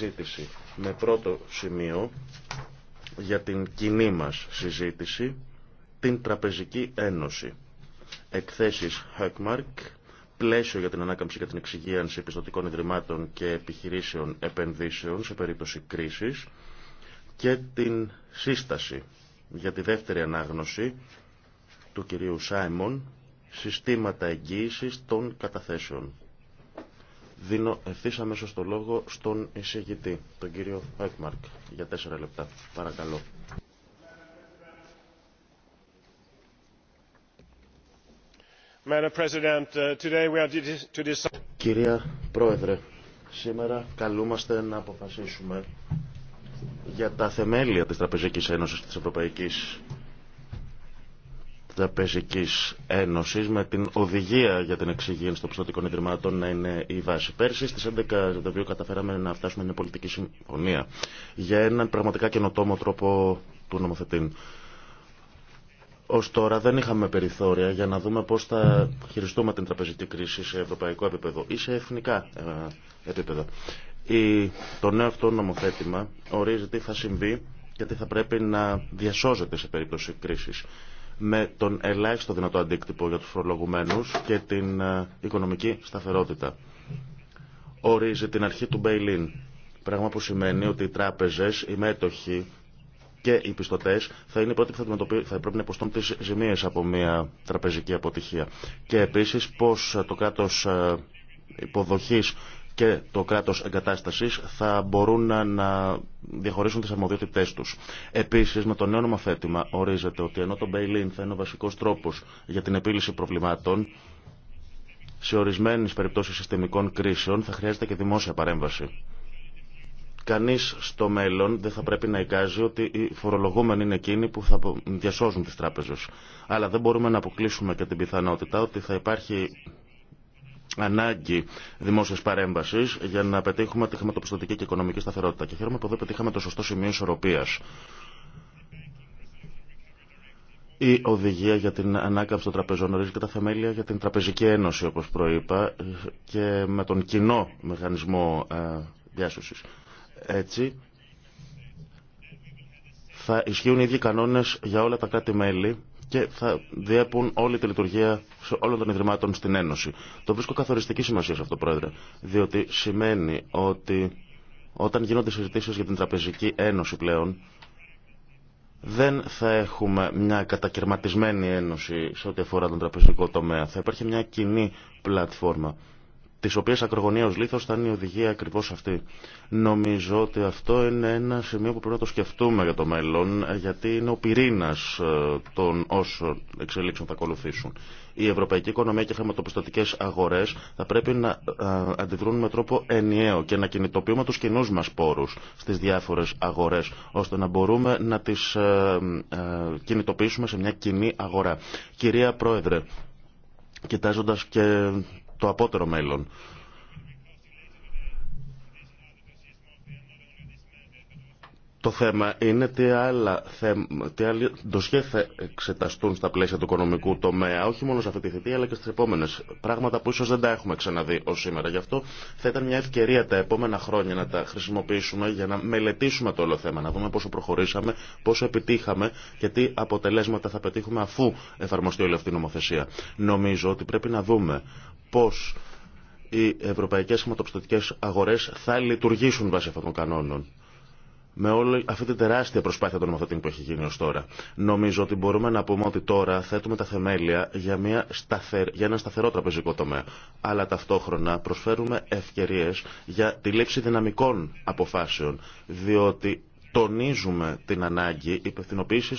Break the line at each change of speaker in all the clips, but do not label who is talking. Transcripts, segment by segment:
συζήτηση με πρώτο σημείο για την κοινή μας συζήτηση την Τραπεζική Ένωση. Εκθέσεις Χακμάρκ, πλαίσιο για την ανάκαμψη και την εξυγίανση επιστοτικών ιδρυμάτων και επιχειρήσεων επενδύσεων σε περίπτωση κρίσης και την σύσταση για τη δεύτερη ανάγνωση του κυρίου Σάιμον συστήματα εγγύησης των καταθέσεων. Δίνω ευθύ αμέσω το λόγο στον εισηγητή, τον κύριο Έκμαρκ, για τέσσερα λεπτά. Παρακαλώ. Uh, Κυρία Πρόεδρε, σήμερα καλούμαστε να αποφασίσουμε για τα θεμέλια της Τραπεζικής Ένωσης της Ευρωπαϊκής Τραπεζικής Ένωσης με την οδηγία για την εξυγίανση των πιστοτικών ιδρυμάτων να είναι η βάση. Πέρσι στις 11 οποίο καταφέραμε να φτάσουμε μια πολιτική συμφωνία για έναν πραγματικά καινοτόμο τρόπο του νομοθετήν. Ω τώρα δεν είχαμε περιθώρια για να δούμε πώ θα χειριστούμε την τραπεζική κρίση σε ευρωπαϊκό επίπεδο ή σε εθνικά ε, επίπεδα. Το νέο αυτό νομοθέτημα ορίζει τι θα συμβεί και τι θα πρέπει να διασώζεται σε περίπτωση κρίση με τον ελάχιστο δυνατό αντίκτυπο για τους φορολογουμένους και την ε, οικονομική σταθερότητα. Ορίζει την αρχή του bail-in, πράγμα που σημαίνει ότι οι τράπεζες, οι μέτοχοι και οι πιστωτέ θα είναι οι πρώτοι που θα, θα πρέπει να υποστούν τι ζημίε από μια τραπεζική αποτυχία. Και επίση πώ ε, το κράτο ε, υποδοχή και το κράτος εγκατάστασης θα μπορούν να, διαχωρίσουν τις αρμοδιότητές τους. Επίσης, με το νέο νομοθέτημα ορίζεται ότι ενώ το bail-in θα είναι ο βασικός τρόπος για την επίλυση προβλημάτων, σε ορισμένες περιπτώσεις συστημικών κρίσεων θα χρειάζεται και δημόσια παρέμβαση. Κανείς στο μέλλον δεν θα πρέπει να εικάζει ότι οι φορολογούμενοι είναι εκείνοι που θα διασώζουν τις τράπεζες. Αλλά δεν μπορούμε να αποκλείσουμε και την πιθανότητα ότι θα υπάρχει ανάγκη δημόσια παρέμβαση για να πετύχουμε τη χρηματοπιστωτική και οικονομική σταθερότητα. Και χαίρομαι που εδώ πετύχαμε το σωστό σημείο ισορροπία. Η οδηγία για την ανάκαμψη των τραπεζών ορίζει και τα θεμέλια για την Τραπεζική Ένωση, όπω προείπα, και με τον κοινό μηχανισμό ε, διάσωση. Έτσι, θα ισχύουν οι ίδιοι κανόνε για όλα τα κράτη-μέλη και θα διέπουν όλη τη λειτουργία όλων των Ιδρυμάτων στην Ένωση. Το βρίσκω καθοριστική σημασία σε αυτό, Πρόεδρε, διότι σημαίνει ότι όταν γίνονται συζητήσει για την Τραπεζική Ένωση πλέον, δεν θα έχουμε μια κατακαιρματισμένη ένωση σε ό,τι αφορά τον τραπεζικό τομέα. Θα υπάρχει μια κοινή πλατφόρμα τη οποία ακρογωνία λίθο θα είναι η οδηγία ακριβώ αυτή. Νομίζω ότι αυτό είναι ένα σημείο που πρέπει να το σκεφτούμε για το μέλλον, γιατί είναι ο πυρήνα ε, των όσων εξελίξεων θα ακολουθήσουν. Η ευρωπαϊκή οικονομία και οι χρηματοπιστωτικέ αγορέ θα πρέπει να ε, αντιδρούν με τρόπο ενιαίο και να κινητοποιούμε του κοινού μα πόρου στι διάφορε αγορέ, ώστε να μπορούμε να τι ε, κινητοποιήσουμε σε μια κοινή αγορά. Κυρία Πρόεδρε, κοιτάζοντα και το απότερο μέλλον. Το θέμα είναι τι άλλα, τι θα εξεταστούν στα πλαίσια του οικονομικού τομέα, όχι μόνο σε αυτή τη θητεία αλλά και στι επόμενε. Πράγματα που ίσω δεν τα έχουμε ξαναδεί ω σήμερα. Γι' αυτό θα ήταν μια ευκαιρία τα επόμενα χρόνια να τα χρησιμοποιήσουμε για να μελετήσουμε το όλο θέμα, να δούμε πόσο προχωρήσαμε, πόσο επιτύχαμε και τι αποτελέσματα θα πετύχουμε αφού εφαρμοστεί όλη αυτή η νομοθεσία. Νομίζω ότι πρέπει να δούμε Πώ οι ευρωπαϊκές χρηματοπιστωτικές αγορές θα λειτουργήσουν βάσει αυτών των κανόνων. Με όλη αυτή την τεράστια προσπάθεια των νομοθετών που έχει γίνει ω τώρα. Νομίζω ότι μπορούμε να πούμε ότι τώρα θέτουμε τα θεμέλια για, μια σταθερ... για ένα σταθερό τραπεζικό τομέα. Αλλά ταυτόχρονα προσφέρουμε ευκαιρίες για τη λήψη δυναμικών αποφάσεων. Διότι τονίζουμε την ανάγκη υπευθυνοποίηση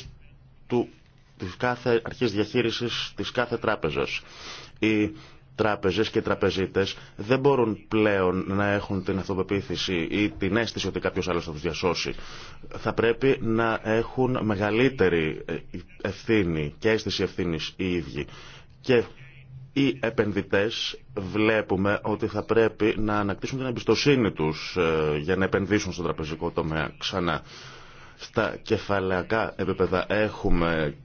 του της κάθε αρχής διαχείρισης της κάθε τράπεζας. Η τράπεζες και τραπεζίτες δεν μπορούν πλέον να έχουν την αυτοπεποίθηση ή την αίσθηση ότι κάποιος άλλος θα τους διασώσει. Θα πρέπει να έχουν μεγαλύτερη ευθύνη και αίσθηση ευθύνης οι ίδιοι. Και οι επενδυτές βλέπουμε ότι θα πρέπει να ανακτήσουν την εμπιστοσύνη τους ε, για να επενδύσουν στον τραπεζικό τομέα ξανά. Στα κεφαλαϊκά επίπεδα έχουμε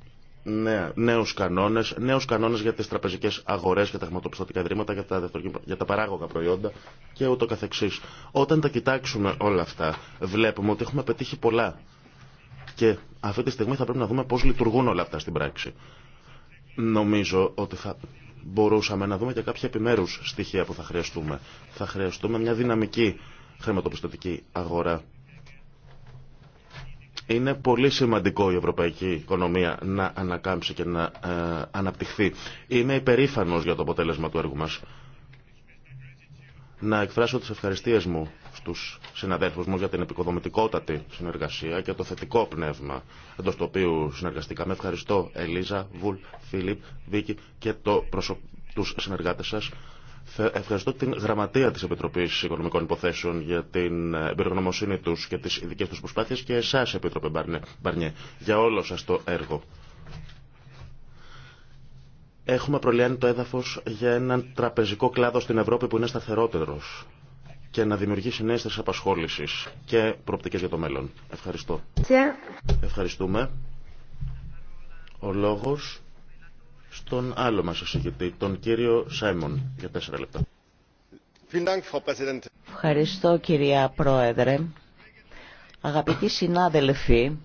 νέου ναι, νέους κανόνες, νέους για τι τραπεζικέ αγορέ για τα χρηματοπιστωτικά ιδρύματα, για τα, για τα παράγωγα προϊόντα και ούτω καθεξή. Όταν τα κοιτάξουμε όλα αυτά, βλέπουμε ότι έχουμε πετύχει πολλά. Και αυτή τη στιγμή θα πρέπει να δούμε πώ λειτουργούν όλα αυτά στην πράξη. Νομίζω ότι θα μπορούσαμε να δούμε και κάποια επιμέρου στοιχεία που θα χρειαστούμε. Θα χρειαστούμε μια δυναμική χρηματοπιστωτική αγορά είναι πολύ σημαντικό η ευρωπαϊκή οικονομία να ανακάμψει και να ε, αναπτυχθεί. Είμαι υπερήφανος για το αποτέλεσμα του έργου μας. Να εκφράσω τις ευχαριστίες μου στους συναδέλφους μου για την επικοδομητικότατη συνεργασία και το θετικό πνεύμα εντό του οποίου συνεργαστήκαμε. Ευχαριστώ Ελίζα, Βουλ, Φίλιπ, Βίκη και το τους συνεργάτες σας Ευχαριστώ την γραμματεία της Επιτροπής Οικονομικών Υποθέσεων για την ε, εμπειρογνωμοσύνη τους και τι ειδικέ του προσπάθειε και εσά Επίτροπε Μπαρνιέ, για όλο σα το έργο. Έχουμε προλιάνει το έδαφος για έναν τραπεζικό κλάδο στην Ευρώπη που είναι σταθερότερος και να δημιουργήσει νέες θέσει απασχόληση και προοπτικές για το μέλλον. Ευχαριστώ. Ευχαριστούμε. Ο λόγος στον άλλο μας εισηγητή, τον κύριο Σάιμον, για τέσσερα λεπτά.
Ευχαριστώ κυρία Πρόεδρε. Αγαπητοί συνάδελφοι,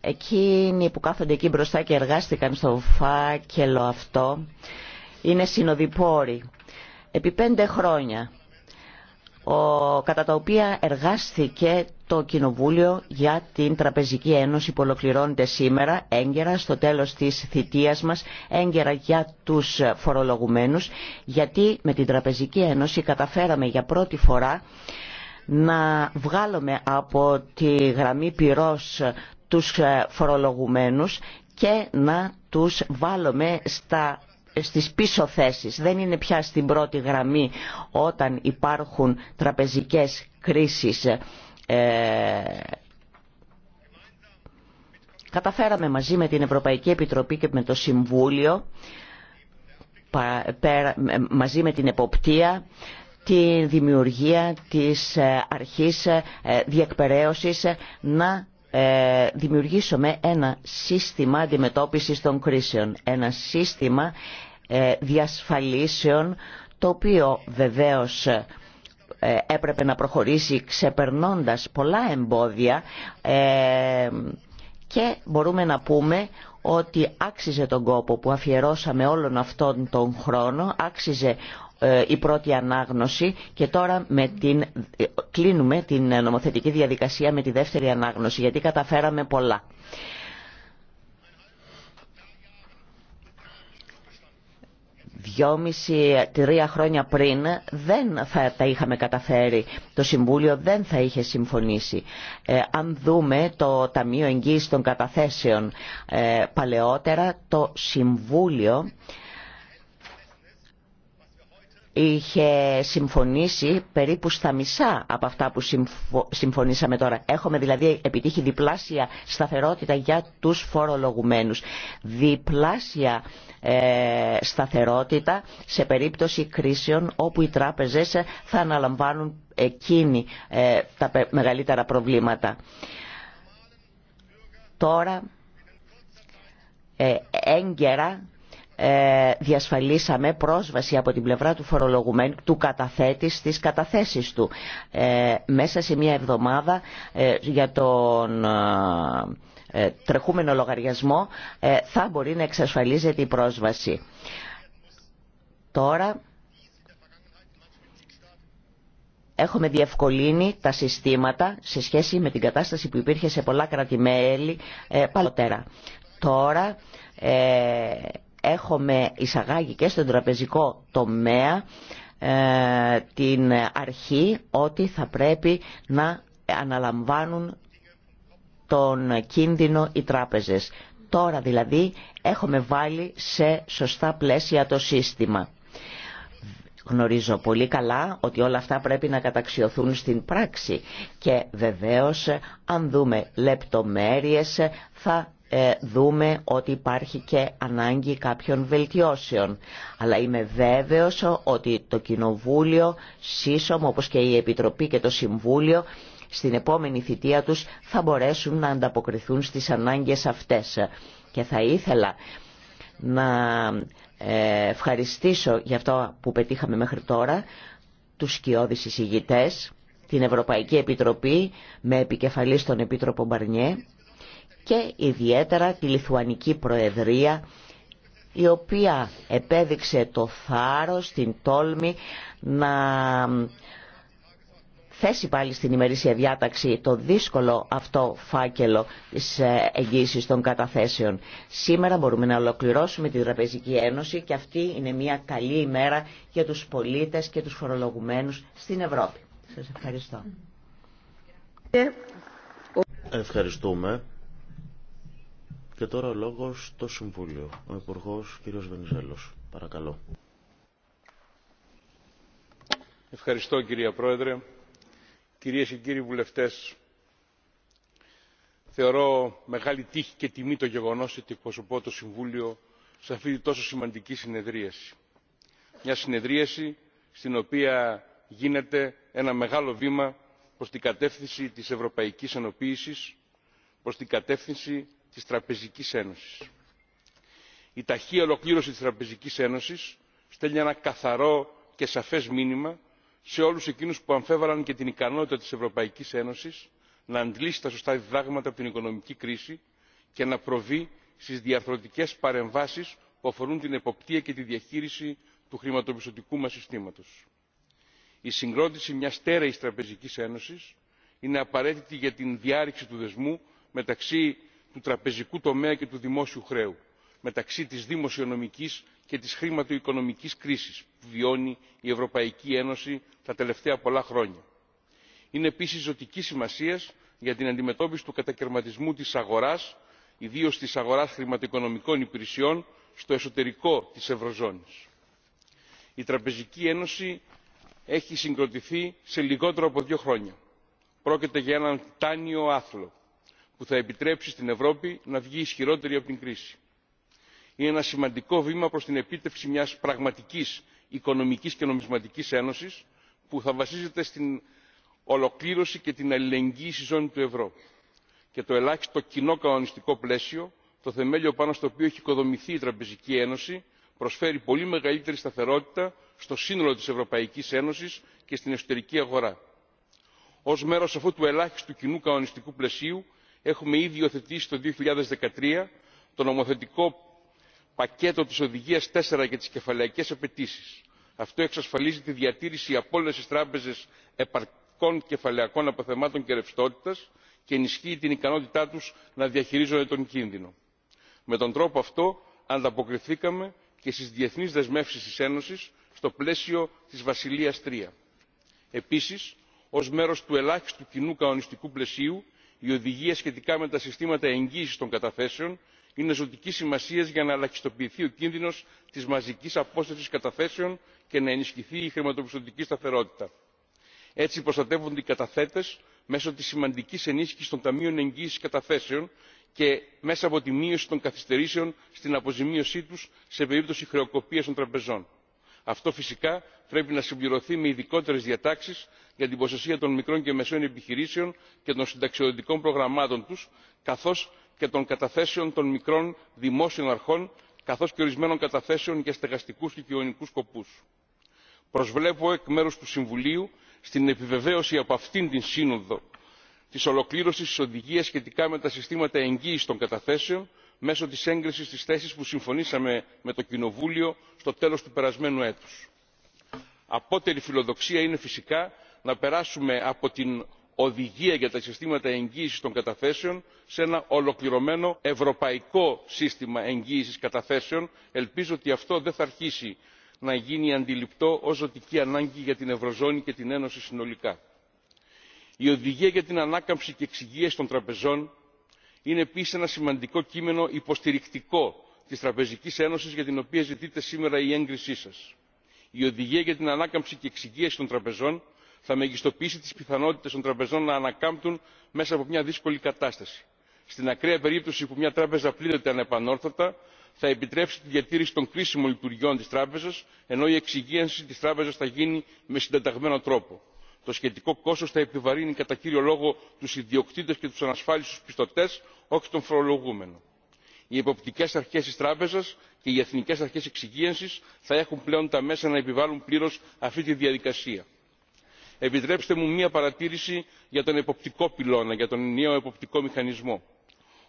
εκείνοι που κάθονται εκεί μπροστά και εργάστηκαν στο φάκελο αυτό, είναι συνοδοιπόροι. Επί πέντε χρόνια, ο, κατά τα οποία εργάστηκε το Κοινοβούλιο για την Τραπεζική Ένωση που ολοκληρώνεται σήμερα έγκαιρα στο τέλος της θητείας μας, έγκαιρα για τους φορολογουμένους, γιατί με την Τραπεζική Ένωση καταφέραμε για πρώτη φορά να βγάλουμε από τη γραμμή πυρός τους φορολογουμένους και να τους βάλουμε στα στις πίσω θέσεις. Δεν είναι πια στην πρώτη γραμμή όταν υπάρχουν τραπεζικές κρίσεις ε, καταφέραμε μαζί με την Ευρωπαϊκή Επιτροπή και με το Συμβούλιο ε, μαζί με την εποπτεία τη δημιουργία της ε, αρχής διεκπαιρέωσης να δημιουργήσουμε ένα σύστημα αντιμετώπισης των κρίσεων, ένα σύστημα διασφαλίσεων το οποίο βεβαίως ε, έπρεπε να προχωρήσει ξεπερνώντας πολλά εμπόδια ε, και μπορούμε να πούμε ότι άξιζε τον κόπο που αφιερώσαμε όλον αυτόν τον χρόνο, άξιζε ε, η πρώτη ανάγνωση και τώρα με την, κλείνουμε την νομοθετική διαδικασία με τη δεύτερη ανάγνωση γιατί καταφέραμε πολλά. δυόμιση-τρία χρόνια πριν δεν θα τα είχαμε καταφέρει. Το Συμβούλιο δεν θα είχε συμφωνήσει. Ε, αν δούμε το Ταμείο Εγγύης των Καταθέσεων ε, παλαιότερα, το Συμβούλιο είχε συμφωνήσει περίπου στα μισά από αυτά που συμφωνήσαμε τώρα. Έχουμε δηλαδή επιτύχει διπλάσια σταθερότητα για τους φορολογουμένους. Διπλάσια ε, σταθερότητα σε περίπτωση κρίσεων όπου οι τράπεζες θα αναλαμβάνουν εκείνη ε, τα μεγαλύτερα προβλήματα. Τώρα ε, έγκαιρα ε, διασφαλίσαμε πρόσβαση από την πλευρά του φορολογουμένου του καταθέτη στις καταθέσεις του. Ε, μέσα σε μια εβδομάδα ε, για τον τρεχούμενο λογαριασμό θα μπορεί να εξασφαλίζεται η πρόσβαση. Τώρα έχουμε διευκολύνει τα συστήματα σε σχέση με την κατάσταση που υπήρχε σε πολλά κράτη-μέλη παλαιότερα. Τώρα έχουμε εισαγάγει και στον τραπεζικό τομέα ε, την αρχή ότι θα πρέπει να αναλαμβάνουν τον κίνδυνο οι τράπεζες. Τώρα δηλαδή έχουμε βάλει σε σωστά πλαίσια το σύστημα. Γνωρίζω πολύ καλά ότι όλα αυτά πρέπει να καταξιωθούν στην πράξη και βεβαίως αν δούμε λεπτομέρειες θα ε, δούμε ότι υπάρχει και ανάγκη κάποιων βελτιώσεων. Αλλά είμαι βέβαιος ότι το Κοινοβούλιο, σύσσωμο όπως και η Επιτροπή και το Συμβούλιο, στην επόμενη θητεία τους θα μπορέσουν να ανταποκριθούν στις ανάγκες αυτές. Και θα ήθελα να ε, ευχαριστήσω για αυτό που πετύχαμε μέχρι τώρα τους σκιώδεις εισηγητές, την Ευρωπαϊκή Επιτροπή με επικεφαλή στον Επίτροπο Μπαρνιέ και ιδιαίτερα τη Λιθουανική Προεδρία η οποία επέδειξε το θάρρος, την τόλμη να θέσει πάλι στην ημερήσια διάταξη το δύσκολο αυτό φάκελο της ε, εγγύησης των καταθέσεων. Σήμερα μπορούμε να ολοκληρώσουμε την Τραπεζική Ένωση και αυτή είναι μια καλή ημέρα για τους πολίτες και τους φορολογουμένους στην Ευρώπη. Σας ευχαριστώ.
Ευχαριστούμε. Και τώρα ο λόγος στο Συμβούλιο. Ο Υπουργό κ. Βενιζέλος. Παρακαλώ.
Ευχαριστώ κυρία Πρόεδρε. Κυρίες και κύριοι βουλευτές, θεωρώ μεγάλη τύχη και τιμή το γεγονός ότι εκπροσωπώ το Συμβούλιο σε αυτή τη τόσο σημαντική συνεδρίαση. Μια συνεδρίαση στην οποία γίνεται ένα μεγάλο βήμα προς την κατεύθυνση της ευρωπαϊκής ενοποίησης προς την κατεύθυνση της τραπεζικής ένωσης. η ταχεία ολοκλήρωση της τραπεζικής ένωσης στέλνει ένα καθαρό και σαφές μήνυμα σε όλους εκείνους που αμφέβαλαν και την ικανότητα της ευρωπαϊκής ένωσης να αντλήσει τα σωστά διδάγματα από την οικονομική κρίση και να προβεί στις διαρθρωτικές παρεμβάσεις που αφορούν την εποπτεία και τη διαχείριση του χρηματοπιστωτικού μας συστήματος. η συγκρότηση μιας στέρεης τραπεζικής ένωσης είναι απαραίτητη για την διάρρηξη του δεσμού μεταξύ του τραπεζικού τομέα και του δημόσιου χρέου μεταξύ της δημοσιονομικής και της χρηματοοικονομικής κρίσης που βιώνει η ευρωπαϊκή ένωση τα τελευταία πολλά χρόνια. είναι επίσης ζωτική σημασίας για την αντιμετώπιση του κατακαιρματισμού της αγοράς ιδίως της αγοράς χρηματοοικονομικών υπηρεσιών στο εσωτερικό της ευρωζώνης. η τραπεζική ένωση έχει συγκροτηθεί σε λιγότερο από δύο χρόνια. πρόκειται για έναν τάνιο άθλο που θα επιτρέψει στην ευρώπη να βγει ισχυρότερη από την κρίση. είναι ένα σημαντικό βήμα προς την επίτευξη μιας πραγματικής οικονομικής και νομισματικής ένωσης που θα βασίζεται στην ολοκλήρωση και την αλληλεγγύη στη ζώνη του ευρώ και το ελάχιστο κοινό κανονιστικό πλαίσιο το θεμέλιο πάνω στο οποίο έχει οικοδομηθεί η τραπεζική ένωση προσφέρει πολύ μεγαλύτερη σταθερότητα στο σύνολο της ευρωπαϊκής ένωσης και στην εσωτερική αγορά. ως μέρος αυτού του ελάχιστου κοινού κανονιστικού πλαισίου έχουμε ήδη υιοθετήσει το 2013 χιλιάδες το νομοθετικό πακέτο της οδηγίας τέσσερα για τις κεφαλαιακές απαιτήσεις. αυτό εξασφαλίζει τη διατήρηση από όλες τράπεζες επαρκών κεφαλαιακών αποθεμάτων και ρευστότητας και ενισχύει την ικανότητά τους να διαχειρίζονται τον κίνδυνο. με τον τρόπο αυτό ανταποκριθήκαμε και στις διεθνείς δεσμεύσεις της ένωσης στο πλαίσιο της βασιλείας 3. επίσης ως μέρος του ελάχιστου κοινού κανονιστικού πλαισίου οι οδηγία σχετικά με τα συστήματα εγγύηση των καταθέσεων είναι ζωτική σημασίας για να ελαχιστοποιηθεί ο κίνδυνο τη μαζική απόσταση καταθέσεων και να ενισχυθεί η χρηματοπιστωτική σταθερότητα. έτσι προστατεύονται οι καταθέτε μέσω τη σημαντική ενίσχυση των ταμείων εγγύηση καταθέσεων και μέσα από τη μείωση των καθυστερήσεων στην αποζημίωσή του σε περίπτωση χρεοκοπία των τραπεζών αυτό φυσικά πρέπει να συμπληρωθεί με ειδικότερε διατάξει για την προστασία των μικρών και μεσαίων επιχειρήσεων και των συνταξιοδοτικών προγραμμάτων του καθώ και των καταθέσεων των μικρών δημόσιων αρχών καθώ και ορισμένων καταθέσεων για στεγαστικού και κοινωνικού σκοπού. προσβλέπω εκ μέρου του συμβουλίου στην επιβεβαίωση από αυτήν την σύνοδο τη ολοκλήρωση τη οδηγία σχετικά με τα συστήματα εγγύηση των καταθέσεων μέσω της έγκρισης της θέσης που συμφωνήσαμε με το κοινοβούλιο στο τέλος του περασμένου έτους. απότερη φιλοδοξία είναι φυσικά να περάσουμε από την οδηγία για τα συστήματα εγγύησης των καταθέσεων σε ένα ολοκληρωμένο ευρωπαϊκό σύστημα εγγύησης καταθέσεων. ελπίζω ότι αυτό δεν θα αρχίσει να γίνει αντιληπτό ως ζωτική ανάγκη για την ευρωζώνη και την ένωση συνολικά. η οδηγία για την ανάκαμψη και εξυγίαση των τραπεζών είναι επίσης ένα σημαντικό κείμενο υποστηρικτικό της τραπεζικής ένωσης για την οποία ζητείτε σήμερα η έγκρισή σας. η οδηγία για την ανάκαμψη και εξυγίαση των τραπεζών θα μεγιστοποιήσει τις πιθανότητες των τραπεζών να ανακάμπτουν μέσα από μια δύσκολη κατάσταση. στην ακραία περίπτωση που μια τράπεζα πλήττεται ανεπανόρθωτα θα επιτρέψει τη διατήρηση των κρίσιμων λειτουργιών της τράπεζας ενώ η εξυγίανση της τράπεζας θα γίνει με συντεταγμένο τρόπο το σχετικό κόστος θα επιβαρύνει κατά κύριο λόγο τους ιδιοκτήτες και τους ανασφάλιστους πιστωτές όχι τον φορολογούμενο. οι εποπτικές αρχές της τράπεζας και οι εθνικές αρχές εξυγίανσης θα έχουν πλέον τα μέσα να επιβάλλουν πλήρως αυτή τη διαδικασία. επιτρέψτε μου μια παρατήρηση για τον εποπτικό πυλώνα για τον ενιαίο εποπτικό μηχανισμό.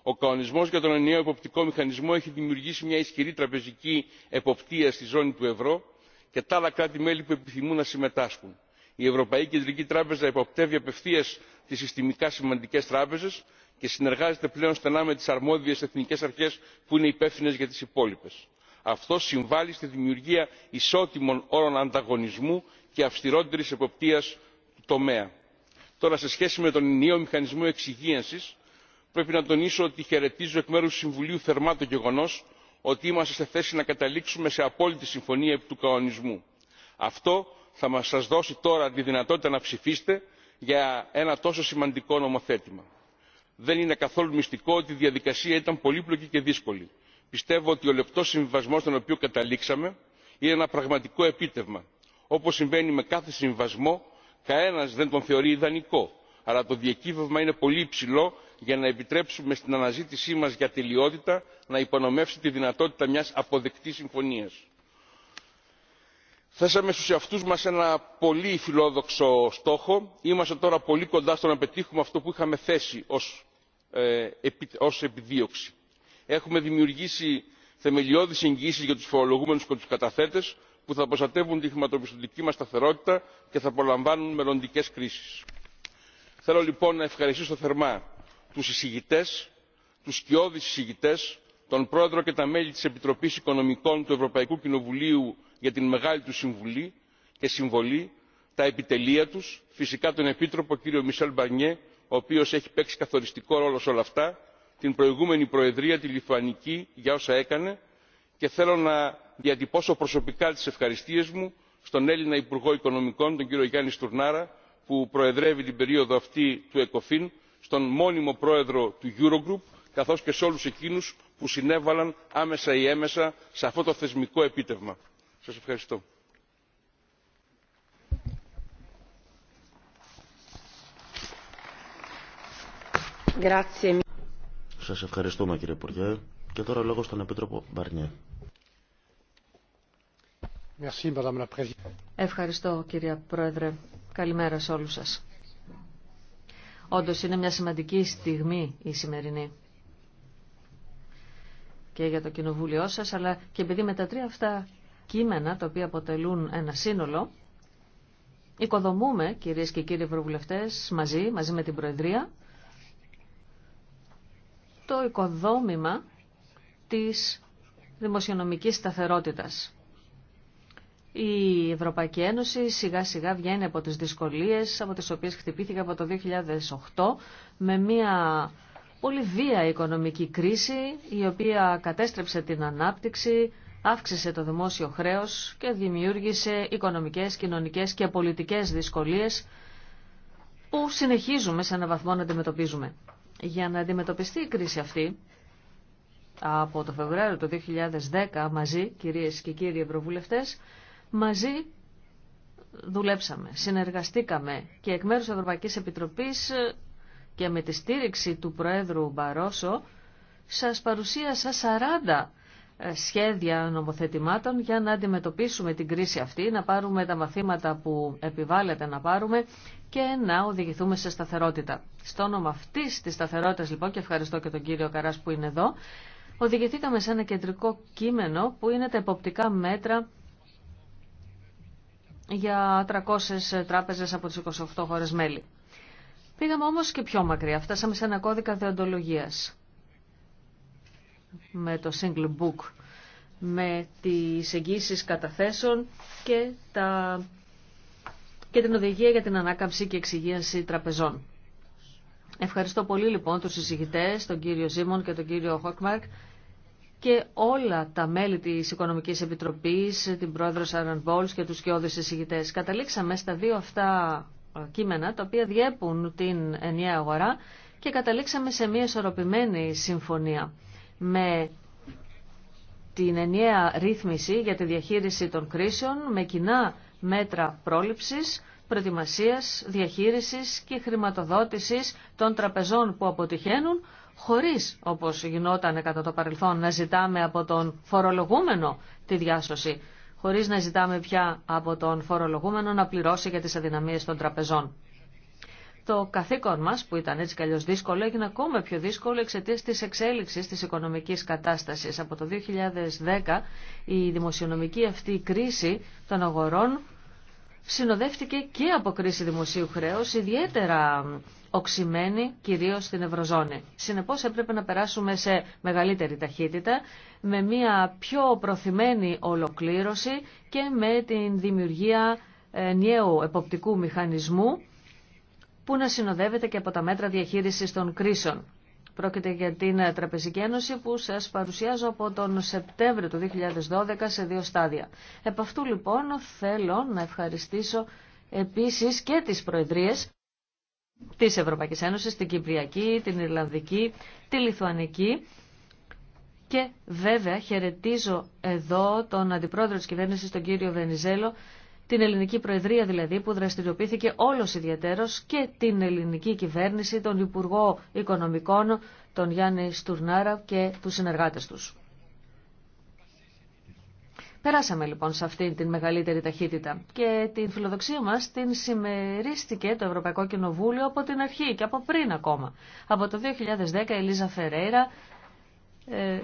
ο κανονισμός για τον ενιαίο εποπτικό μηχανισμό έχει δημιουργήσει μια ισχυρή τραπεζική εποπτεία στη ζώνη του ευρώ και τα άλλα κράτη μέλη που επιθυμούν να συμμετάσχουν η ευρωπαϊκή κεντρική τράπεζα υποπτεύει απευθεία τι συστημικά σημαντικέ τράπεζε και συνεργάζεται πλέον στενά με τι αρμόδιε εθνικέ αρχέ που είναι υπεύθυνε για τι υπόλοιπε. αυτό συμβάλλει στη δημιουργία ισότιμων όρων ανταγωνισμού και αυστηρότερη εποπτεία του τομέα. τώρα σε σχέση με τον ενιαίο μηχανισμό εξυγίανση πρέπει να τονίσω ότι χαιρετίζω εκ μέρου του συμβουλίου θερμά το γεγονό ότι είμαστε σε θέση να καταλήξουμε σε απόλυτη συμφωνία επί του κανονισμού. αυτό θα σας δώσει τώρα τη δυνατότητα να ψηφίσετε για ένα τόσο σημαντικό νομοθέτημα. δεν είναι καθόλου μυστικό ότι η διαδικασία ήταν πολύπλοκη και δύσκολη. πιστεύω ότι ο λεπτός συμβιβασμός στον οποίο καταλήξαμε είναι ένα πραγματικό επίτευγμα. όπως συμβαίνει με κάθε συμβιβασμό κανένας δεν τον θεωρεί ιδανικό αλλά το διακύβευμα είναι πολύ υψηλό για να επιτρέψουμε στην αναζήτησή μας για τελειότητα να υπονομεύσει τη δυνατότητα μιας αποδεκτής συμφωνίας θέσαμε στους εαυτούς μας ένα πολύ φιλόδοξο στόχο είμαστε τώρα πολύ κοντά στο να πετύχουμε αυτό που είχαμε θέσει ως ε, επιδίωξη. έχουμε δημιουργήσει θεμελιώδεις εγγυήσεις για τους φορολογούμενους και τους καταθέτες που θα προστατεύουν τη χρηματοπιστωτική μας σταθερότητα και θα απολαμβάνουν μελλοντικές κρίσεις. θέλω λοιπόν να ευχαριστήσω θερμά τους εισηγητές τους σκιώδεις εισηγητές τον πρόεδρο και τα μέλη της επιτροπής οικονομικών του ευρωπαϊκού κοινοβουλίου για την μεγάλη του συμβουλή και συμβολή τα επιτελεία του, φυσικά τον επίτροπο κύριο μισελ μπαρνιέ ο οποίος έχει παίξει καθοριστικό ρόλο σε όλα αυτά την προηγούμενη προεδρία τη λιθουανική για όσα έκανε και θέλω να διατυπώσω προσωπικά τις ευχαριστίες μου στον έλληνα υπουργό οικονομικών τον κύριο γιάννη στουρνάρα που προεδρεύει την περίοδο αυτή του ecofin στον μόνιμο πρόεδρο του eurogroup καθώς και σε όλους εκείνους που συνέβαλαν άμεσα ή έμεσα σε αυτό το θεσμικό επίτευγμα. Σας ευχαριστώ.
Σας ευχαριστούμε κύριε Υπουργέ. Και τώρα λόγο στον Επίτροπο Μπαρνιέ.
Ευχαριστώ κύριε Πρόεδρε. Καλημέρα σε όλους σας. Όντως είναι μια σημαντική στιγμή η σημερινή και για το κοινοβούλιο σας, αλλά και επειδή με τα τρία αυτά κείμενα τα οποία αποτελούν ένα σύνολο, οικοδομούμε κυρίες και κύριοι ευρωβουλευτές μαζί, μαζί με την Προεδρία, το οικοδόμημα της δημοσιονομικής σταθερότητας. Η Ευρωπαϊκή Ένωση σιγά σιγά βγαίνει από τις δυσκολίες από τις οποίες χτυπήθηκε από το 2008 με μια πολύ βία οικονομική κρίση η οποία κατέστρεψε την ανάπτυξη, αύξησε το δημόσιο χρέος και δημιούργησε οικονομικές, κοινωνικές και πολιτικές δυσκολίες που συνεχίζουμε σε έναν βαθμό να αντιμετωπίζουμε. Για να αντιμετωπιστεί η κρίση αυτή, από το Φεβρουάριο του 2010 μαζί, κυρίες και κύριοι ευρωβουλευτές, μαζί δουλέψαμε, συνεργαστήκαμε και εκ μέρους Ευρωπαϊκής Επιτροπής και με τη στήριξη του Προέδρου Μπαρόσο σας παρουσίασα 40 σχέδια νομοθετημάτων για να αντιμετωπίσουμε την κρίση αυτή, να πάρουμε τα μαθήματα που επιβάλλεται να πάρουμε και να οδηγηθούμε σε σταθερότητα. Στο όνομα αυτή τη σταθερότητα, λοιπόν, και ευχαριστώ και τον κύριο Καρά που είναι εδώ, οδηγηθήκαμε σε ένα κεντρικό κείμενο που είναι τα εποπτικά μέτρα για 300 τράπεζες από τις 28 χώρες μέλη. Πήγαμε όμως και πιο μακριά, φτάσαμε σε ένα κώδικα δεοντολογίας με το single book, με τις εγγύσεις καταθέσεων και, τα... και την οδηγία για την ανάκαμψη και εξυγίαση τραπεζών. Ευχαριστώ πολύ λοιπόν τους συζητητές, τον κύριο Ζήμον και τον κύριο Χόκμαρκ και όλα τα μέλη της Οικονομικής Επιτροπής, την πρόεδρο Σάραν Μπόλς και τους κοιόδους συζητητές. Καταλήξαμε στα δύο αυτά κείμενα τα οποία διέπουν την ενιαία αγορά και καταλήξαμε σε μια ισορροπημένη συμφωνία με την ενιαία ρύθμιση για τη διαχείριση των κρίσεων με κοινά μέτρα πρόληψης, προετοιμασίας, διαχείρισης και χρηματοδότησης των τραπεζών που αποτυχαίνουν, χωρίς, όπως γινόταν κατά το παρελθόν, να ζητάμε από τον φορολογούμενο τη διάσωση, χωρίς να ζητάμε πια από τον φορολογούμενο να πληρώσει για τις αδυναμίες των τραπεζών το καθήκον μας, που ήταν έτσι κι δύσκολο, έγινε ακόμα πιο δύσκολο εξαιτία της εξέλιξης της οικονομικής κατάστασης. Από το 2010 η δημοσιονομική αυτή κρίση των αγορών συνοδεύτηκε και από κρίση δημοσίου χρέους, ιδιαίτερα οξυμένη κυρίως στην Ευρωζώνη. Συνεπώς έπρεπε να περάσουμε σε μεγαλύτερη ταχύτητα, με μια πιο προθυμένη ολοκλήρωση και με την δημιουργία ε, νέου εποπτικού μηχανισμού που να συνοδεύεται και από τα μέτρα διαχείρισης των κρίσεων. Πρόκειται για την Τραπεζική Ένωση που σας παρουσιάζω από τον Σεπτέμβριο του 2012 σε δύο στάδια. Επ' αυτού λοιπόν θέλω να ευχαριστήσω επίσης και τις Προεδρίες της Ευρωπαϊκής Ένωσης, την Κυπριακή, την Ιρλανδική, τη Λιθουανική και βέβαια χαιρετίζω εδώ τον Αντιπρόεδρο της Κυβέρνησης, τον κύριο Βενιζέλο, την ελληνική προεδρία δηλαδή που δραστηριοποιήθηκε όλος ιδιαίτερος και την ελληνική κυβέρνηση, τον Υπουργό Οικονομικών, τον Γιάννη Στουρνάρα και τους συνεργάτες τους. Περάσαμε λοιπόν σε αυτήν την μεγαλύτερη ταχύτητα και την φιλοδοξία μας την συμμερίστηκε το Ευρωπαϊκό Κοινοβούλιο από την αρχή και από πριν ακόμα. Από το 2010 η Ελίζα Φερέιρα ε,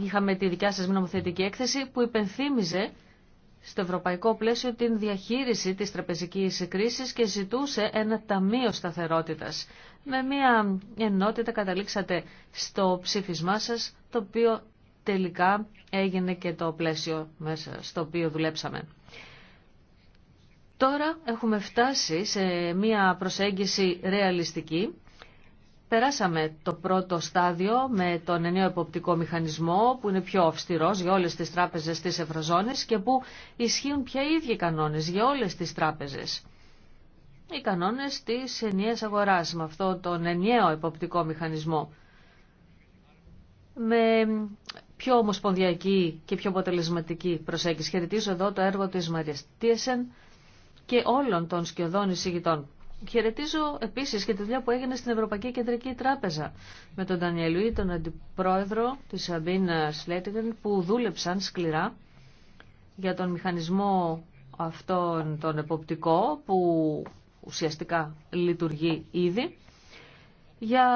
είχαμε τη δικιά σας νομοθετική έκθεση που υπενθύμιζε στο ευρωπαϊκό πλαίσιο την διαχείριση της τραπεζικής κρίσης και ζητούσε ένα ταμείο σταθερότητας. Με μια ενότητα καταλήξατε στο ψήφισμά σας, το οποίο τελικά έγινε και το πλαίσιο μέσα στο οποίο δουλέψαμε. Τώρα έχουμε φτάσει σε μια προσέγγιση ρεαλιστική Περάσαμε το πρώτο στάδιο με τον ενιαίο εποπτικό μηχανισμό που είναι πιο αυστηρός για όλες τις τράπεζες της Ευρωζώνης και που ισχύουν πια οι ίδιοι κανόνες για όλες τις τράπεζες. Οι κανόνες της ενιαίας αγοράς με αυτό τον ενιαίο εποπτικό μηχανισμό. Με πιο ομοσπονδιακή και πιο αποτελεσματική προσέγγιση. Χαιρετίζω εδώ το έργο της Μαρίας Τίεσεν και όλων των σκιωδών εισηγητών. Χαιρετίζω επίσης και τη δουλειά που έγινε στην Ευρωπαϊκή Κεντρική Τράπεζα με τον Λουί, τον αντιπρόεδρο της Αμπίνα Σλέτιγεν που δούλεψαν σκληρά για τον μηχανισμό αυτόν τον εποπτικό που ουσιαστικά λειτουργεί ήδη για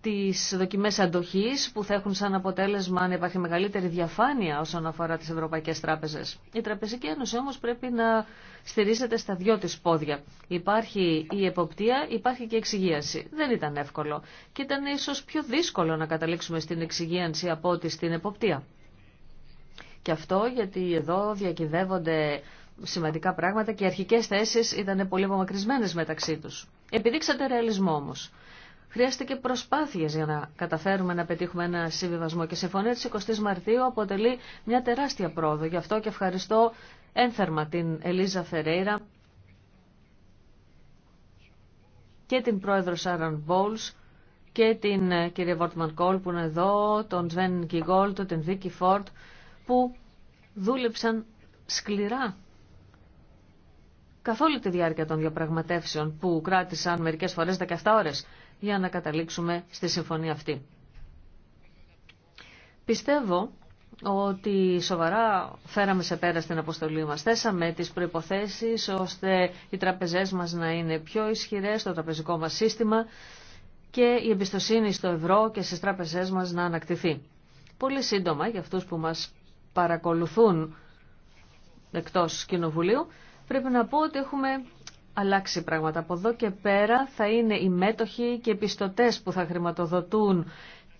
τις δοκιμές αντοχής που θα έχουν σαν αποτέλεσμα αν υπάρχει μεγαλύτερη διαφάνεια όσον αφορά τις Ευρωπαϊκές Τράπεζες. Η Τραπεζική Ένωση όμως πρέπει να στηρίζεται στα δυο της πόδια. Υπάρχει η εποπτεία, υπάρχει και η εξυγίαση. Δεν ήταν εύκολο και ήταν ίσως πιο δύσκολο να καταλήξουμε στην εξυγίανση από ότι στην εποπτεία. Και αυτό γιατί εδώ διακυδεύονται σημαντικά πράγματα και οι αρχικές θέσεις ήταν πολύ απομακρυσμένες μεταξύ τους. Επιδείξατε ρεαλισμό όμως χρειάστηκε προσπάθειες για να καταφέρουμε να πετύχουμε ένα συμβιβασμό και η συμφωνία τη 20 η Μαρτίου αποτελεί μια τεράστια πρόοδο. Γι' αυτό και ευχαριστώ ένθερμα την Ελίζα Φερέιρα και την πρόεδρο Σάραν Μπόλ και την ε, κυρία Βόρτμαν Κόλ που είναι εδώ, τον Σβέν Κιγόλ, τον Βίκη Φόρτ που δούλεψαν σκληρά καθ' όλη τη διάρκεια των διαπραγματεύσεων που κράτησαν μερικές φορές 17 ώρες για να καταλήξουμε στη συμφωνία αυτή. Πιστεύω ότι σοβαρά φέραμε σε πέρα στην αποστολή μας. Θέσαμε τις προϋποθέσεις ώστε οι τραπεζές μας να είναι πιο ισχυρές στο τραπεζικό μας σύστημα και η εμπιστοσύνη στο ευρώ και στις τράπεζές μας να ανακτηθεί. Πολύ σύντομα για αυτούς που μας παρακολουθούν εκτός κοινοβουλίου πρέπει να πω ότι έχουμε αλλάξει πράγματα. Από εδώ και πέρα θα είναι οι μέτοχοι και οι που θα χρηματοδοτούν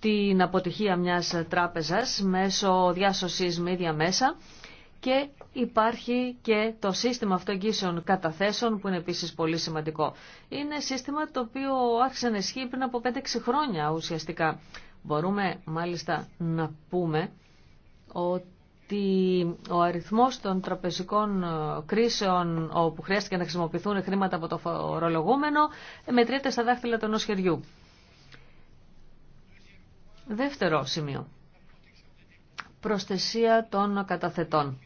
την αποτυχία μιας τράπεζας μέσω διάσωσης με ίδια μέσα και υπάρχει και το σύστημα αυτοεγγύσεων καταθέσεων που είναι επίσης πολύ σημαντικό. Είναι σύστημα το οποίο άρχισε να ισχύει πριν από 5-6 χρόνια ουσιαστικά. Μπορούμε μάλιστα να πούμε ότι ότι ο αριθμός των τραπεζικών ε, κρίσεων όπου χρειάστηκε να χρησιμοποιηθούν χρήματα από το φορολογούμενο ε, μετρείται στα δάχτυλα του νοσχεριού. Δεύτερο σημείο. Προστασία των καταθετών.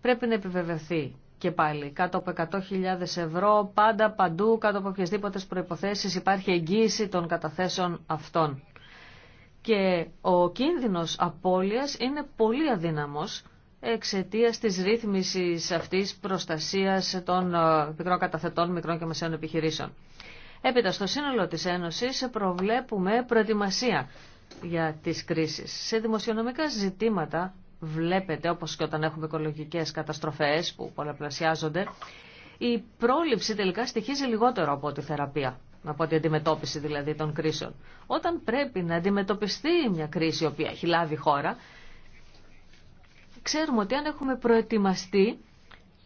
Πρέπει να επιβεβαιωθεί και πάλι κάτω από 100.000 ευρώ, πάντα παντού, κάτω από οποιασδήποτε προϋποθέσεις υπάρχει εγγύηση των καταθέσεων αυτών και ο κίνδυνος απώλειας είναι πολύ αδύναμος εξαιτία της ρύθμισης αυτής προστασίας των ε, μικρών καταθετών, μικρών και μεσαίων επιχειρήσεων. Έπειτα στο σύνολο της Ένωσης προβλέπουμε προετοιμασία για τις κρίσεις. Σε δημοσιονομικά ζητήματα βλέπετε, όπως και όταν έχουμε οικολογικές καταστροφές που πολλαπλασιάζονται, η πρόληψη τελικά στοιχίζει λιγότερο από τη θεραπεία από την αντιμετώπιση δηλαδή των κρίσεων. Όταν πρέπει να αντιμετωπιστεί μια κρίση η οποία έχει λάβει χώρα, ξέρουμε ότι αν έχουμε προετοιμαστεί,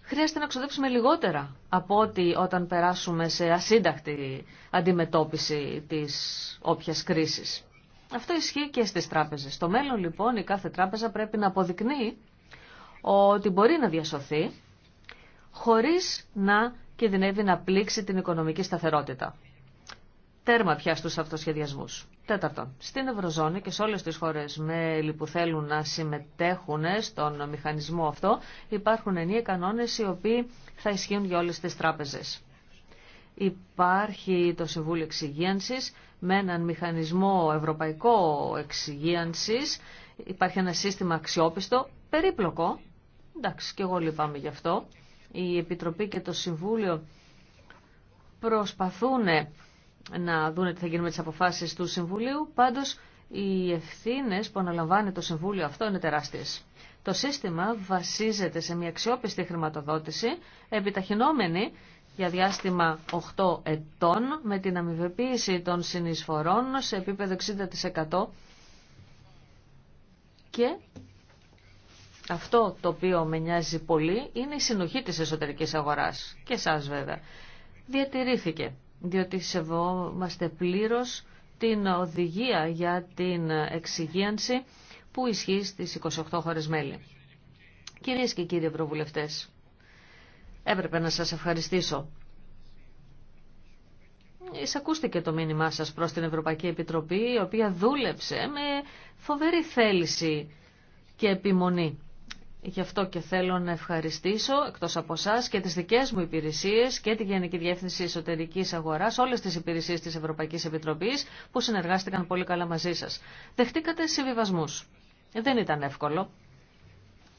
χρειάζεται να ξοδέψουμε λιγότερα από ότι όταν περάσουμε σε ασύνταχτη αντιμετώπιση της όποιας κρίσης. Αυτό ισχύει και στις τράπεζες. Στο μέλλον λοιπόν η κάθε τράπεζα πρέπει να αποδεικνύει ότι μπορεί να διασωθεί χωρίς να κινδυνεύει να πλήξει την οικονομική σταθερότητα τέρμα πια στους αυτοσχεδιασμούς. Τέταρτον, στην Ευρωζώνη και σε όλες τις χώρες μέλη που θέλουν να συμμετέχουν στον μηχανισμό αυτό, υπάρχουν ενίοι κανόνες οι οποίοι θα ισχύουν για όλες τις τράπεζες. Υπάρχει το Συμβούλιο Εξυγίανσης με έναν μηχανισμό ευρωπαϊκό εξυγίανσης. Υπάρχει ένα σύστημα αξιόπιστο, περίπλοκο. Εντάξει, και εγώ λυπάμαι γι' αυτό. Η Επιτροπή και το Συμβούλιο προσπαθούν να δούνε τι θα γίνει με τις αποφάσεις του Συμβουλίου. Πάντως, οι ευθύνε που αναλαμβάνει το Συμβούλιο αυτό είναι τεράστιες. Το σύστημα βασίζεται σε μια αξιόπιστη χρηματοδότηση, επιταχυνόμενη για διάστημα 8 ετών, με την αμοιβεποίηση των συνεισφορών σε επίπεδο 60% και αυτό το οποίο με νοιάζει πολύ είναι η συνοχή της εσωτερικής αγοράς και σας βέβαια. Διατηρήθηκε διότι σεβόμαστε πλήρως την οδηγία για την εξυγίανση που ισχύει στις 28 χώρες μέλη. Κυρίες και κύριοι Ευρωβουλευτές, έπρεπε να σας ευχαριστήσω. Εισακούστηκε το μήνυμά σας προς την Ευρωπαϊκή Επιτροπή, η οποία δούλεψε με φοβερή θέληση και επιμονή. Γι' αυτό και θέλω να ευχαριστήσω εκτός από εσά και τις δικές μου υπηρεσίες και τη Γενική Διεύθυνση Εσωτερικής Αγοράς, όλες τις υπηρεσίες της Ευρωπαϊκής Επιτροπής που συνεργάστηκαν πολύ καλά μαζί σας. Δεχτήκατε συμβιβασμούς. Δεν ήταν εύκολο.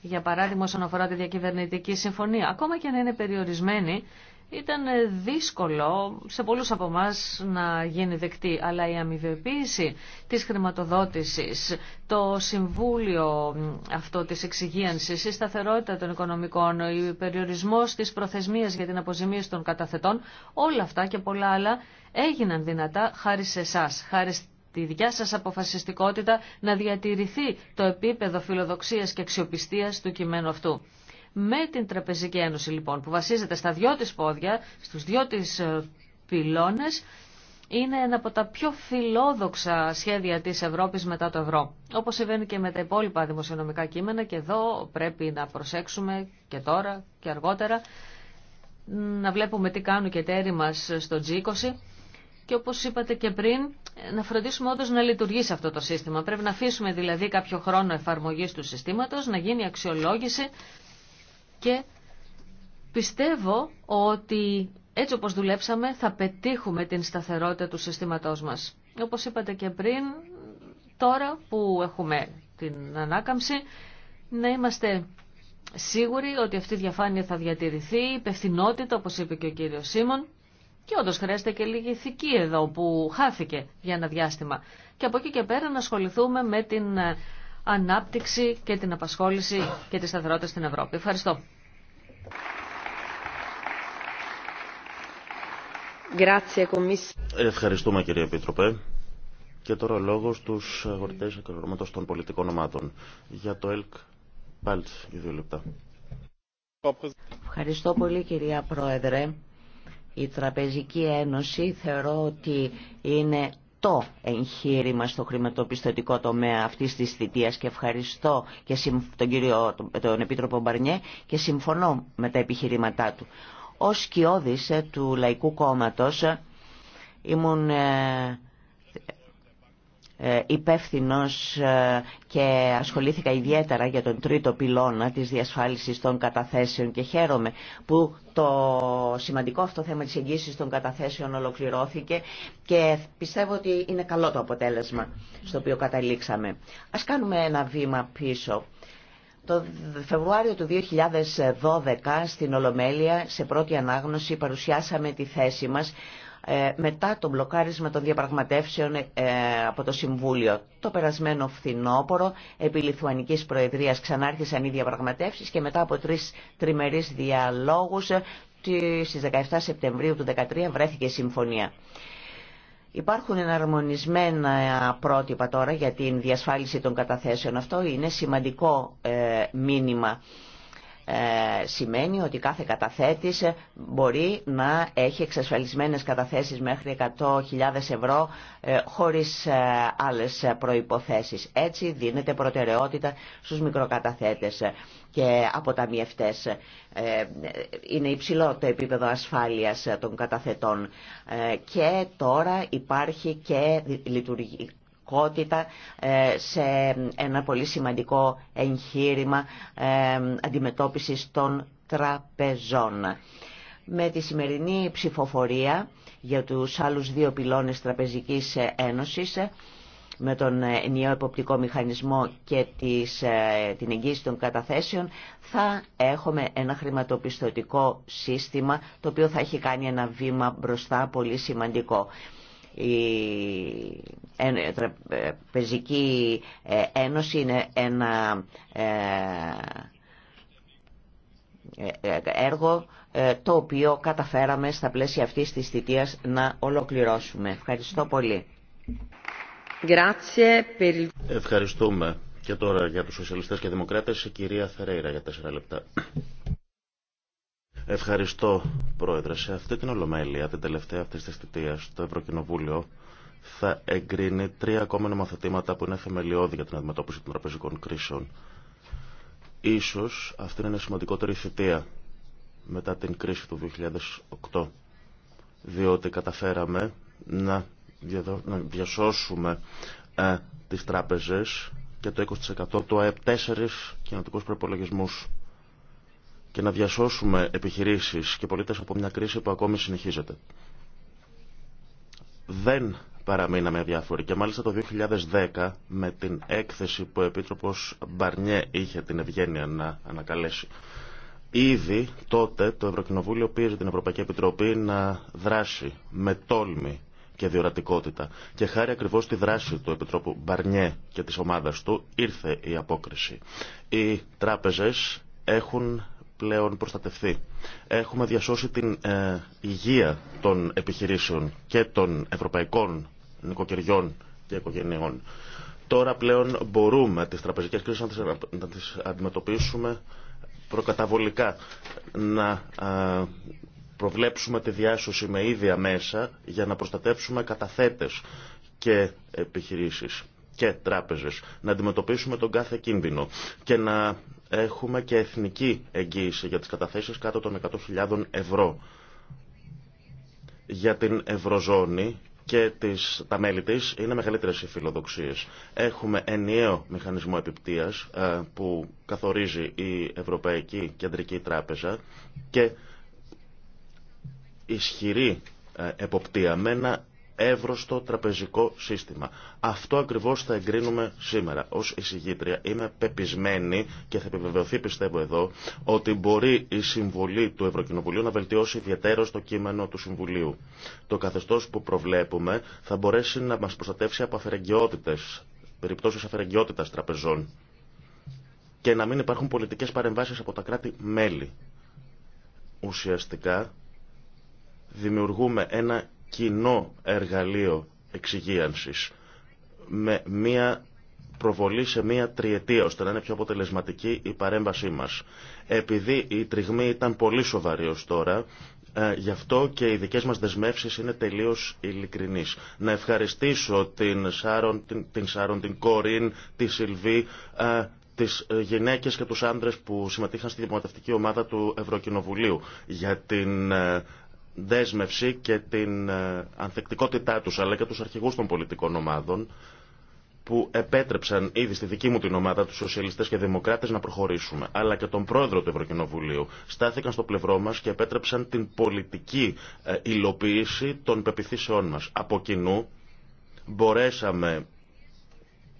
Για παράδειγμα όσον αφορά τη διακυβερνητική συμφωνία, ακόμα και να είναι περιορισμένη, ήταν ε, δύσκολο σε πολλούς από εμά να γίνει δεκτή, αλλά η αμοιβεποίηση της χρηματοδότησης, το Συμβούλιο αυτό της εξυγίανσης, η σταθερότητα των οικονομικών, ο περιορισμός της προθεσμίας για την αποζημίωση των καταθετών, όλα αυτά και πολλά άλλα έγιναν δυνατά χάρη σε εσά, χάρη τη δικιά σας αποφασιστικότητα να διατηρηθεί το επίπεδο φιλοδοξίας και αξιοπιστίας του κειμένου αυτού. Με την Τραπεζική Ένωση λοιπόν που βασίζεται στα δυο της πόδια, στους δυο της ε, πυλώνες, είναι ένα από τα πιο φιλόδοξα σχέδια της Ευρώπης μετά το ευρώ. Όπως συμβαίνει και με τα υπόλοιπα δημοσιονομικά κείμενα και εδώ πρέπει να προσέξουμε και τώρα και αργότερα να βλέπουμε τι κάνουν και εταίροι μας στο G20 και όπως είπατε και πριν να φροντίσουμε όντως να λειτουργήσει αυτό το σύστημα. Πρέπει να αφήσουμε δηλαδή κάποιο χρόνο εφαρμογής του συστήματος, να γίνει αξιολόγηση και πιστεύω ότι έτσι όπως δουλέψαμε θα πετύχουμε την σταθερότητα του συστήματός μας. Όπως είπατε και πριν, τώρα που έχουμε την ανάκαμψη, να είμαστε σίγουροι ότι αυτή η διαφάνεια θα διατηρηθεί, η υπευθυνότητα, όπως είπε και ο κύριος Σίμων, και όντω χρειάζεται και λίγη ηθική εδώ που χάθηκε για ένα διάστημα. Και από εκεί και πέρα να ασχοληθούμε με την ανάπτυξη και την απασχόληση και τη σταθερότητα στην Ευρώπη. Ευχαριστώ.
Ευχαριστούμε κύριε Επίτροπε. Και τώρα ο λόγο στου αγορητέ εκπληρωμάτων των πολιτικών ομάδων. Για το ΕΛΚ, πάλι δύο λεπτά.
Ευχαριστώ πολύ κυρία Πρόεδρε. Η Τραπεζική Ένωση θεωρώ ότι είναι λεπτό εγχείρημα στο χρηματοπιστωτικό τομέα αυτής της θητείας και ευχαριστώ και τον, κύριο, τον Επίτροπο Μπαρνιέ και συμφωνώ με τα επιχειρήματά του. Ως κοιόδης ε, του Λαϊκού Κόμματος ε, ήμουν ε, ε, υπεύθυνος ε, και ασχολήθηκα ιδιαίτερα για τον τρίτο πυλώνα της διασφάλισης των καταθέσεων και χαίρομαι που το σημαντικό αυτό θέμα της εγγύησης των καταθέσεων ολοκληρώθηκε και πιστεύω ότι είναι καλό το αποτέλεσμα στο οποίο καταλήξαμε. Ας κάνουμε ένα βήμα πίσω. Το Φεβρουάριο του 2012 στην Ολομέλεια σε πρώτη ανάγνωση παρουσιάσαμε τη θέση μας ε, μετά το μπλοκάρισμα των διαπραγματεύσεων ε, από το Συμβούλιο. Το περασμένο φθινόπωρο, επί Λιθουανικής Προεδρίας, ξανάρχισαν οι διαπραγματεύσεις και μετά από τρεις τριμερείς διαλόγους, ε, στις 17 Σεπτεμβρίου του 2013 βρέθηκε συμφωνία. Υπάρχουν εναρμονισμένα πρότυπα τώρα για την διασφάλιση των καταθέσεων. Αυτό είναι σημαντικό μήνυμα. Ε, σημαίνει ότι κάθε καταθέτης μπορεί να έχει εξασφαλισμένες καταθέσεις μέχρι 100.000 ευρώ ε, χωρίς ε, άλλες προϋποθέσεις. Έτσι δίνεται προτεραιότητα στους μικροκαταθέτες και αποταμιευτές. Είναι υψηλό το επίπεδο ασφάλειας των καταθετών. Και τώρα υπάρχει και ε, σε ένα πολύ σημαντικό εγχείρημα ε, αντιμετώπισης των τραπεζών. Με τη σημερινή ψηφοφορία για τους άλλους δύο πυλώνες Τραπεζικής Ένωσης με τον ενιαίο εποπτικό μηχανισμό και ε, την εγγύηση των καταθέσεων θα έχουμε ένα χρηματοπιστωτικό σύστημα το οποίο θα έχει κάνει ένα βήμα μπροστά πολύ σημαντικό. Η ε, Τραπεζική ε, ε, Ένωση είναι ένα έργο το οποίο καταφέραμε στα πλαίσια αυτής της θητείας να
ολοκληρώσουμε. Ευχαριστώ πολύ. Ευχαριστούμε. Και τώρα για τους σοσιαλιστές και δημοκράτες η κυρία Θερέιρα για τέσσερα λεπτά. Ευχαριστώ, Πρόεδρε. Σε αυτή την ολομέλεια, την τελευταία αυτή τη θητεία, το Ευρωκοινοβούλιο θα εγκρίνει τρία ακόμα νομοθετήματα που είναι θεμελιώδη για την αντιμετώπιση των τραπεζικών κρίσεων. Ίσως αυτή είναι η σημαντικότερη θητεία μετά την κρίση του 2008, διότι καταφέραμε να διασώσουμε ε, τις τράπεζες και το 20% του ΑΕΠ τέσσερις κοινωτικούς προπολογισμούς και να διασώσουμε επιχειρήσεις και πολίτες από μια κρίση που ακόμη συνεχίζεται. Δεν παραμείναμε αδιάφοροι και μάλιστα το 2010 με την έκθεση που ο Επίτροπος Μπαρνιέ είχε την ευγένεια να ανακαλέσει. Ήδη τότε το Ευρωκοινοβούλιο πίεζε την Ευρωπαϊκή Επιτροπή να δράσει με τόλμη και διορατικότητα. Και χάρη ακριβώς στη δράση του Επιτρόπου Μπαρνιέ και της ομάδας του ήρθε η απόκριση. Οι τράπεζες έχουν πλέον προστατευθεί. Έχουμε διασώσει την ε, υγεία των επιχειρήσεων και των ευρωπαϊκών νοικοκυριών και οικογενειών. Τώρα πλέον μπορούμε τις τραπεζικές κρίσεις να τις, αντιμετωπίσουμε προκαταβολικά, να προβλέψουμε τη διάσωση με ίδια μέσα για να προστατεύσουμε καταθέτες και επιχειρήσεις και τράπεζες, να αντιμετωπίσουμε τον κάθε κίνδυνο και να έχουμε και εθνική εγγύηση για τις καταθέσεις κάτω των 100.000 ευρώ. Για την Ευρωζώνη και τις, τα μέλη της είναι μεγαλύτερες οι φιλοδοξίες. Έχουμε ενιαίο μηχανισμό επιπτίας ε, που καθορίζει η Ευρωπαϊκή Κεντρική Τράπεζα και ισχυρή ε, εποπτεία με ένα εύρωστο τραπεζικό σύστημα. Αυτό ακριβώς θα εγκρίνουμε σήμερα. Ως εισηγήτρια είμαι πεπισμένη και θα επιβεβαιωθεί πιστεύω εδώ ότι μπορεί η συμβολή του Ευρωκοινοβουλίου να βελτιώσει ιδιαίτερο το κείμενο του Συμβουλίου. Το καθεστώς που προβλέπουμε θα μπορέσει να μας προστατεύσει από αφαιρεγγιότητες, περιπτώσεις αφαιρεγγιότητας τραπεζών και να μην υπάρχουν πολιτικές παρεμβάσεις από τα κράτη-μέλη. Ουσιαστικά δημιουργούμε ένα κοινό εργαλείο εξυγίανσης με μία προβολή σε μία τριετία ώστε να είναι πιο αποτελεσματική η παρέμβασή μας. Επειδή η τριγμή ήταν πολύ σοβαρή ως τώρα, ε, γι' αυτό και οι δικές μας δεσμεύσεις είναι τελείως ειλικρινείς. Να ευχαριστήσω την Σάρον, την, Σάρον, την Κορίν, τη Σιλβή, ε, τις γυναίκες και τους άντρες που συμμετείχαν στη δημοτευτική ομάδα του Ευρωκοινοβουλίου για την ε, δέσμευση και την ε, ανθεκτικότητά τους αλλά και τους αρχηγούς των πολιτικών ομάδων που επέτρεψαν ήδη στη δική μου την ομάδα, του σοσιαλιστέ και δημοκράτες να προχωρήσουμε. Αλλά και τον πρόεδρο του Ευρωκοινοβουλίου. Στάθηκαν στο πλευρό μας και επέτρεψαν την πολιτική ε, υλοποίηση των πεπιθήσεών μας. Από κοινού μπορέσαμε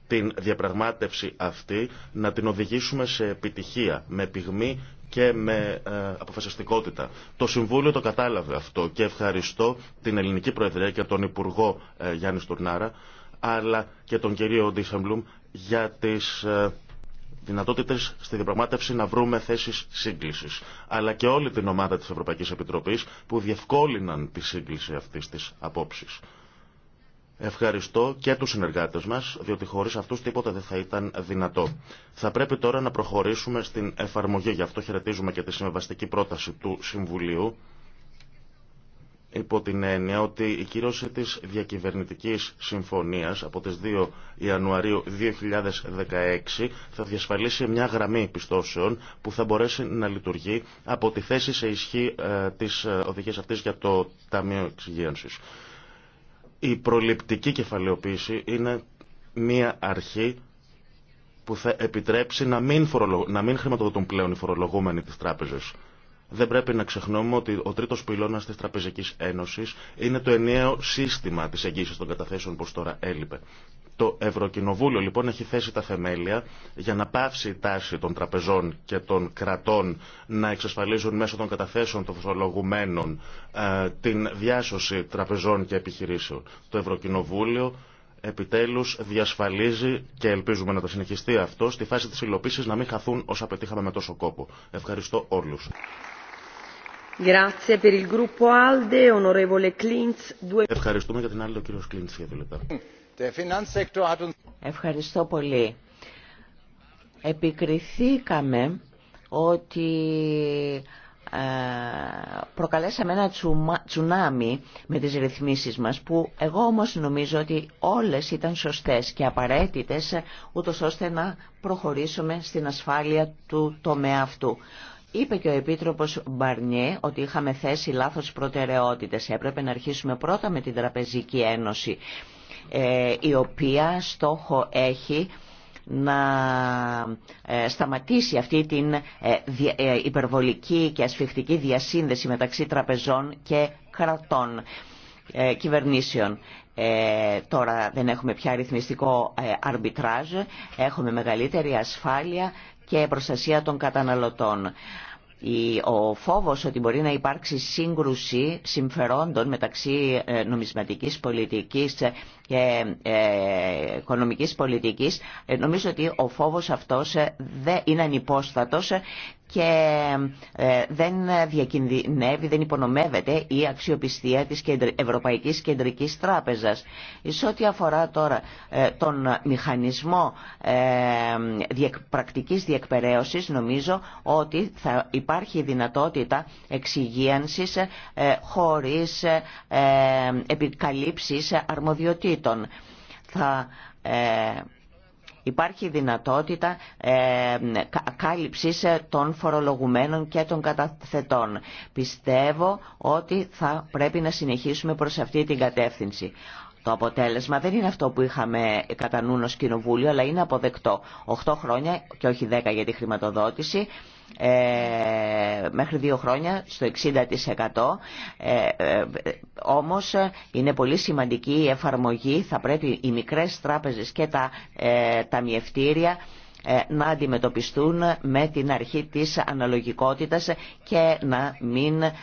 την διαπραγμάτευση αυτή να την οδηγήσουμε σε επιτυχία με πυγμή και με ε, αποφασιστικότητα. Το Συμβούλιο το κατάλαβε αυτό και ευχαριστώ την Ελληνική Προεδρία και τον Υπουργό ε, Γιάννη Τουρνάρα αλλά και τον κύριο Ντίσεμπλουμ για τις ε, δυνατότητες στη διαπραγμάτευση να βρούμε θέσεις σύγκλησης Αλλά και όλη την ομάδα της Ευρωπαϊκής Επιτροπής που διευκόλυναν τη σύγκληση αυτής της απόψης. Ευχαριστώ και τους συνεργάτες μας, διότι χωρίς αυτούς τίποτα δεν θα ήταν δυνατό. Θα πρέπει τώρα να προχωρήσουμε στην εφαρμογή. Γι' αυτό χαιρετίζουμε και τη συμβαστική πρόταση του Συμβουλίου υπό την έννοια ότι η κύρωση της διακυβερνητικής συμφωνίας από τις 2 Ιανουαρίου 2016 θα διασφαλίσει μια γραμμή πιστώσεων που θα μπορέσει να λειτουργεί από τη θέση σε ισχύ ε, της ε, οδηγίας αυτής για το Ταμείο Εξυγίανσης. Η προληπτική κεφαλαιοποίηση είναι μία αρχή που θα επιτρέψει να μην, φορολογ... χρηματοδοτούν πλέον οι φορολογούμενοι της τράπεζας. Δεν πρέπει να ξεχνούμε ότι ο τρίτο πυλώνα τη Τραπεζική Ένωση είναι το ενιαίο σύστημα τη εγγύηση των καταθέσεων που τώρα έλειπε. Το Ευρωκοινοβούλιο λοιπόν έχει θέσει τα θεμέλια για να πάυσει η τάση των τραπεζών και των κρατών να εξασφαλίζουν μέσω των καταθέσεων των φορολογουμένων ε, την διάσωση τραπεζών και επιχειρήσεων. Το Ευρωκοινοβούλιο επιτέλους διασφαλίζει και ελπίζουμε να το συνεχιστεί αυτό στη φάση της υλοποίησης να μην χαθούν όσα πετύχαμε με τόσο κόπο. Ευχαριστώ όλου. Ευχαριστούμε για την άλλη ο κύριος Κλίντς για λεπτά.
Ευχαριστώ πολύ. Επικριθήκαμε ότι ε, προκαλέσαμε ένα τσουνάμι με τις ρυθμίσεις μας που εγώ όμως νομίζω ότι όλες ήταν σωστές και απαραίτητες ούτως ώστε να προχωρήσουμε στην ασφάλεια του τομέα αυτού. Είπε και ο Επίτροπος Μπαρνιέ ότι είχαμε θέσει λάθος προτεραιότητες. Έπρεπε να αρχίσουμε πρώτα με την Τραπεζική Ένωση, ε, η οποία στόχο έχει να ε, σταματήσει αυτή την ε, υπερβολική και ασφιχτική διασύνδεση μεταξύ τραπεζών και κρατών κυβερνήσεων. τώρα δεν έχουμε πια ρυθμιστικό αρμπιτράζ, έχουμε μεγαλύτερη ασφάλεια και προστασία των καταναλωτών. Ο φόβος ότι μπορεί να υπάρξει σύγκρουση συμφερόντων μεταξύ ε, νομισματικής πολιτικής ε, και ε, οικονομικής πολιτικής νομίζω ότι ο φόβος αυτός δεν είναι ανυπόστατος και ε, δεν διακινδυνεύει, δεν υπονομεύεται η αξιοπιστία της Ευρωπαϊκής Κεντρικής Τράπεζας. Σε ό,τι αφορά τώρα ε, τον μηχανισμό ε, πρακτικής διεκπαιρέωσης, νομίζω ότι θα υπάρχει δυνατότητα εξυγίανσης χωρίς επικαλύψεις αρμοδιοτήτων. Θα υπάρχει δυνατότητα ε, κάλυψης ε, των φορολογουμένων και των καταθετών. Πιστεύω ότι θα πρέπει να συνεχίσουμε προς αυτή την κατεύθυνση. Το αποτέλεσμα δεν είναι αυτό που είχαμε κατά νου κοινοβούλιο, αλλά είναι αποδεκτό. 8 χρόνια και όχι 10 για τη χρηματοδότηση, ε, μέχρι δύο χρόνια στο 60% ε, ε, όμως είναι πολύ σημαντική η εφαρμογή θα πρέπει οι μικρές τράπεζες και τα ταμιευτήρια ε, να αντιμετωπιστούν με την αρχή της αναλογικότητας και να μην ε,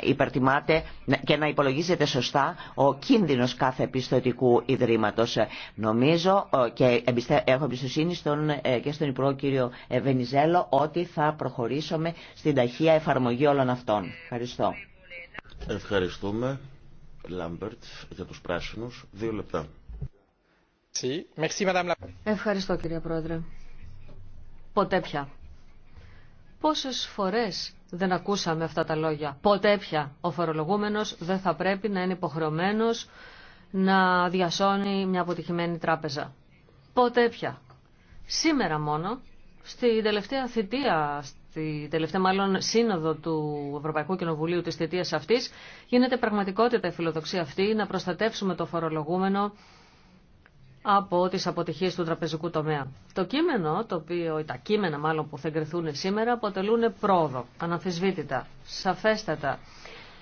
υπερτιμάται και να υπολογίζεται σωστά ο κίνδυνος κάθε πιστοτικού ιδρύματος. Νομίζω ε, και έχω εμπιστοσύνη στον, και στον Υπουργό κύριο Βενιζέλο ότι θα προχωρήσουμε στην ταχεία εφαρμογή όλων αυτών. Ευχαριστώ.
Ευχαριστούμε. Λάμπερτ για τους πράσινους. Δύο λεπτά.
Ευχαριστώ κύριε Πρόεδρε. Ποτέ πια. Πόσες φορές δεν ακούσαμε αυτά τα λόγια. Ποτέ πια ο φορολογούμενος δεν θα πρέπει να είναι υποχρεωμένος να διασώνει μια αποτυχημένη τράπεζα. Ποτέ πια. Σήμερα μόνο, στη τελευταία θητεία, στη τελευταία μάλλον σύνοδο του Ευρωπαϊκού Κοινοβουλίου της θητείας αυτής, γίνεται πραγματικότητα η φιλοδοξία αυτή να προστατεύσουμε το φορολογούμενο από τι αποτυχίε του τραπεζικού τομέα. Το κείμενο, το οποίο, τα κείμενα μάλλον που θα εγκριθούν σήμερα αποτελούν πρόοδο, αναμφισβήτητα, σαφέστατα.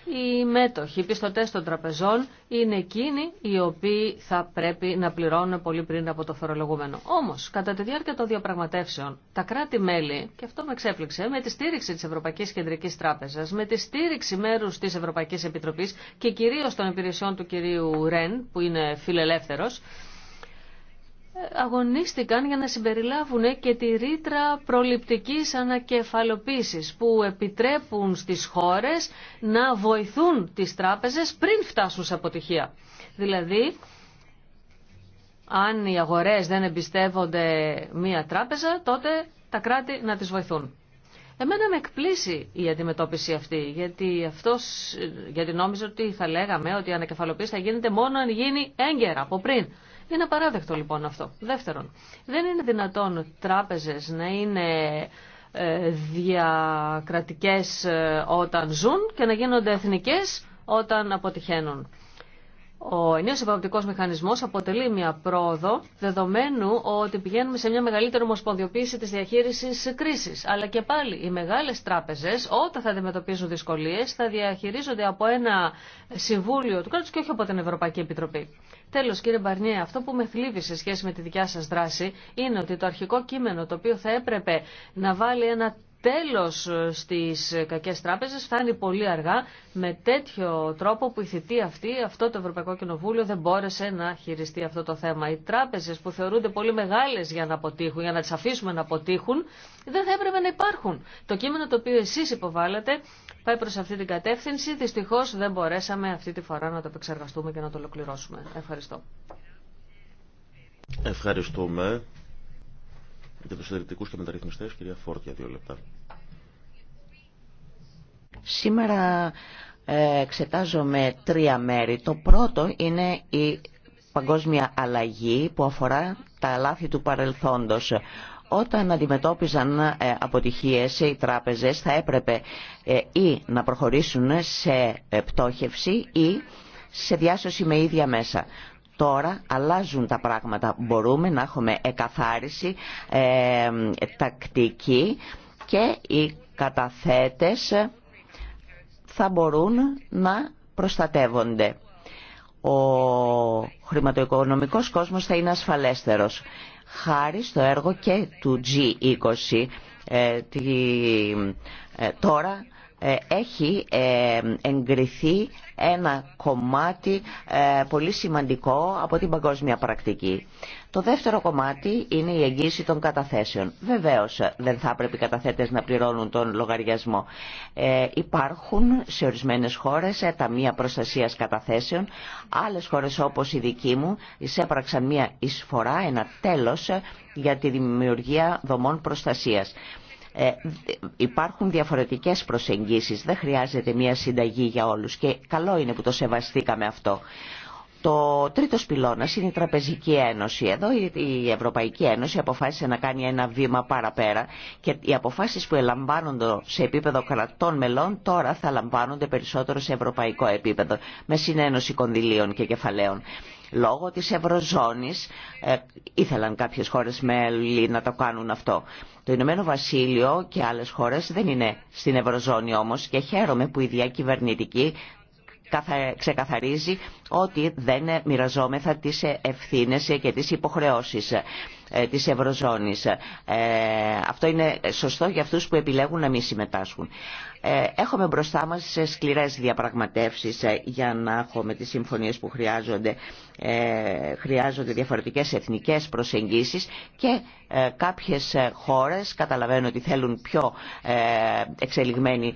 Οι μέτοχοι, οι πιστωτέ των τραπεζών είναι εκείνοι οι οποίοι θα πρέπει να πληρώνουν πολύ πριν από το φορολογούμενο. Όμω, κατά τη διάρκεια των διαπραγματεύσεων, τα κράτη-μέλη, και αυτό με εξέπληξε, με τη στήριξη τη Ευρωπαϊκή Κεντρική Τράπεζα, με τη στήριξη μέρου τη Ευρωπαϊκή Επιτροπή και κυρίω των υπηρεσιών του κυρίου Ρεν, που είναι φιλελεύθερο αγωνίστηκαν για να συμπεριλάβουν και τη ρήτρα προληπτικής ανακεφαλοποίησης που επιτρέπουν στις χώρες να βοηθούν τις τράπεζες πριν φτάσουν σε αποτυχία. Δηλαδή, αν οι αγορές δεν εμπιστεύονται μία τράπεζα, τότε τα κράτη να τις βοηθούν. Εμένα με εκπλήσει η αντιμετώπιση αυτή, γιατί, αυτός, γιατί νόμιζα ότι θα λέγαμε ότι η ανακεφαλοποίηση θα γίνεται μόνο αν γίνει έγκαιρα από πριν. Είναι απαράδεκτο λοιπόν αυτό. Δεύτερον, δεν είναι δυνατόν τράπεζες να είναι ε, διακρατικές ε, όταν ζουν και να γίνονται εθνικές όταν αποτυχαίνουν. Ο ενίο επαγγελματικό μηχανισμό αποτελεί μια πρόοδο δεδομένου ότι πηγαίνουμε σε μια μεγαλύτερη ομοσπονδιοποίηση της διαχείρισης κρίση. Αλλά και πάλι οι μεγάλε τράπεζε όταν θα αντιμετωπίζουν δυσκολίε, θα διαχειρίζονται από ένα συμβούλιο του κράτου και όχι από την Ευρωπαϊκή Επιτροπή. Τέλο, κύριε Μπαρνιέ, αυτό που με θλίβει σε σχέση με τη δικιά σα δράση είναι ότι το αρχικό κείμενο το οποίο θα έπρεπε να βάλει ένα τέλος ε, στις ε, κακές τράπεζες φτάνει πολύ αργά με τέτοιο τρόπο που η θητή αυτή, αυτό το Ευρωπαϊκό Κοινοβούλιο δεν μπόρεσε να χειριστεί αυτό το θέμα. Οι τράπεζες που θεωρούνται πολύ μεγάλες για να αποτύχουν, για να τις αφήσουμε να αποτύχουν, δεν θα έπρεπε να υπάρχουν. Το κείμενο το οποίο εσείς υποβάλλατε πάει προς αυτή την κατεύθυνση. Δυστυχώς δεν μπορέσαμε αυτή τη φορά να το επεξεργαστούμε και να το ολοκληρώσουμε. Ευχαριστώ.
Ευχαριστούμε. Για τους και μεταρρυθμιστές, κυρία Φόρτ, δύο λεπτά.
Σήμερα ε, εξετάζομαι τρία μέρη. Το πρώτο είναι η παγκόσμια αλλαγή που αφορά τα λάθη του παρελθόντος. Όταν αντιμετώπιζαν ε, αποτυχίες οι τράπεζες θα έπρεπε ε, ή να προχωρήσουν σε πτώχευση ή σε διάσωση με ίδια μέσα. Τώρα αλλάζουν τα πράγματα. Μπορούμε να έχουμε εκαθάριση, ε, τακτική και οι καταθέτες θα μπορούν να προστατεύονται. Ο χρηματοοικονομικός κόσμος θα είναι ασφαλέστερος. Χάρη στο έργο και του G20 ε, τη, ε, τώρα ε, έχει ε, εγκριθεί ένα κομμάτι ε, πολύ σημαντικό από την παγκόσμια πρακτική. Το δεύτερο κομμάτι είναι η εγγύηση των καταθέσεων. Βεβαίως δεν θα πρέπει οι καταθέτες να πληρώνουν τον λογαριασμό. υπάρχουν σε ορισμένες χώρες ταμεία προστασίας καταθέσεων. Άλλες χώρες όπως η δική μου εισέπραξαν μια εισφορά, ένα τέλος για τη δημιουργία δομών προστασίας. Ε, υπάρχουν διαφορετικές προσεγγίσεις, δεν χρειάζεται μια συνταγή για όλους και καλό είναι που το σεβαστήκαμε αυτό. Το τρίτο πυλώνα είναι η Τραπεζική Ένωση. Εδώ η Ευρωπαϊκή Ένωση αποφάσισε να κάνει ένα βήμα παραπέρα και οι αποφάσεις που ελαμβάνονται σε επίπεδο κρατών μελών τώρα θα λαμβάνονται περισσότερο σε ευρωπαϊκό επίπεδο με συνένωση κονδυλίων και κεφαλαίων. Λόγω της Ευρωζώνης ε, ήθελαν κάποιες χώρες μέλη να το κάνουν αυτό. Το Ηνωμένο Βασίλειο και άλλες χώρες δεν είναι στην Ευρωζώνη όμως και χαίρομαι που η διακυβερνητική ξεκαθαρίζει ότι δεν μοιραζόμεθα τις ευθύνες και τις υποχρεώσεις. Ε, της Ευρωζώνης. Ε, αυτό είναι σωστό για αυτούς που επιλέγουν να μην συμμετάσχουν. Ε, έχουμε μπροστά μας σκληρές διαπραγματεύσεις για να έχουμε τις συμφωνίες που χρειάζονται. Χρειάζονται διαφορετικές εθνικές προσεγγίσεις και κάποιες χώρες καταλαβαίνουν ότι θέλουν πιο εξελιγμένη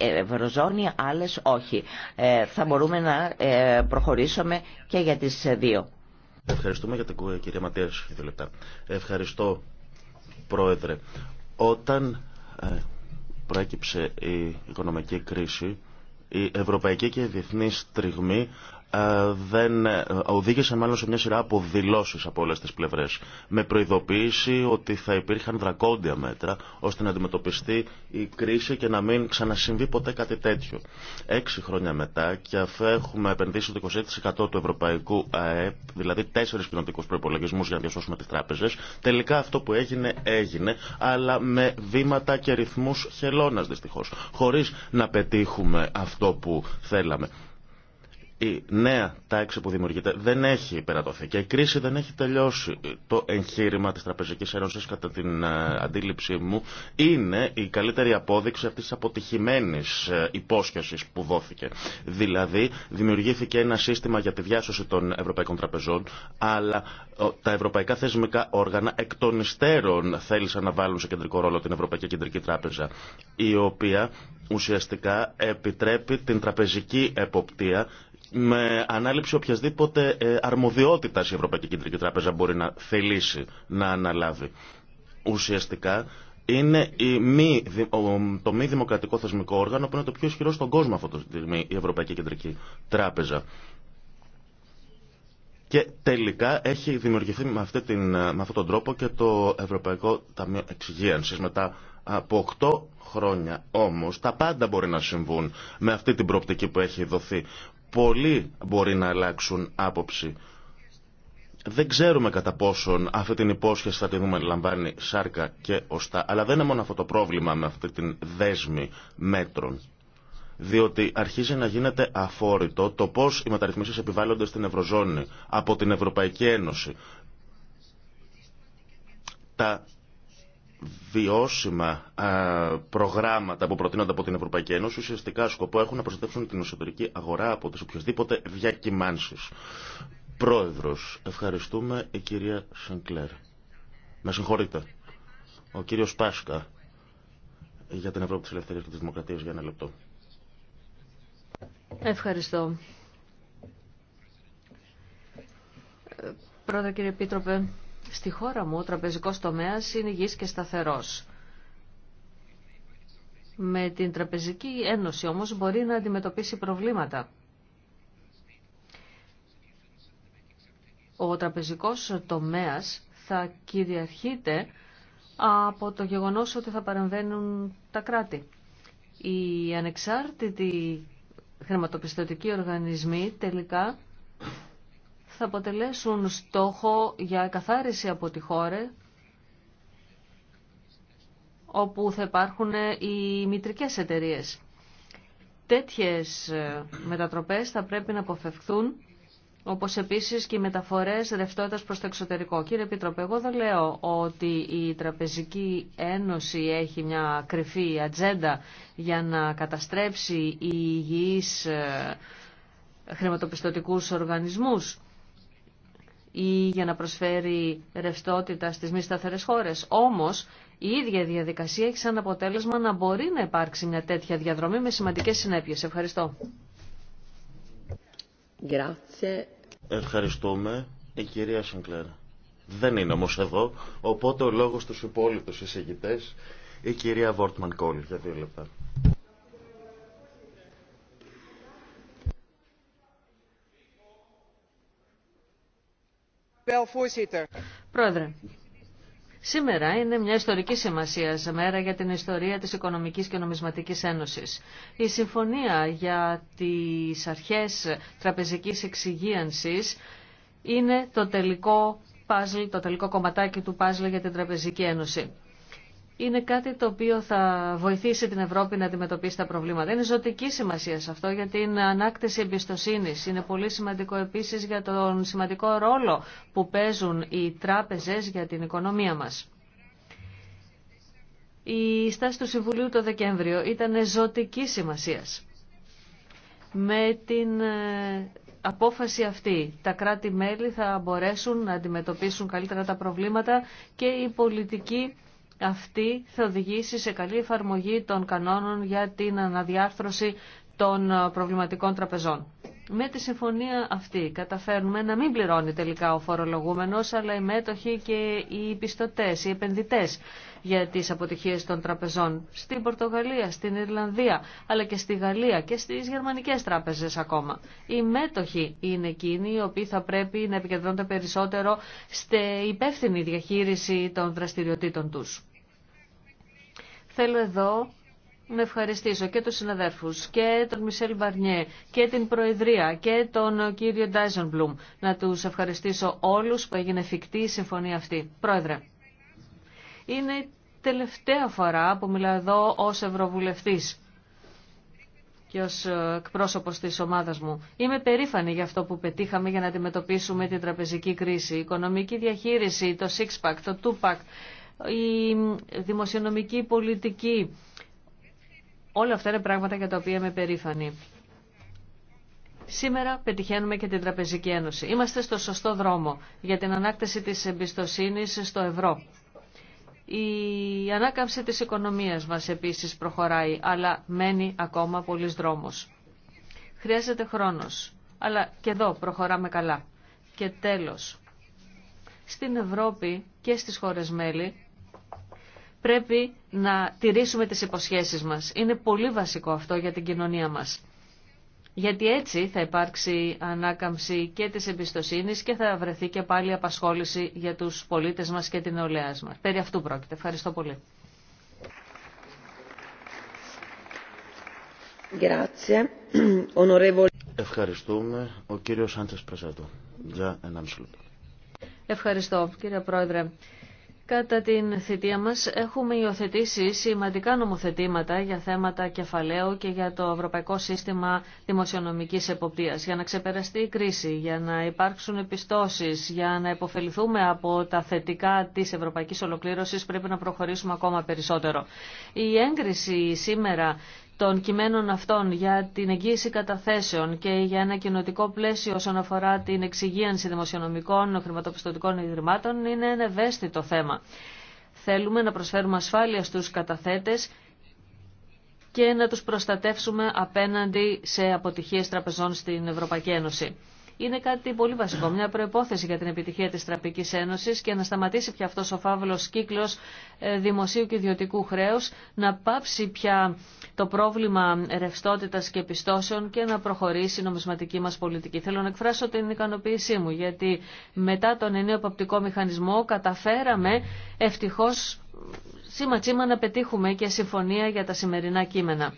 ευρωζώνη, άλλες όχι. Θα μπορούμε να προχωρήσουμε και για τις
δύο. Ευχαριστούμε για την κυρία Ματίας. Ευχαριστώ, Πρόεδρε. Όταν ε, προέκυψε η οικονομική κρίση, η ευρωπαϊκή και η διεθνή στριγμή ε, δεν ε, οδήγησαν μάλλον σε μια σειρά από δηλώσεις από όλε τι πλευρέ, με προειδοποίηση ότι θα υπήρχαν δρακόντια μέτρα ώστε να αντιμετωπιστεί η κρίση και να μην ξανασυμβεί ποτέ κάτι τέτοιο. Έξι χρόνια μετά και αφού έχουμε επενδύσει το 26% του ευρωπαϊκού ΑΕΠ, δηλαδή τέσσερι κοινοτικού προπολογισμού για να διασώσουμε τι τράπεζε. τελικά αυτό που έγινε έγινε, αλλά με βήματα και ρυθμού χελώνα δυστυχώ, χωρί να πετύχουμε αυτό που θέλαμε η νέα τάξη που δημιουργείται δεν έχει υπερατωθεί και η κρίση δεν έχει τελειώσει. Το εγχείρημα της Τραπεζικής Ένωσης κατά την ε, αντίληψή μου είναι η καλύτερη απόδειξη αυτής της αποτυχημένης ε, υπόσχεσης που δόθηκε. Δηλαδή δημιουργήθηκε ένα σύστημα για τη διάσωση των ευρωπαϊκών τραπεζών αλλά ε, τα ευρωπαϊκά θεσμικά όργανα εκ των υστέρων θέλησαν να βάλουν σε κεντρικό ρόλο την Ευρωπαϊκή Κεντρική Τράπεζα η οποία ουσιαστικά επιτρέπει την τραπεζική εποπτεία με ανάληψη οποιασδήποτε ε, αρμοδιότητα η Ευρωπαϊκή Κεντρική Τράπεζα μπορεί να θελήσει να αναλάβει. Ουσιαστικά είναι η το μη δημοκρατικό θεσμικό όργανο που είναι το πιο ισχυρό στον κόσμο αυτή τη στιγμή η Ευρωπαϊκή Κεντρική Τράπεζα. Και τελικά έχει δημιουργηθεί με, αυτή την, ε, με αυτόν τον τρόπο και το Ευρωπαϊκό Ταμείο Εξυγίανσης μετά από 8 χρόνια όμως τα πάντα μπορεί να συμβούν με αυτή την προοπτική που έχει δοθεί πολλοί μπορεί να αλλάξουν άποψη. Δεν ξέρουμε κατά πόσον αυτή την υπόσχεση θα τη δούμε λαμβάνει σάρκα και οστά. Αλλά δεν είναι μόνο αυτό το πρόβλημα με αυτή την δέσμη μέτρων. Διότι αρχίζει να γίνεται αφόρητο το πώς οι μεταρρυθμίσεις επιβάλλονται στην Ευρωζώνη από την Ευρωπαϊκή Ένωση. Τα βιώσιμα ε, προγράμματα που προτείνονται από την Ευρωπαϊκή Ένωση ουσιαστικά σκοπό έχουν να προστατεύσουν την εσωτερική αγορά από τις οποιασδήποτε διακυμάνσεις. Πρόεδρος, ευχαριστούμε η κυρία Σενκλέρ. Με συγχωρείτε. Ο κύριος Πάσκα για την Ευρώπη της Ελευθερίας και της Δημοκρατίας για ένα λεπτό.
Ευχαριστώ. Ε, Πρώτα κύριε Επίτροπε, Στη χώρα μου ο τραπεζικός τομέας είναι υγιής και σταθερός. Με την Τραπεζική Ένωση όμως μπορεί να αντιμετωπίσει προβλήματα. Ο τραπεζικός τομέας θα κυριαρχείται από το γεγονός ότι θα παρεμβαίνουν τα κράτη. Οι ανεξάρτητοι χρηματοπιστωτικοί οργανισμοί τελικά θα αποτελέσουν στόχο για καθάριση από τη χώρα όπου θα υπάρχουν οι μητρικές εταιρείες. Τέτοιες ε, μετατροπές θα πρέπει να αποφευχθούν όπως επίσης και οι μεταφορές ρευτότητας προς το εξωτερικό. Κύριε Επίτροπε, εγώ δεν λέω ότι η Τραπεζική Ένωση έχει μια κρυφή ατζέντα για να καταστρέψει οι υγιείς ε, χρηματοπιστωτικούς οργανισμούς ή για να προσφέρει ρευστότητα στις μη σταθερές χώρες. Όμως η ίδια διαδικασία έχει σαν αποτέλεσμα να μπορεί να υπάρξει μια τέτοια διαδρομή με σημαντικές συνέπειες. Ευχαριστώ.
Ευχαριστούμε η κυρία Συγκλέρα. Δεν είναι όμως εδώ, οπότε ο λόγος στους υπόλοιπους εισηγητές η κυρία Βόρτμαν Κόλλη. για δύο λεπτά.
Πρόεδρε, Σήμερα είναι μια ιστορική σημασία μέρα για την ιστορία της Οικονομικής και Νομισματικής Ένωσης. Η συμφωνία για τις αρχές τραπεζικής εξυγίανσης είναι το τελικό παζλ, το τελικό κομματάκι του παζλ για την Τραπεζική Ένωση είναι κάτι το οποίο θα βοηθήσει την Ευρώπη να αντιμετωπίσει τα προβλήματα. Είναι ζωτική σημασία σε αυτό για την ανάκτηση εμπιστοσύνη. Είναι πολύ σημαντικό επίση για τον σημαντικό ρόλο που παίζουν οι τράπεζε για την οικονομία μα. Η στάση του Συμβουλίου το Δεκέμβριο ήταν ζωτική σημασία. Με την ε, απόφαση αυτή τα κράτη-μέλη θα μπορέσουν να αντιμετωπίσουν καλύτερα τα προβλήματα και η πολιτική αυτή θα οδηγήσει σε καλή εφαρμογή των κανόνων για την αναδιάρθρωση των ε, προβληματικών τραπεζών. Με τη συμφωνία αυτή καταφέρνουμε να μην πληρώνει τελικά ο φορολογούμενος, αλλά οι μέτοχοι και οι πιστωτές, οι επενδυτές για τις αποτυχίες των τραπεζών στην Πορτογαλία, στην Ιρλανδία, αλλά και στη Γαλλία και στις γερμανικές τράπεζες ακόμα. Οι μέτοχοι είναι εκείνοι οι οποίοι θα πρέπει να επικεντρώνονται περισσότερο στη υπεύθυνη διαχείριση των δραστηριοτήτων τους. Θέλω εδώ να ευχαριστήσω και τους συναδέρφους και τον Μισελ Μπαρνιέ και την Προεδρία και τον κύριο Ντάιζενμπλουμ. Να τους ευχαριστήσω όλους που έγινε εφικτή η συμφωνία αυτή. Πρόεδρε, είναι τελευταία φορά που μιλάω εδώ ως Ευρωβουλευτής και ως ε, εκπρόσωπος της ομάδας μου. Είμαι περήφανη για αυτό που πετύχαμε για να αντιμετωπίσουμε την τραπεζική κρίση. Η οικονομική διαχείριση, το six-pack, το two-pack, η δημοσιονομική πολιτική. Όλα αυτά είναι πράγματα για τα οποία είμαι περήφανη. Σήμερα πετυχαίνουμε και την Τραπεζική Ένωση. Είμαστε στο σωστό δρόμο για την ανάκτηση της εμπιστοσύνης στο ευρώ. Η ανάκαμψη της οικονομίας μας επίσης προχωράει, αλλά μένει ακόμα πολλής δρόμος. Χρειάζεται χρόνος, αλλά και εδώ προχωράμε καλά. Και τέλος, στην Ευρώπη και στις χώρες μέλη πρέπει να τηρήσουμε τις υποσχέσεις μας. Είναι πολύ βασικό αυτό για την κοινωνία μας γιατί έτσι θα υπάρξει ανάκαμψη και της εμπιστοσύνης και θα βρεθεί και πάλι απασχόληση για τους πολίτες μας και την νεολαία μας. Περί αυτού πρόκειται. Ευχαριστώ
πολύ.
Ευχαριστούμε. Ο κύριος Σάντσες Πρεσέντο. Για
Ευχαριστώ κύριε Πρόεδρε. Κατά την θητεία μας έχουμε υιοθετήσει σημαντικά νομοθετήματα για θέματα κεφαλαίου και για το Ευρωπαϊκό Σύστημα Δημοσιονομικής Εποπτείας, για να ξεπεραστεί η κρίση, για να υπάρξουν επιστώσεις, για να υποφεληθούμε από τα θετικά της Ευρωπαϊκής Ολοκλήρωσης πρέπει να προχωρήσουμε ακόμα περισσότερο. Η έγκριση σήμερα των κειμένων αυτών για την εγγύηση καταθέσεων και για ένα κοινοτικό πλαίσιο όσον αφορά την εξυγίανση δημοσιονομικών χρηματοπιστωτικών ιδρυμάτων είναι ένα ευαίσθητο θέμα. Θέλουμε να προσφέρουμε ασφάλεια στους καταθέτες και να τους προστατεύσουμε απέναντι σε αποτυχίες τραπεζών στην Ευρωπαϊκή Ένωση είναι κάτι πολύ βασικό, μια προπόθεση για την επιτυχία τη Τραπική Ένωση και να σταματήσει πια αυτό ο φαύλο κύκλο ε, δημοσίου και ιδιωτικού χρέου, να πάψει πια το πρόβλημα ρευστότητα και πιστώσεων και να προχωρήσει η νομισματική μα πολιτική. Θέλω να εκφράσω την ικανοποίησή μου, γιατί μετά τον ενίο παπτικό μηχανισμό καταφέραμε ευτυχώ σήμα τσίμα να πετύχουμε και συμφωνία για τα σημερινά κείμενα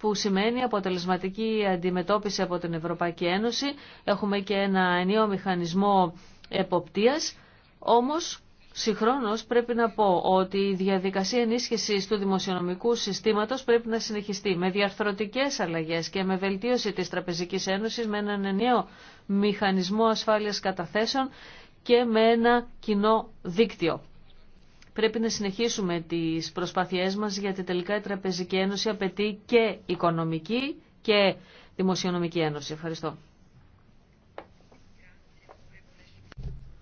που σημαίνει αποτελεσματική αντιμετώπιση από την Ευρωπαϊκή Ένωση. Έχουμε και ένα ενίο μηχανισμό εποπτείας, όμως Συγχρόνως πρέπει να πω ότι η διαδικασία ενίσχυσης του δημοσιονομικού συστήματος πρέπει να συνεχιστεί με διαρθρωτικές αλλαγές και με βελτίωση της Τραπεζικής Ένωσης με έναν νέο μηχανισμό ασφάλειας καταθέσεων και με ένα κοινό δίκτυο. Πρέπει να συνεχίσουμε τις προσπάθειές μας γιατί τελικά η Τραπεζική Ένωση απαιτεί και οικονομική και δημοσιονομική ένωση. Ευχαριστώ.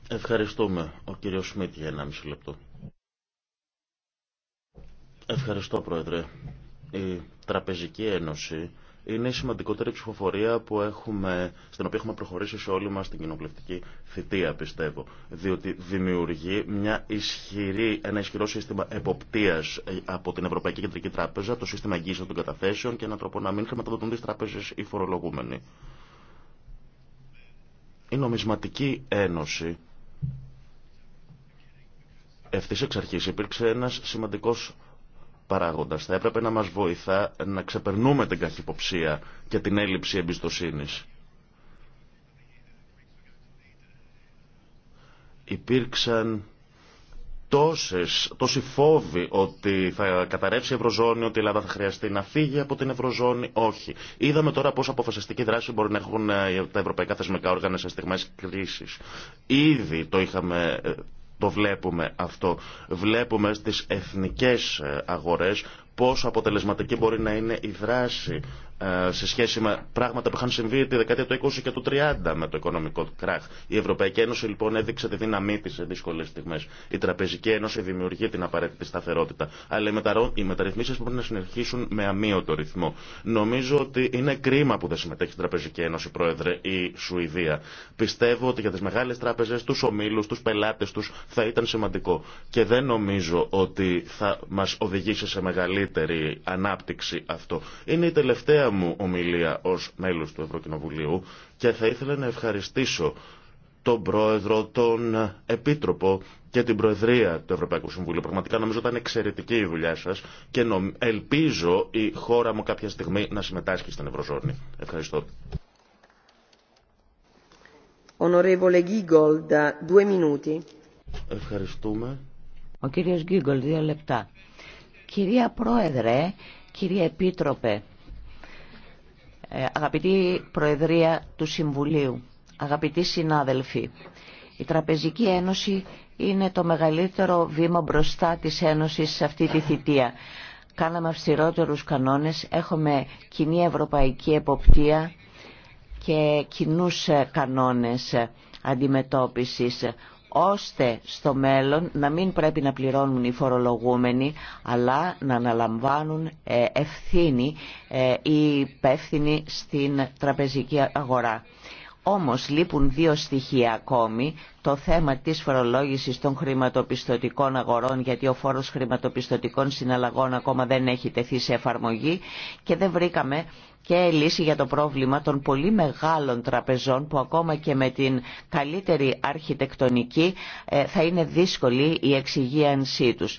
Ευχαριστούμε. Ο κύριος Σμίτ για ένα λεπτό. Ευχαριστώ, Πρόεδρε. Η Τραπεζική Ένωση είναι η σημαντικότερη ψηφοφορία που έχουμε, στην οποία έχουμε προχωρήσει σε όλη μας την κοινοβουλευτική θητεία, πιστεύω. Διότι δημιουργεί μια ισχυρή, ένα ισχυρό σύστημα εποπτείας ε, από την Ευρωπαϊκή Κεντρική Τράπεζα, το σύστημα εγγύηση των καταθέσεων και έναν τρόπο να μην χρηματοδοτούν τις τράπεζες οι φορολογούμενοι. Η νομισματική ένωση ευθύ εξ αρχής υπήρξε ένας σημαντικός παράγοντας. Θα έπρεπε να μας βοηθά να ξεπερνούμε την καχυποψία και την έλλειψη εμπιστοσύνης. Υπήρξαν τόσες, τόσοι φόβοι ότι θα καταρρεύσει η Ευρωζώνη, ότι η Ελλάδα θα χρειαστεί να φύγει από την Ευρωζώνη. Όχι. Είδαμε τώρα πόσο αποφασιστική δράση μπορεί να έχουν ε, τα ευρωπαϊκά θεσμικά όργανα σε στιγμές κρίσης. Ήδη το είχαμε ε, το βλέπουμε αυτό. Βλέπουμε στις εθνικές ε, αγορές πόσο αποτελεσματική μπορεί να είναι η δράση ε, σε σχέση με πράγματα που είχαν συμβεί τη δεκαετία του 20 και του 30 με το οικονομικό κράχ. Η Ευρωπαϊκή Ένωση λοιπόν έδειξε τη δύναμή τη σε δύσκολε στιγμέ. Η Τραπεζική Ένωση δημιουργεί την απαραίτητη σταθερότητα. Αλλά οι μεταρρυθμίσει πρέπει να συνεχίσουν με αμύωτο ρυθμό. Νομίζω ότι είναι κρίμα που δεν συμμετέχει η Τραπεζική Ένωση, Πρόεδρε, η Σουηδία. Πιστεύω ότι για τι μεγάλε τράπεζε, του ομίλου, του πελάτε του θα ήταν σημαντικό. Και δεν νομίζω ότι θα μα οδηγήσει σε μεγαλύτερη ανάπτυξη αυτό. Είναι η τελευταία μου ομιλία ως μέλος του Ευρωκοινοβουλίου και θα ήθελα να ευχαριστήσω τον Πρόεδρο, τον Επίτροπο και την Προεδρία του Ευρωπαϊκού Συμβουλίου. Πραγματικά νομίζω ήταν εξαιρετική η δουλειά σα και ελπίζω η χώρα μου κάποια στιγμή να συμμετάσχει στην Ευρωζώνη. Ευχαριστώ. Ευχαριστούμε.
Ο κύριος Γκίγκολ,
δύο λεπτά. Κυρία Πρόεδρε, κύριε Επίτροπε, ε, αγαπητή Προεδρία του Συμβουλίου, αγαπητοί συνάδελφοι, η Τραπεζική Ένωση είναι το μεγαλύτερο βήμα μπροστά της Ένωσης σε αυτή τη θητεία. Κάναμε αυστηρότερους κανόνες, έχουμε κοινή ευρωπαϊκή εποπτεία και κοινούς ε, κανόνες ε, αντιμετώπισης ώστε στο μέλλον να μην πρέπει να πληρώνουν οι φορολογούμενοι αλλά να αναλαμβάνουν ε, ευθύνη ή ε, υπεύθυνοι στην τραπεζική αγορά. Όμως λείπουν δύο στοιχεία ακόμη, το θέμα της φορολόγησης των χρηματοπιστωτικών αγορών, γιατί ο φόρος χρηματοπιστωτικών συναλλαγών ακόμα δεν έχει τεθεί σε εφαρμογή και δεν βρήκαμε και λύση για το πρόβλημα των πολύ μεγάλων τραπεζών που ακόμα και με την καλύτερη αρχιτεκτονική ε, θα είναι δύσκολη η εξυγίανσή τους.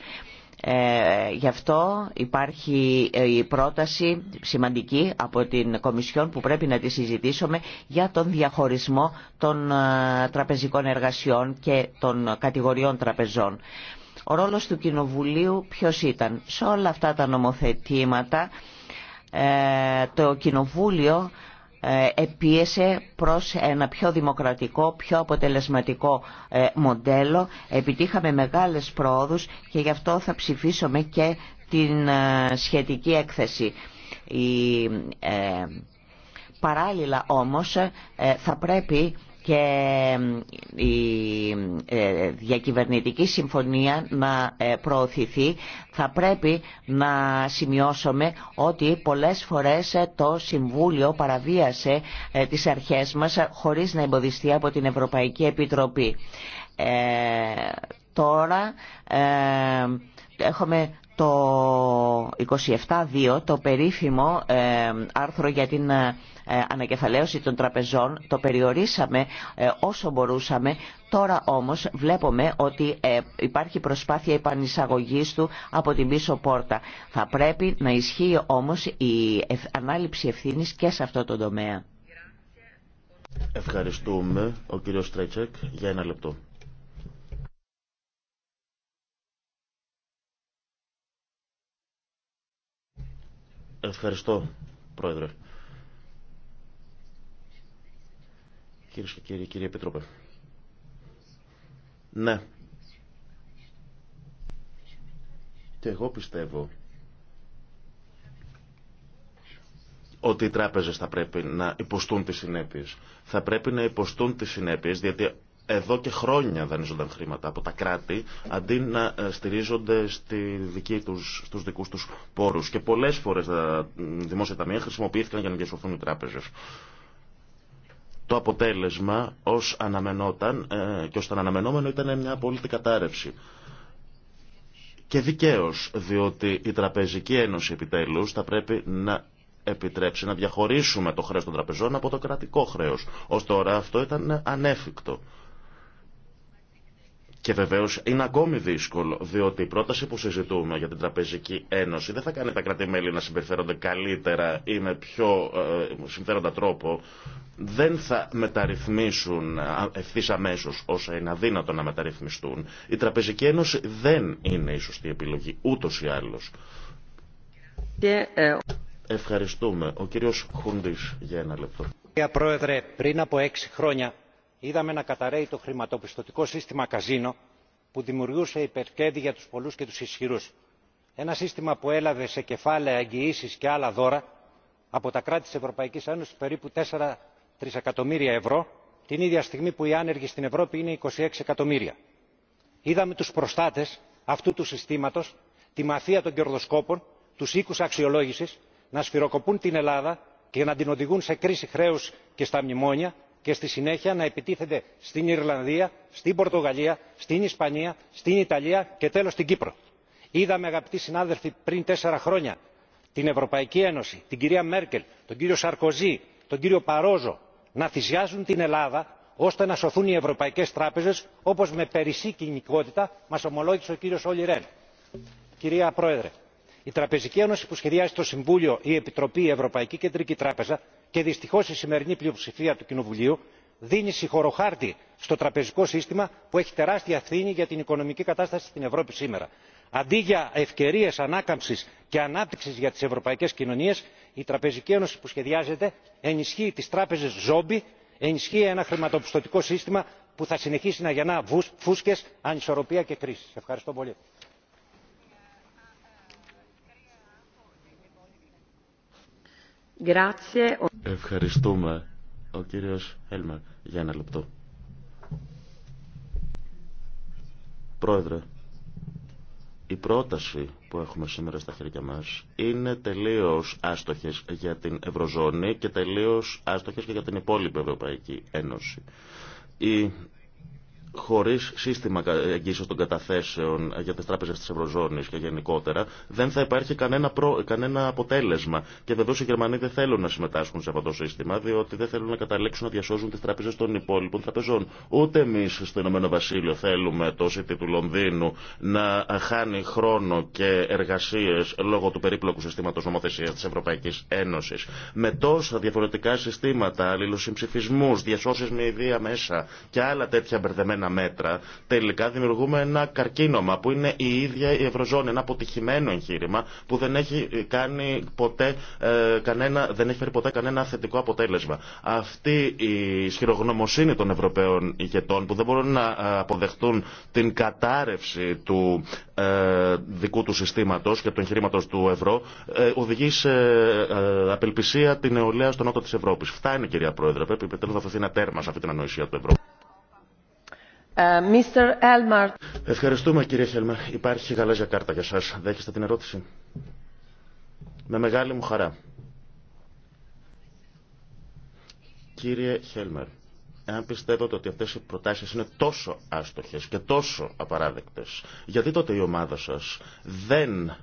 Ε, γι' αυτό υπάρχει ε, η πρόταση σημαντική από την Κομισιόν που πρέπει να τη συζητήσουμε για τον διαχωρισμό των ε, τραπεζικών εργασιών και των κατηγοριών τραπεζών. Ο ρόλος του Κοινοβουλίου ποιος ήταν. Σε όλα αυτά τα νομοθετήματα ε, το Κοινοβούλιο ε, επίεσε προς ένα πιο δημοκρατικό, πιο αποτελεσματικό ε, μοντέλο. Επιτύχαμε μεγάλες πρόοδους και γι' αυτό θα ψηφίσουμε και την σχετική έκθεση. Η, παράλληλα όμως θα πρέπει και η ε, διακυβερνητική συμφωνία να ε, προωθηθεί θα πρέπει να σημειώσουμε ότι πολλές φορές ε, το Συμβούλιο παραβίασε τις αρχές μας χωρίς να εμποδιστεί από την Ευρωπαϊκή Επιτροπή. Ε, τώρα έχουμε το 27.2 το περίφημο άρθρο για την ε, ανακεφαλαίωση των τραπεζών το περιορίσαμε ε, όσο μπορούσαμε. Τώρα όμως βλέπουμε ότι ε, υπάρχει προσπάθεια επανεισαγωγής του από την πίσω πόρτα. Θα πρέπει να ισχύει όμως η ανάληψη ευθύνης και σε αυτό το τομέα.
Ευχαριστούμε ο κύριος Στρέτσεκ για ένα λεπτό. Ευχαριστώ, Πρόεδρε. Κυρίε και κύριοι, κύριε Επιτροπέ. Ναι. Και εγώ πιστεύω ότι οι τράπεζες θα πρέπει να υποστούν τις συνέπειες. Θα πρέπει να υποστούν τις συνέπειες, διότι εδώ και χρόνια δανείζονταν χρήματα από τα κράτη, αντί να ε, στηρίζονται στη δική τους, στους δικούς τους πόρους. Και πολλές φορές τα δημόσια ταμεία χρησιμοποιήθηκαν για να διασωθούν οι τράπεζες. Το αποτέλεσμα ως αναμενόταν ε, και ως το αναμενόμενο ήταν μια απόλυτη κατάρρευση. Και δικαίως, διότι η Τραπεζική Ένωση επιτέλους θα πρέπει να επιτρέψει να διαχωρίσουμε το χρέος των τραπεζών από το κρατικό χρέος. Ως τώρα αυτό ήταν ανέφικτο. Και βεβαίω είναι ακόμη δύσκολο, διότι η πρόταση που συζητούμε για την Τραπεζική Ένωση δεν θα κάνει τα κράτη-μέλη να συμπεριφέρονται καλύτερα ή με πιο ε, συμφέροντα τρόπο. Δεν θα μεταρρυθμίσουν ε, ευθύ αμέσω όσα είναι αδύνατο να μεταρρυθμιστούν. Η Τραπεζική Ένωση δεν είναι η σωστή επιλογή, ούτω ή άλλω. Ε, Ευχαριστούμε. Ο κύριος Χούντης για ένα λεπτό.
Κύριε Πρόεδρε, πριν από έξι χρόνια είδαμε να καταραίει το χρηματοπιστωτικό σύστημα καζίνο που δημιουργούσε υπερκέρδη για τους πολλούς και τους ισχυρούς ένα σύστημα που έλαβε σε κεφάλαια εγγυήσεις και άλλα δώρα από τα κράτη της ευρωπαϊκής ένωσης περίπου τέσσερα τρισεκατομμύρια ευρώ την ίδια στιγμή που οι άνεργοι στην ευρώπη είναι 26 εκατομμύρια. είδαμε τους προστάτες αυτού του συστήματος τη μαφία των κερδοσκόπων τους οίκους αξιολόγησης να σφυροκοπούν την ελλάδα και να την οδηγούν σε κρίση χρέους και στα μνημόνια και στη συνέχεια να επιτίθεται στην ιρλανδία στην πορτογαλία στην ισπανία στην ιταλία και τέλος στην κύπρο. είδαμε αγαπητοί συνάδελφοι πριν τέσσερα χρόνια την ευρωπαϊκή ένωση την κυρία μέρκελ τον κύριο σαρκοζή τον κύριο παρόζο να θυσιάζουν την ελλάδα ώστε να σωθούν οι ευρωπαϊκές τράπεζες όπως με περισσή κοινικότητα μας ομολόγησε ο κύριος όλι Ρεν. κυρία πρόεδρε η τραπεζική ένωση που σχεδιάζει το συμβούλιο η επιτροπή η ευρωπαϊκή κεντρική τράπεζα και δυστυχώς η σημερινή πλειοψηφία του κοινοβουλίου δίνει συγχωροχάρτη στο τραπεζικό σύστημα που έχει τεράστια ευθύνη για την οικονομική κατάσταση στην ευρώπη σήμερα. αντί για ευκαιρίες ανάκαμψης και ανάπτυξης για τις ευρωπαϊκές κοινωνίες η τραπεζική ένωση που σχεδιάζεται ενισχύει τις τράπεζες ζόμπι ενισχύει ένα χρηματοπιστωτικό σύστημα που θα συνεχίσει να γεννά φούσκες ανισορροπία και κρίσεις. ευχαριστώ πολύ.
Ευχαριστούμε. Ο κύριος Έλμαρ, για ένα λεπτό. Πρόεδρε, η πρόταση που έχουμε σήμερα στα χέρια μας είναι τελείως άστοχες για την Ευρωζώνη και τελείως άστοχες και για την υπόλοιπη Ευρωπαϊκή Ένωση. Η χωρί σύστημα εγγύσεω των καταθέσεων για τι τράπεζε τη Ευρωζώνη και γενικότερα, δεν θα υπάρχει κανένα, κανένα αποτέλεσμα. Και βεβαίω οι Γερμανοί δεν θέλουν να συμμετάσχουν σε αυτό το σύστημα, διότι δεν θέλουν να καταλήξουν να διασώζουν τι τράπεζε των υπόλοιπων τραπεζών. Ούτε εμεί στο Ηνωμένο Βασίλειο θέλουμε το City του Λονδίνου να χάνει χρόνο και εργασίε λόγω του περίπλοκου συστήματο νομοθεσία τη Ευρωπαϊκή Ένωση. Με τόσα διαφορετικά συστήματα, αλληλοσυμψηφισμού, διασώσει με ιδέα μέσα και άλλα τέτοια μπερδεμένα συγκεκριμένα μέτρα, τελικά δημιουργούμε ένα καρκίνωμα που είναι η ίδια η Ευρωζώνη. Ένα αποτυχημένο εγχείρημα που δεν έχει, κάνει ποτέ, ε, κανένα, δεν έχει φέρει ποτέ κανένα θετικό αποτέλεσμα. Αυτή η ισχυρογνωμοσύνη των Ευρωπαίων ηγετών που δεν μπορούν να ε, αποδεχτούν την κατάρρευση του ε, δικού του συστήματο και του εγχειρήματο του ευρώ οδηγεί σε απελπισία την νεολαία στον νότο τη Ευρώπη. Φτάνει, κυρία Πρόεδρε, πρέπει επιτέλου να δοθεί ένα τέρμα σε αυτή την ανοησία του ευρώ.
Ε,
Ευχαριστούμε κύριε Χέλμερ. Υπάρχει γαλάζια κάρτα για σας. Δέχεστε την ερώτηση. Με μεγάλη μου χαρά. Κύριε Χέλμερ, εάν πιστεύετε ότι αυτές οι προτάσεις είναι τόσο άστοχες και τόσο απαράδεκτες, γιατί τότε η ομάδα σας δεν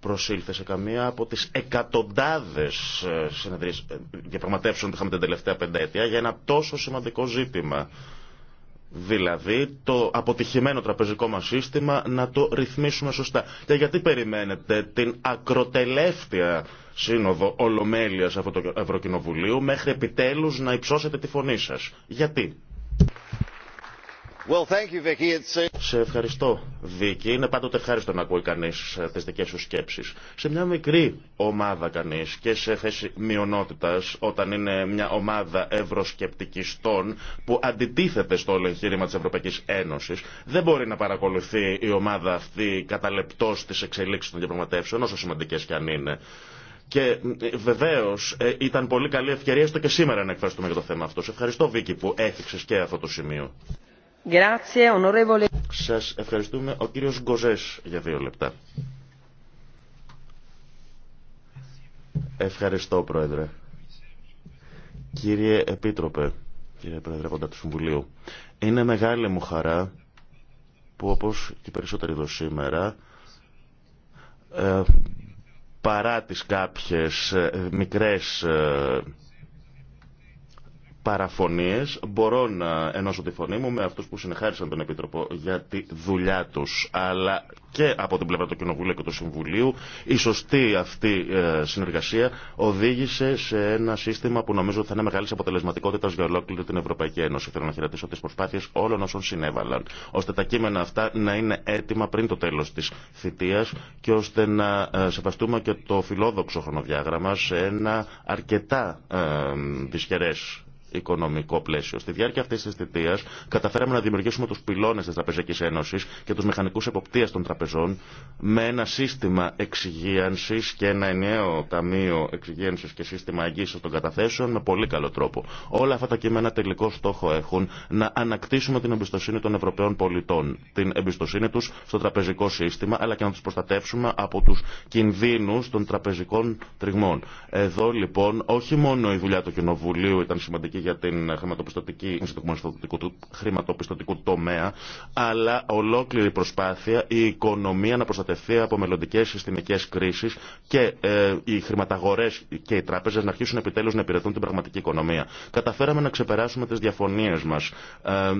προσήλθε σε καμία από τις εκατοντάδες ε, συνεδρίες ε, διαπραγματεύσεων που είχαμε την τελευταία πενταετία για ένα τόσο σημαντικό ζήτημα Δηλαδή το αποτυχημένο τραπεζικό μας σύστημα να το ρυθμίσουμε σωστά. Και γιατί περιμένετε την ακροτελεύτια σύνοδο ολομέλειας αυτού του Ευρωκοινοβουλίου μέχρι επιτέλους να υψώσετε τη φωνή σας. Γιατί. Uh, σε ευχαριστώ, Βίκη. Είναι πάντοτε ευχάριστο να ακούει κανεί ε, τι δικέ σου σκέψει. Σε μια μικρή ομάδα κανεί και σε θέση μειονότητα, όταν είναι μια ομάδα ευρωσκεπτικιστών που αντιτίθεται στο όλο εγχείρημα τη Ευρωπαϊκή Ένωση, δεν μπορεί να παρακολουθεί η ομάδα αυτή κατά λεπτό τι εξελίξει των διαπραγματεύσεων, όσο σημαντικέ κι αν είναι. Και ε, βεβαίω ε, ήταν πολύ καλή ευκαιρία στο και σήμερα να εκφραστούμε για το θέμα αυτό. Σε ευχαριστώ, Βίκη, που έθιξε και αυτό το σημείο. Σας ευχαριστούμε. Ο κύριος Γκοζές για δύο λεπτά. Ευχαριστώ, Πρόεδρε. Κύριε Επίτροπε, κύριε Πρόεδρε του Συμβουλίου, είναι μεγάλη μου χαρά που όπως και περισσότεροι εδώ σήμερα ε, παρά τις κάποιες ε, μικρές ε, παραφωνίες. Μπορώ να ενώσω τη φωνή μου με αυτούς που συνεχάρισαν τον Επίτροπο για τη δουλειά τους. Αλλά και από την πλευρά του Κοινοβουλίου και του Συμβουλίου η σωστή αυτή ε, συνεργασία οδήγησε σε ένα σύστημα που νομίζω θα είναι μεγάλη αποτελεσματικότητα για ολόκληρη την Ευρωπαϊκή Ένωση. Θέλω να χαιρετήσω τι προσπάθειε όλων όσων συνέβαλαν, ώστε τα κείμενα αυτά να είναι έτοιμα πριν το τέλο τη θητεία και ώστε να ε, σεβαστούμε και το φιλόδοξο χρονοδιάγραμμα σε ένα αρκετά ε, δυσχερέ οικονομικό πλαίσιο. Στη διάρκεια αυτή τη θητεία καταφέραμε να δημιουργήσουμε του πυλώνε τη Τραπεζική Ένωση και του μηχανικού εποπτεία των τραπεζών με ένα σύστημα εξυγίανση και ένα ενιαίο ταμείο εξυγίανση και σύστημα αγγίσεω των καταθέσεων με πολύ καλό τρόπο. Όλα αυτά τα κείμενα τελικό στόχο έχουν να ανακτήσουμε την εμπιστοσύνη των Ευρωπαίων πολιτών, την εμπιστοσύνη του στο τραπεζικό σύστημα, αλλά και να του προστατεύσουμε από του κινδύνου των τραπεζικών τριγμών. Εδώ λοιπόν όχι μόνο η δουλειά του Κοινοβουλίου ήταν σημαντική για την χρηματοπιστωτική, χρηματοπιστωτικού τομέα, αλλά ολόκληρη προσπάθεια η οικονομία να προστατευτεί από μελλοντικέ συστημικέ κρίσει ε, και οι χρηματαγορέ και οι τράπεζε να αρχίσουν επιτέλου να υπηρετούν την πραγματική οικονομία. Καταφέραμε να ξεπεράσουμε τι διαφωνίε μα ε,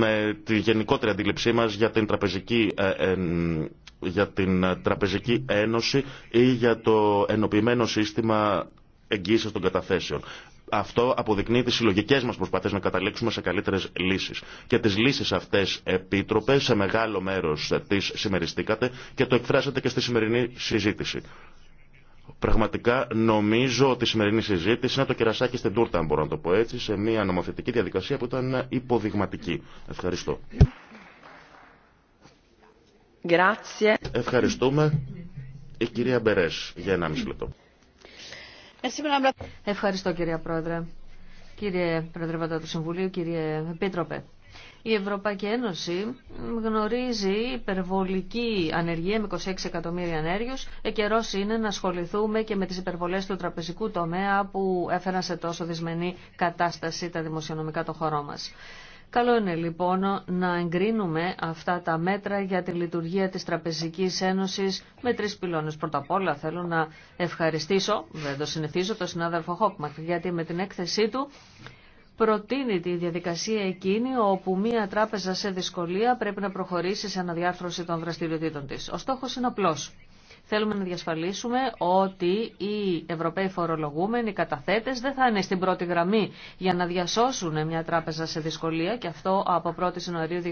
με τη γενικότερη αντίληψή μα για την τραπεζική ε, για την Τραπεζική Ένωση ή για το ενοποιημένο σύστημα εγγύησης των καταθέσεων αυτό αποδεικνύει τι συλλογικέ μα προσπάθειε να καταλήξουμε σε καλύτερε λύσει. Και τι λύσει αυτέ, επίτροπε, σε μεγάλο μέρο τι συμμεριστήκατε και το εκφράσατε και στη σημερινή συζήτηση. Πραγματικά νομίζω ότι η σημερινή συζήτηση είναι το κερασάκι στην τούρτα, αν μπορώ να το πω έτσι, σε μια νομοθετική διαδικασία που ήταν υποδειγματική. Ευχαριστώ. Ευχαριστούμε. Η κυρία Μπερές για 1,5 λεπτό.
Ευχαριστώ κυρία Πρόεδρε. Κύριε Προεδρεύοντα του Συμβουλίου, κύριε Επίτροπε. Η Ευρωπαϊκή Ένωση γνωρίζει υπερβολική ανεργία με 26 εκατομμύρια ανέργους. Εκαιρό είναι να ασχοληθούμε και με τις υπερβολές του τραπεζικού τομέα που έφεραν σε τόσο δυσμενή κατάσταση τα δημοσιονομικά των χωρών μας. Καλό είναι λοιπόν να εγκρίνουμε αυτά τα μέτρα για τη λειτουργία της Τραπεζικής Ένωσης με τρεις πυλώνες. Πρώτα απ' όλα θέλω να ευχαριστήσω, δεν το συνηθίζω, τον συνάδελφο Χόκμαρτ, γιατί με την έκθεσή του προτείνει τη διαδικασία εκείνη όπου μία τράπεζα σε δυσκολία πρέπει να προχωρήσει σε αναδιάρθρωση των δραστηριοτήτων της. Ο στόχος είναι απλός. Θέλουμε να διασφαλίσουμε ότι οι Ευρωπαίοι φορολογούμενοι, οι καταθέτες δεν θα είναι στην πρώτη γραμμή για να διασώσουν μια τράπεζα σε δυσκολία και αυτό από 1η Ιανουαρίου 2016.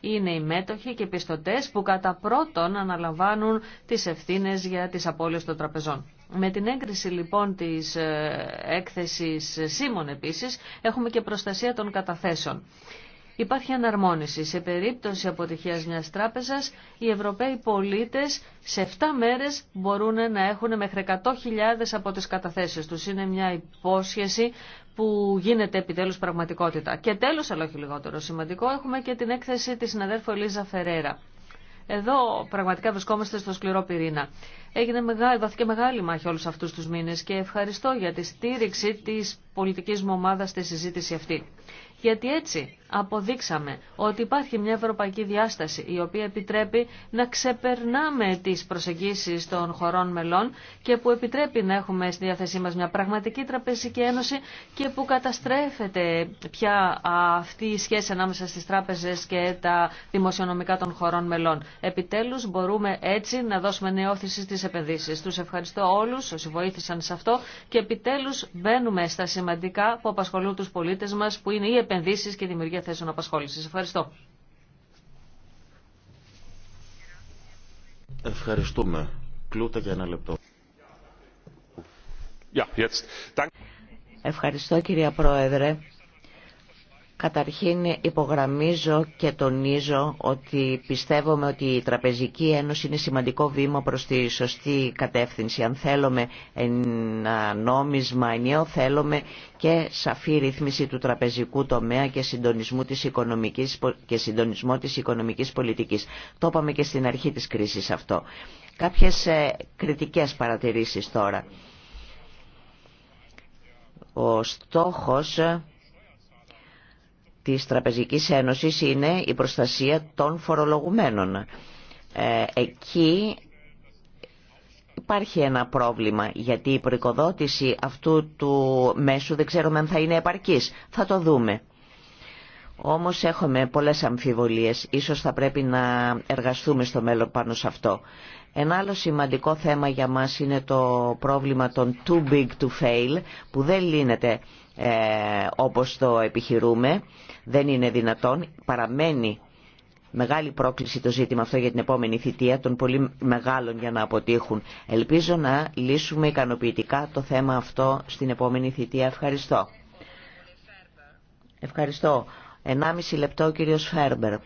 Είναι οι μέτοχοι και οι πιστωτές που κατά πρώτον αναλαμβάνουν τις ευθύνες για τις απώλειες των τραπεζών. Με την έγκριση λοιπόν της ε, έκθεσης Σίμων επίσης έχουμε και προστασία των καταθέσεων υπάρχει αναρμόνιση. Σε περίπτωση αποτυχίας μιας τράπεζας, οι Ευρωπαίοι πολίτες σε 7 μέρες μπορούν να έχουν μέχρι 100.000 από τις καταθέσεις τους. Είναι μια υπόσχεση που γίνεται επιτέλους πραγματικότητα. Και τέλος, αλλά όχι λιγότερο σημαντικό, έχουμε και την έκθεση της συναδέρφου Ελίζα Φερέρα. Εδώ πραγματικά βρισκόμαστε στο σκληρό πυρήνα. Έγινε μεγάλη, δόθηκε μεγάλη μάχη όλους αυτούς τους μήνες και ευχαριστώ για τη στήριξη της πολιτικής μου ομάδας στη συζήτηση αυτή. Γιατί έτσι αποδείξαμε ότι υπάρχει μια ευρωπαϊκή διάσταση η οποία επιτρέπει να ξεπερνάμε τις προσεγγίσεις των χωρών μελών και που επιτρέπει να έχουμε στη διάθεσή μας μια πραγματική τραπεζική ένωση και που καταστρέφεται πια αυτή η σχέση ανάμεσα στις τράπεζες και τα δημοσιονομικά των χωρών μελών. Επιτέλους μπορούμε έτσι να δώσουμε νεόθυση στις επενδύσεις. Τους ευχαριστώ όλους όσοι βοήθησαν σε αυτό και επιτέλους μπαίνουμε στα σημαντικά που απασχολούν τους πολίτες μας που είναι οι επενδύσεις και η δημιουργία θέσεων απασχόλησης. Ευχαριστώ.
Ευχαριστούμε. Κλούτα για ένα λεπτό.
Ευχαριστώ κυρία Πρόεδρε. Καταρχήν υπογραμμίζω και τονίζω ότι πιστεύουμε ότι η Τραπεζική Ένωση είναι σημαντικό βήμα προς τη σωστή κατεύθυνση. Αν θέλουμε ένα νόμισμα ενιαίο, θέλουμε και σαφή ρύθμιση του τραπεζικού τομέα και, συντονισμού της οικονομικής, και συντονισμό της οικονομικής πολιτικής. Το είπαμε και στην αρχή της κρίσης αυτό. Κάποιες ε, κριτικές παρατηρήσεις τώρα. Ο στόχος της Τραπεζικής Ένωσης είναι η προστασία των φορολογουμένων. Ε, εκεί υπάρχει ένα πρόβλημα γιατί η προοικοδότηση αυτού του μέσου δεν ξέρουμε αν θα είναι επαρκής. Θα το δούμε. Όμως έχουμε πολλές αμφιβολίες. Ίσως θα πρέπει να εργαστούμε στο μέλλον πάνω σε αυτό. Ένα άλλο σημαντικό θέμα για μας είναι το πρόβλημα των too big to fail που δεν λύνεται ε, όπως το επιχειρούμε δεν είναι δυνατόν. Παραμένει μεγάλη πρόκληση το ζήτημα αυτό για την επόμενη θητεία των πολύ μεγάλων για να αποτύχουν. Ελπίζω να λύσουμε ικανοποιητικά το θέμα αυτό στην επόμενη θητεία. Ευχαριστώ. Ευχαριστώ. Ενάμιση λεπτό κύριος Φέρμπερ.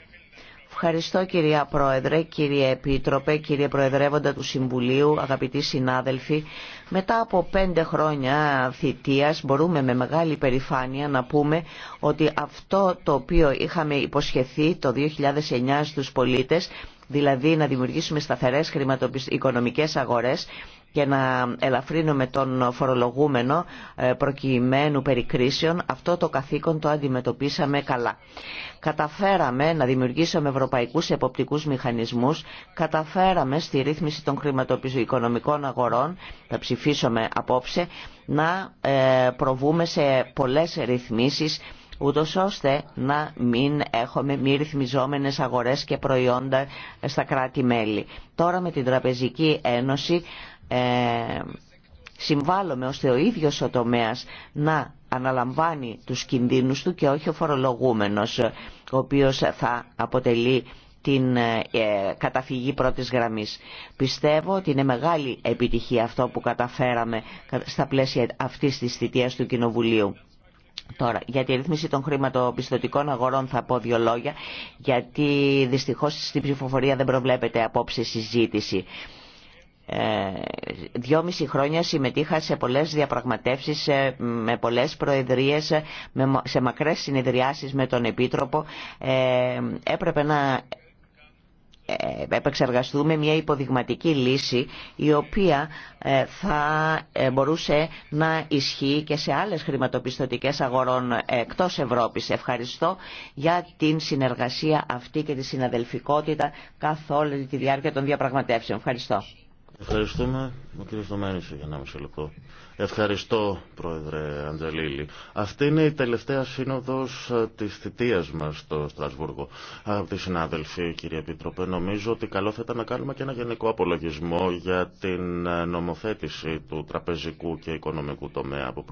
Ευχαριστώ κυρία Πρόεδρε, κύριε Επίτροπε, κύριε Προεδρεύοντα του Συμβουλίου, αγαπητοί συνάδελφοι. Μετά από πέντε χρόνια θητείας μπορούμε με μεγάλη περηφάνεια να πούμε ότι αυτό το οποίο είχαμε υποσχεθεί το 2009 στους πολίτες, δηλαδή να δημιουργήσουμε σταθερές χρηματοοικονομικές αγορές, και να ελαφρύνουμε τον φορολογούμενο ε, προκειμένου περικρίσεων, αυτό το καθήκον το αντιμετωπίσαμε καλά. Καταφέραμε να δημιουργήσουμε ευρωπαϊκούς εποπτικούς μηχανισμούς, καταφέραμε στη ρύθμιση των χρηματοοικονομικών αγορών, θα ψηφίσουμε απόψε, να ε, προβούμε σε πολλές ρυθμίσεις ούτως ώστε να μην έχουμε μη ρυθμιζόμενες αγορές και προϊόντα στα κράτη-μέλη. Τώρα με την Τραπεζική Ένωση ε, συμβάλλουμε ώστε ο ίδιος ο τομέας να αναλαμβάνει τους κινδύνους του και όχι ο φορολογούμενος, ο οποίος θα αποτελεί την ε, καταφυγή πρώτης γραμμής. Πιστεύω ότι είναι μεγάλη επιτυχία αυτό που καταφέραμε στα πλαίσια αυτής της θητείας του Κοινοβουλίου. Τώρα, για τη ρύθμιση των χρηματοπιστωτικών αγορών θα πω δύο λόγια, γιατί δυστυχώς στην ψηφοφορία δεν προβλέπεται απόψε συζήτηση. Ε, δυόμιση χρόνια συμμετείχα σε πολλές διαπραγματεύσεις, με πολλές προεδρίες, σε μακρές συνεδριάσεις με τον Επίτροπο. Ε, έπρεπε να ε, επεξεργαστούμε μια υποδειγματική λύση η οποία θα μπορούσε να ισχύει και σε άλλες χρηματοπιστωτικές αγορών εκτός Ευρώπης. Ευχαριστώ για την συνεργασία αυτή και τη συναδελφικότητα καθ' όλη τη διάρκεια των διαπραγματεύσεων. Ευχαριστώ.
Ευχαριστούμε. Ο κύριος Δωμένης, για ένα μισό λεπτό. Ευχαριστώ, Πρόεδρε Αντζελίλη. Αυτή είναι η τελευταία σύνοδος ε, της θητείας μας στο Στρασβούργο. Αγαπητοί συνάδελφοι, κύριε Επίτροπε, νομίζω ότι καλό θα ήταν να κάνουμε και ένα γενικό απολογισμό για την ε, νομοθέτηση του τραπεζικού και οικονομικού τομέα που,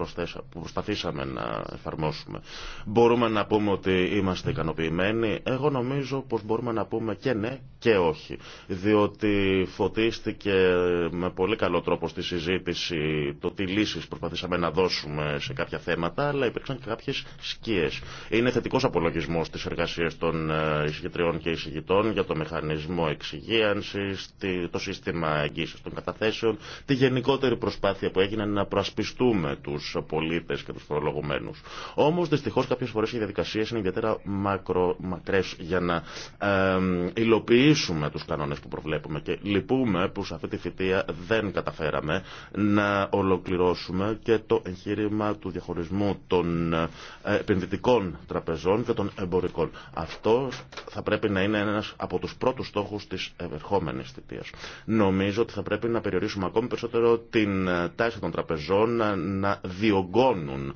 που προσπαθήσαμε να εφαρμόσουμε. Μπορούμε να πούμε ότι είμαστε ικανοποιημένοι. Εγώ νομίζω πως μπορούμε να πούμε και ναι και όχι. Διότι φωτίστηκε με πολύ καλό τρόπο στη συζήτηση το τι λύσεις προσπαθήσαμε να δώσουμε σε κάποια θέματα, αλλά υπήρξαν και κάποιες σκίες. Είναι θετικό απολογισμό τη εργασία των ε, εισηγητριών και εισηγητών για το μηχανισμό εξυγίανσης, το σύστημα εγγύησης των καταθέσεων, τη γενικότερη προσπάθεια που έγινε να προασπιστούμε τους πολίτες και του φορολογουμένους. Όμως δυστυχώς κάποιε φορέ οι διαδικασίες είναι ιδιαίτερα μακρο, μακρές για να ε, ε, υλοποιήσουμε τους κανόνες που προβλέπουμε και λυπούμε που σε αυτή τη θητεία δεν καταφέραμε να ολοκληρώσουμε και το εγχείρημα του διαχωρισμού των ε, επενδυτικών τραπεζών και των εμπορικών. Αυτό θα πρέπει να είναι ένας από τους πρώτους στόχους της ευερχόμενης θητείας. Νομίζω ότι θα πρέπει να περιορίσουμε ακόμη περισσότερο την ε, τάση των τραπεζών ε, να διωγγώνουν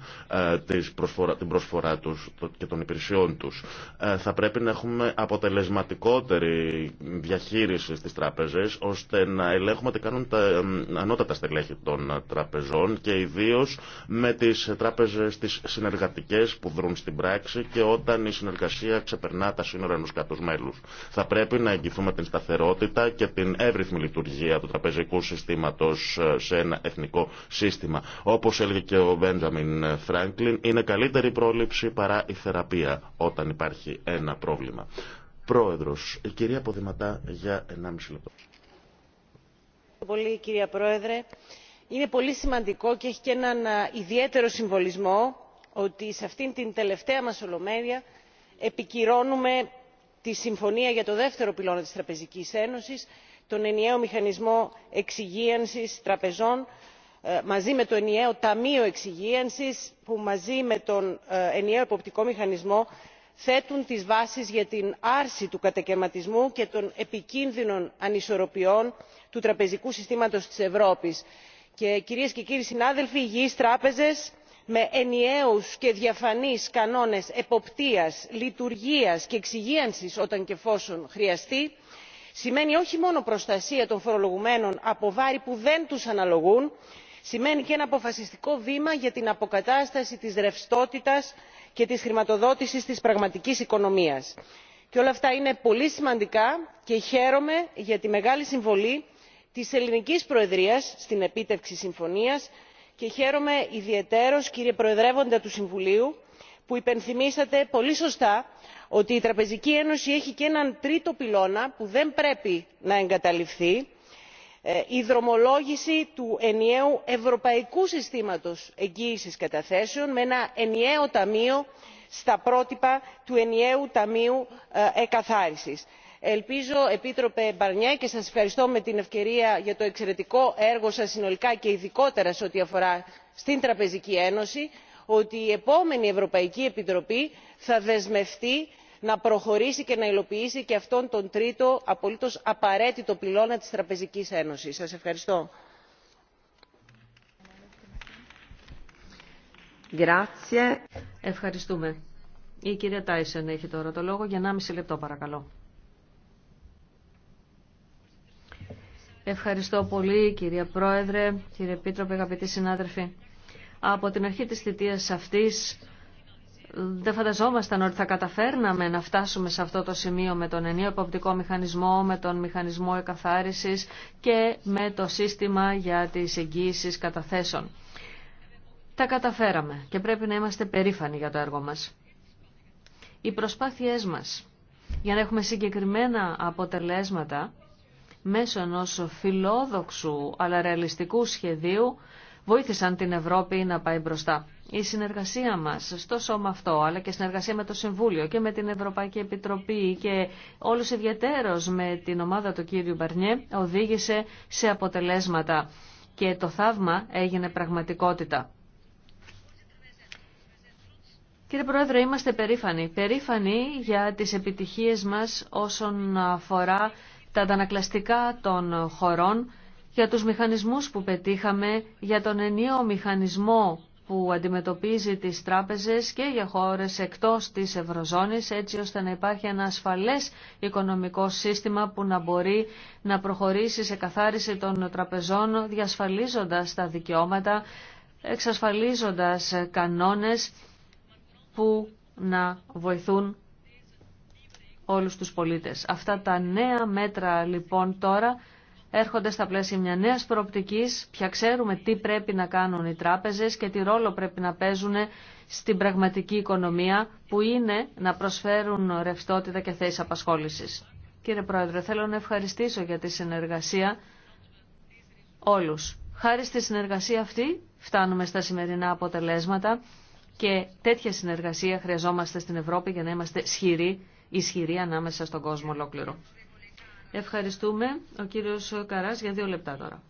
την προσφορά τους και των υπηρεσιών τους. Θα πρέπει να έχουμε αποτελεσματικότερη διαχείριση στις τράπεζες ώστε να ελέγχουμε τι κάνουν τα ανώτατα στελέχη των τραπεζών και ιδίω με τι τράπεζε τι συνεργατικέ που δρούν στην πράξη και όταν η συνεργασία ξεπερνά τα σύνορα ενό κράτου μέλου. Θα πρέπει να εγγυθούμε την σταθερότητα και την εύρυθμη λειτουργία του τραπεζικού συστήματο ε, σε ένα εθνικό σύστημα. Όπω έλεγε και ο Μπέντζαμιν Φράγκλιν, είναι καλύτερη πρόληψη παρά η θεραπεία όταν υπάρχει ένα πρόβλημα. Πρόεδρος, η κυρία Ποδηματά για 1,5 λεπτό.
Πολύ, κυρία Πρόεδρε είναι πολύ σημαντικό και έχει και έναν ιδιαίτερο συμβολισμό ότι σε αυτήν την τελευταία μας ολομέλεια επικυρώνουμε τη συμφωνία για το δεύτερο πυλώνα της τραπεζικής ένωσης τον ενιαίο μηχανισμό εξυγίανσης τραπεζών ε, μαζί με το ενιαίο ταμείο εξυγίανσης που μαζί με τον ε, ενιαίο εποπτικό μηχανισμό θέτουν τις βάσεις για την άρση του κατακαιρματισμού και των επικίνδυνων ανισορροπιών του τραπεζικού συστήματος της ευρώπης και κυρίες και κύριοι συνάδελφοι υγιείς τράπεζες με ενιαίους και διαφανείς κανόνες εποπτείας λειτουργίας και εξυγίανσης όταν και εφόσον χρειαστεί σημαίνει όχι μόνο προστασία των φορολογουμένων από βάρη που δεν τους αναλογούν σημαίνει και ένα αποφασιστικό βήμα για την αποκατάσταση της ρευστότητας και της χρηματοδότησης της πραγματικής οικονομίας. και όλα αυτά είναι πολύ σημαντικά και χαίρομαι για τη μεγάλη συμβολή της ελληνικής προεδρίας στην επίτευξη συμφωνίας και χαίρομαι ιδιαιτέρως κύριε προεδρεύοντα του συμβουλίου που υπενθυμίσατε πολύ σωστά ότι η τραπεζική ένωση έχει και έναν τρίτο πυλώνα που δεν πρέπει να εγκαταλειφθεί ε, η δρομολόγηση του ενιαίου ευρωπαϊκού συστήματος εγγύησης καταθέσεων με ένα ενιαίο ταμείο στα πρότυπα του ενιαίου ταμείου ε, εκαθάρισης ελπίζω επίτροπε μπαρνιέ και σας ευχαριστώ με την ευκαιρία για το εξαιρετικό έργο σας συνολικά και ειδικότερα σε ό,τι αφορά στην τραπεζική ένωση ότι η επόμενη ευρωπαϊκή επιτροπή θα δεσμευτεί να προχωρήσει και να υλοποιήσει και αυτόν τον τρίτο απολύτως απαραίτητο πυλώνα της τραπεζικής ένωσης. σας ευχαριστώ.
Ευχαριστούμε. Η κυρία Τάισεν έχει τώρα το λόγο για 1,5 λεπτό παρακαλώ. Ευχαριστώ πολύ κυρία Πρόεδρε, κύριε Επίτροπε, αγαπητοί συνάδελφοι. Από την αρχή της θητείας αυτής δεν φανταζόμασταν ότι θα καταφέρναμε να φτάσουμε σε αυτό το σημείο με τον ενίο εποπτικό μηχανισμό, με τον μηχανισμό εκαθάρισης και με το σύστημα για τις εγγύησεις καταθέσεων. Τα καταφέραμε και πρέπει να είμαστε περήφανοι για το έργο μας. Οι προσπάθειές μας για να έχουμε συγκεκριμένα αποτελέσματα μέσω ενός φιλόδοξου αλλά ρεαλιστικού σχεδίου βοήθησαν την Ευρώπη να πάει μπροστά. Η συνεργασία μας στο σώμα αυτό, αλλά και συνεργασία με το Συμβούλιο και με την Ευρωπαϊκή Επιτροπή και όλους ιδιαίτερος με την ομάδα του κύριου Μπαρνιέ οδήγησε σε αποτελέσματα και το θαύμα έγινε πραγματικότητα. Κύριε Πρόεδρε, είμαστε περήφανοι. Περήφανοι για τις επιτυχίες μας όσον αφορά τα αντανακλαστικά των χωρών, για τους μηχανισμούς που πετύχαμε, για τον ενίο μηχανισμό που αντιμετωπίζει τις τράπεζες και για χώρες εκτός της Ευρωζώνης, έτσι ώστε να υπάρχει ένα ασφαλές οικονομικό σύστημα που να μπορεί να προχωρήσει σε καθάριση των τραπεζών, διασφαλίζοντας τα δικαιώματα, εξασφαλίζοντας κανόνες που να βοηθούν όλους τους πολίτες. Αυτά τα νέα μέτρα λοιπόν τώρα έρχονται στα πλαίσια μια νέας προοπτικής, πια ξέρουμε τι πρέπει να κάνουν οι τράπεζες και τι ρόλο πρέπει να παίζουν στην πραγματική οικονομία που είναι να προσφέρουν ρευστότητα και θέσεις απασχόλησης. Κύριε Πρόεδρε, θέλω να ευχαριστήσω για τη συνεργασία όλους. Χάρη στη συνεργασία αυτή φτάνουμε στα σημερινά αποτελέσματα και τέτοια συνεργασία χρειαζόμαστε στην Ευρώπη για να είμαστε σχηροί ισχυρή ανάμεσα στον κόσμο ολόκληρο. Ευχαριστούμε. Ο κύριος Καράς για δύο λεπτά τώρα.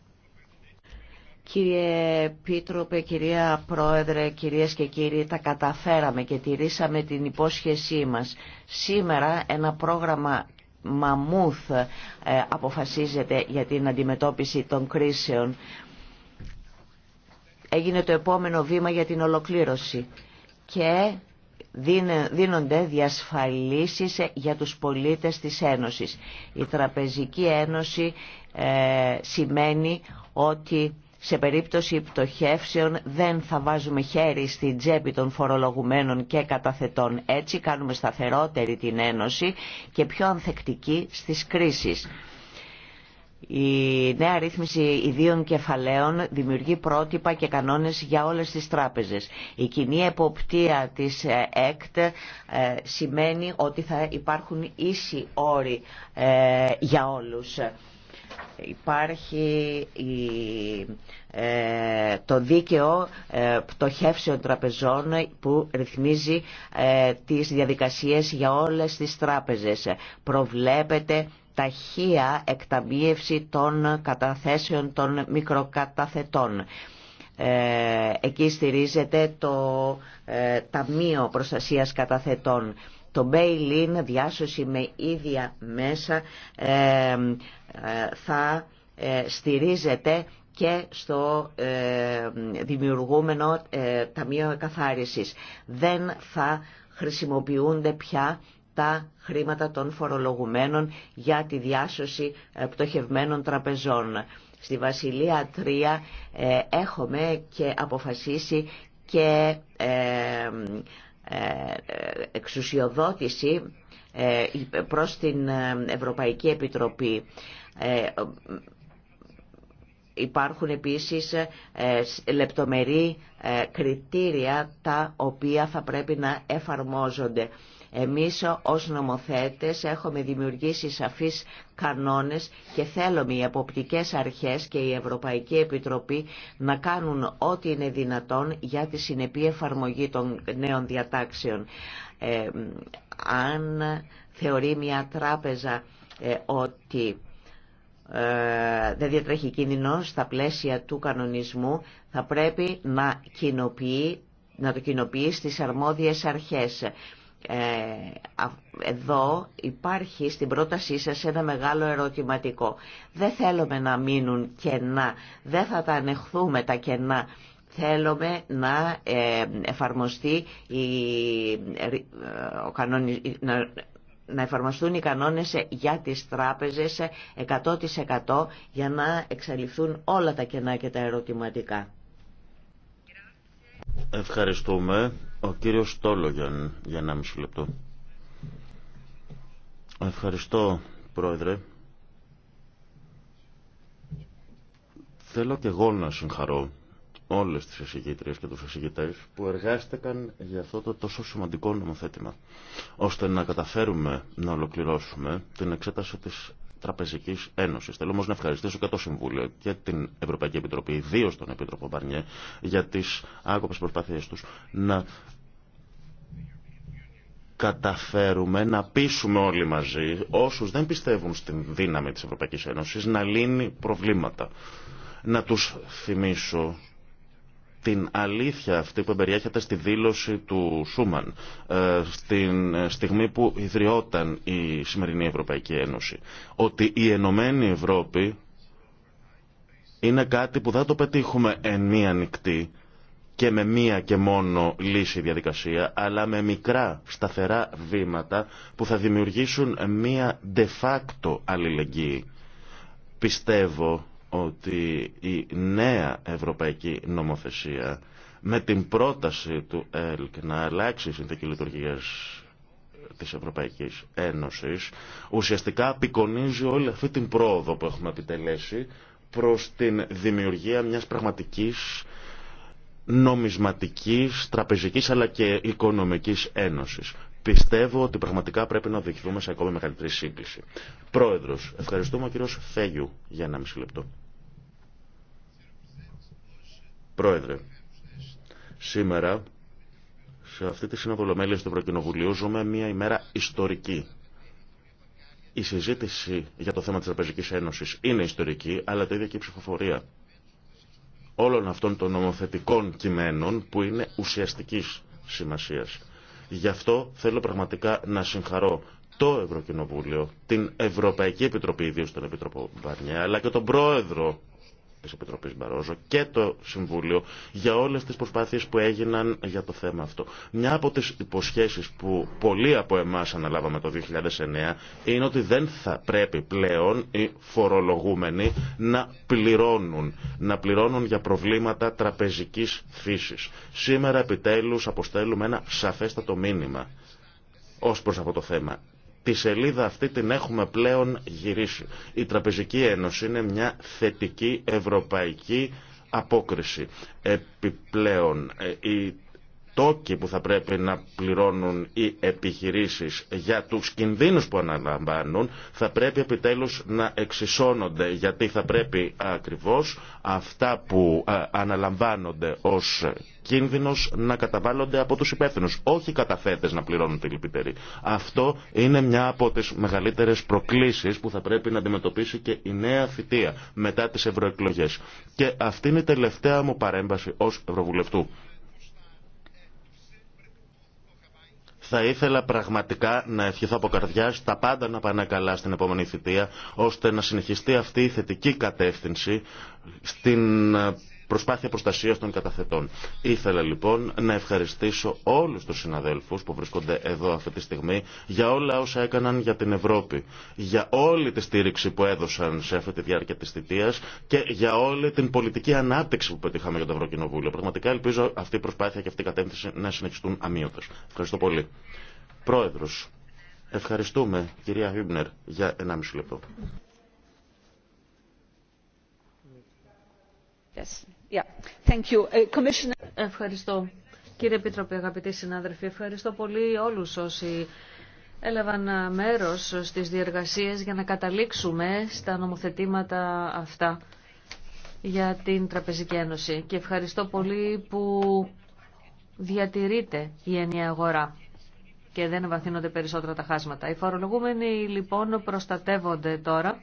Κύριε
Πίτροπε, κυρία Πρόεδρε, κυρίες και κύριοι, τα καταφέραμε και τηρήσαμε την υπόσχεσή μας. Σήμερα ένα πρόγραμμα μαμούθ ε, αποφασίζεται για την αντιμετώπιση των κρίσεων. Έγινε το επόμενο βήμα για την ολοκλήρωση και δίνονται διασφαλίσεις για τους πολίτες της Ένωσης. Η Τραπεζική Ένωση ε, σημαίνει ότι σε περίπτωση πτωχεύσεων δεν θα βάζουμε χέρι στην τσέπη των φορολογουμένων και καταθετών. Έτσι κάνουμε σταθερότερη την Ένωση και πιο ανθεκτική στις κρίσεις. Η νέα ρύθμιση ιδίων κεφαλαίων δημιουργεί πρότυπα και κανόνες για όλες τις τράπεζες. Η κοινή εποπτεία της ε, ΕΚΤ ε, σημαίνει ότι θα υπάρχουν ίσοι όροι ε, για όλους. Υπάρχει το δίκαιο πτωχεύσεων τραπεζών που ρυθμίζει τις διαδικασίες για όλες τις τράπεζες. Προβλέπεται ταχεία εκταμίευση των καταθέσεων των μικροκαταθετών. Ε, εκεί στηρίζεται το ε, Ταμείο Προστασίας Καταθετών. Το Μπέιλιν, διάσωση με ίδια μέσα, ε, θα στηρίζεται και στο δημιουργούμενο Ταμείο Εκαθάρισης. Δεν θα χρησιμοποιούνται πια τα χρήματα των φορολογουμένων για τη διάσωση ε, πτωχευμένων τραπεζών. Στη Βασιλεία 3 ε, έχουμε και αποφασίσει και ε, εξουσιοδότηση προς την Ευρωπαϊκή Επιτροπή. Υπάρχουν επίσης λεπτομερή κριτήρια τα οποία θα πρέπει να εφαρμόζονται. Εμείς ως νομοθέτες έχουμε δημιουργήσει σαφείς κανόνες και θέλουμε οι αποπτικές αρχές και η Ευρωπαϊκή Επιτροπή να κάνουν ό,τι είναι δυνατόν για τη συνεπή εφαρμογή των νέων διατάξεων. Ε, αν θεωρεί μια τράπεζα ε, ότι ε, δεν διατρέχει κίνδυνο στα πλαίσια του κανονισμού θα πρέπει να, να το κοινοποιεί στις αρμόδιες αρχές. Ε, εδώ υπάρχει στην πρότασή σας ένα μεγάλο ερωτηματικό. Δεν θέλουμε να μείνουν κενά, δεν θα τα ανεχθούμε τα κενά. Θέλουμε να ε, εφαρμοστεί η, ε, ο να, εφαρμοστούν οι κανόνες για τις τράπεζες 100% για να εξαλειφθούν όλα τα κενά και τα ερωτηματικά.
Ευχαριστούμε. Ο κύριος Στόλογιαν για μισό λεπτό. Ευχαριστώ, Πρόεδρε. Θέλω και εγώ να συγχαρώ όλες τις εισηγήτριες και τους εισηγητές που εργάστηκαν για αυτό το τόσο σημαντικό νομοθέτημα, ώστε να καταφέρουμε να ολοκληρώσουμε την εξέταση της Τραπεζική Ένωση. Θέλω όμω να ευχαριστήσω και το Συμβούλιο και την Ευρωπαϊκή Επιτροπή, ιδίω τον Επίτροπο Μπαρνιέ, για τι άκοπε προσπάθειέ του να καταφέρουμε να πείσουμε όλοι μαζί όσους δεν πιστεύουν στην δύναμη της Ευρωπαϊκής Ένωσης να λύνει προβλήματα. Να τους θυμίσω την αλήθεια αυτή που εμπεριέχεται στη δήλωση του Σούμαν ε, στην στιγμή που ιδρυόταν η σημερινή Ευρωπαϊκή Ένωση. Ότι η Ενωμένη Ευρώπη είναι κάτι που δεν το πετύχουμε εν μία νυχτή και με μία και μόνο λύση διαδικασία, αλλά με μικρά σταθερά βήματα που θα δημιουργήσουν μία de facto αλληλεγγύη. Πιστεύω ότι η νέα ευρωπαϊκή νομοθεσία με την πρόταση του ΕΛΚ να αλλάξει η συνθήκη Λειτουργία της Ευρωπαϊκής Ένωσης ουσιαστικά απεικονίζει όλη αυτή την πρόοδο που έχουμε επιτελέσει προς την δημιουργία μιας πραγματικής νομισματικής, τραπεζικής αλλά και οικονομικής ένωσης. Πιστεύω ότι πραγματικά πρέπει να οδηγηθούμε σε ακόμη μεγαλύτερη σύγκληση. Πρόεδρος, ευχαριστούμε ο κύριος Φέγιου για ένα μισή λεπτό. Πρόεδρε, σήμερα σε αυτή τη συνοβολομέλεια του Ευρωκοινοβουλίου ζούμε μια ημέρα ιστορική. Η συζήτηση για το θέμα της Ευρωπαϊκή Ένωσης είναι ιστορική, αλλά το ίδιο και η ψηφοφορία όλων αυτών των νομοθετικών κειμένων που είναι ουσιαστικής σημασίας. Γι' αυτό θέλω πραγματικά να συγχαρώ το Ευρωκοινοβούλιο, την Ευρωπαϊκή Επιτροπή, ιδίω τον Επιτροπό Μπαρνιέ, αλλά και τον Πρόεδρο της Επιτροπής Μπαρόζο και το Συμβούλιο για όλες τις προσπάθειες που έγιναν για το θέμα αυτό. Μια από τις υποσχέσεις που πολλοί από εμάς αναλάβαμε το 2009 είναι ότι δεν θα πρέπει πλέον οι φορολογούμενοι να πληρώνουν, να πληρώνουν για προβλήματα τραπεζικής φύσης. Σήμερα επιτέλους αποστέλουμε ένα σαφέστατο μήνυμα ως προς αυτό το θέμα. Τη σελίδα αυτή την έχουμε πλέον γυρίσει. Η Τραπεζική Ένωση είναι μια θετική ευρωπαϊκή απόκριση. Επιπλέον, ε, η τόκοι που θα πρέπει να πληρώνουν οι επιχειρήσεις για τους κινδύνους που αναλαμβάνουν θα πρέπει επιτέλους να εξισώνονται γιατί θα πρέπει ακριβώς αυτά που ε, αναλαμβάνονται ως κίνδυνος να καταβάλλονται από τους υπεύθυνους, όχι οι καταθέτες να πληρώνουν τη λυπητερή. Αυτό είναι μια από τις μεγαλύτερες προκλήσεις που θα πρέπει να αντιμετωπίσει και η νέα θητεία μετά τις ευρωεκλογές. Και αυτή είναι η τελευταία μου παρέμβαση ως Ευρωβουλευτού. Θα ήθελα πραγματικά να ευχηθώ από καρδιά τα πάντα να πάνε καλά στην επόμενη θητεία, ώστε να συνεχιστεί αυτή η θετική κατεύθυνση στην προσπάθεια προστασία των καταθετών. Ήθελα λοιπόν να ευχαριστήσω όλου του συναδέλφου που βρίσκονται εδώ αυτή τη στιγμή για όλα όσα έκαναν για την Ευρώπη, για όλη τη στήριξη που έδωσαν σε αυτή τη διάρκεια τη θητεία και για όλη την πολιτική ανάπτυξη που πετύχαμε για το Ευρωκοινοβούλιο. Πραγματικά ελπίζω αυτή η προσπάθεια και αυτή η κατεύθυνση να συνεχιστούν αμύωτες. Ευχαριστώ πολύ. Πρόεδρο. ευχαριστούμε κυρία Χίμπνερ για 1,5 λεπτό.
Uh, ευχαριστώ. Κύριε Επίτροπε, αγαπητοί συνάδελφοι, ευχαριστώ πολύ όλους όσοι έλαβαν ε, μέρος στις διεργασίες για να καταλήξουμε στα νομοθετήματα αυτά για την Τραπεζική Ένωση. Και ευχαριστώ πολύ που διατηρείται η ενιαία αγορά και δεν βαθύνονται περισσότερα τα χάσματα. Οι φορολογούμενοι λοιπόν προστατεύονται τώρα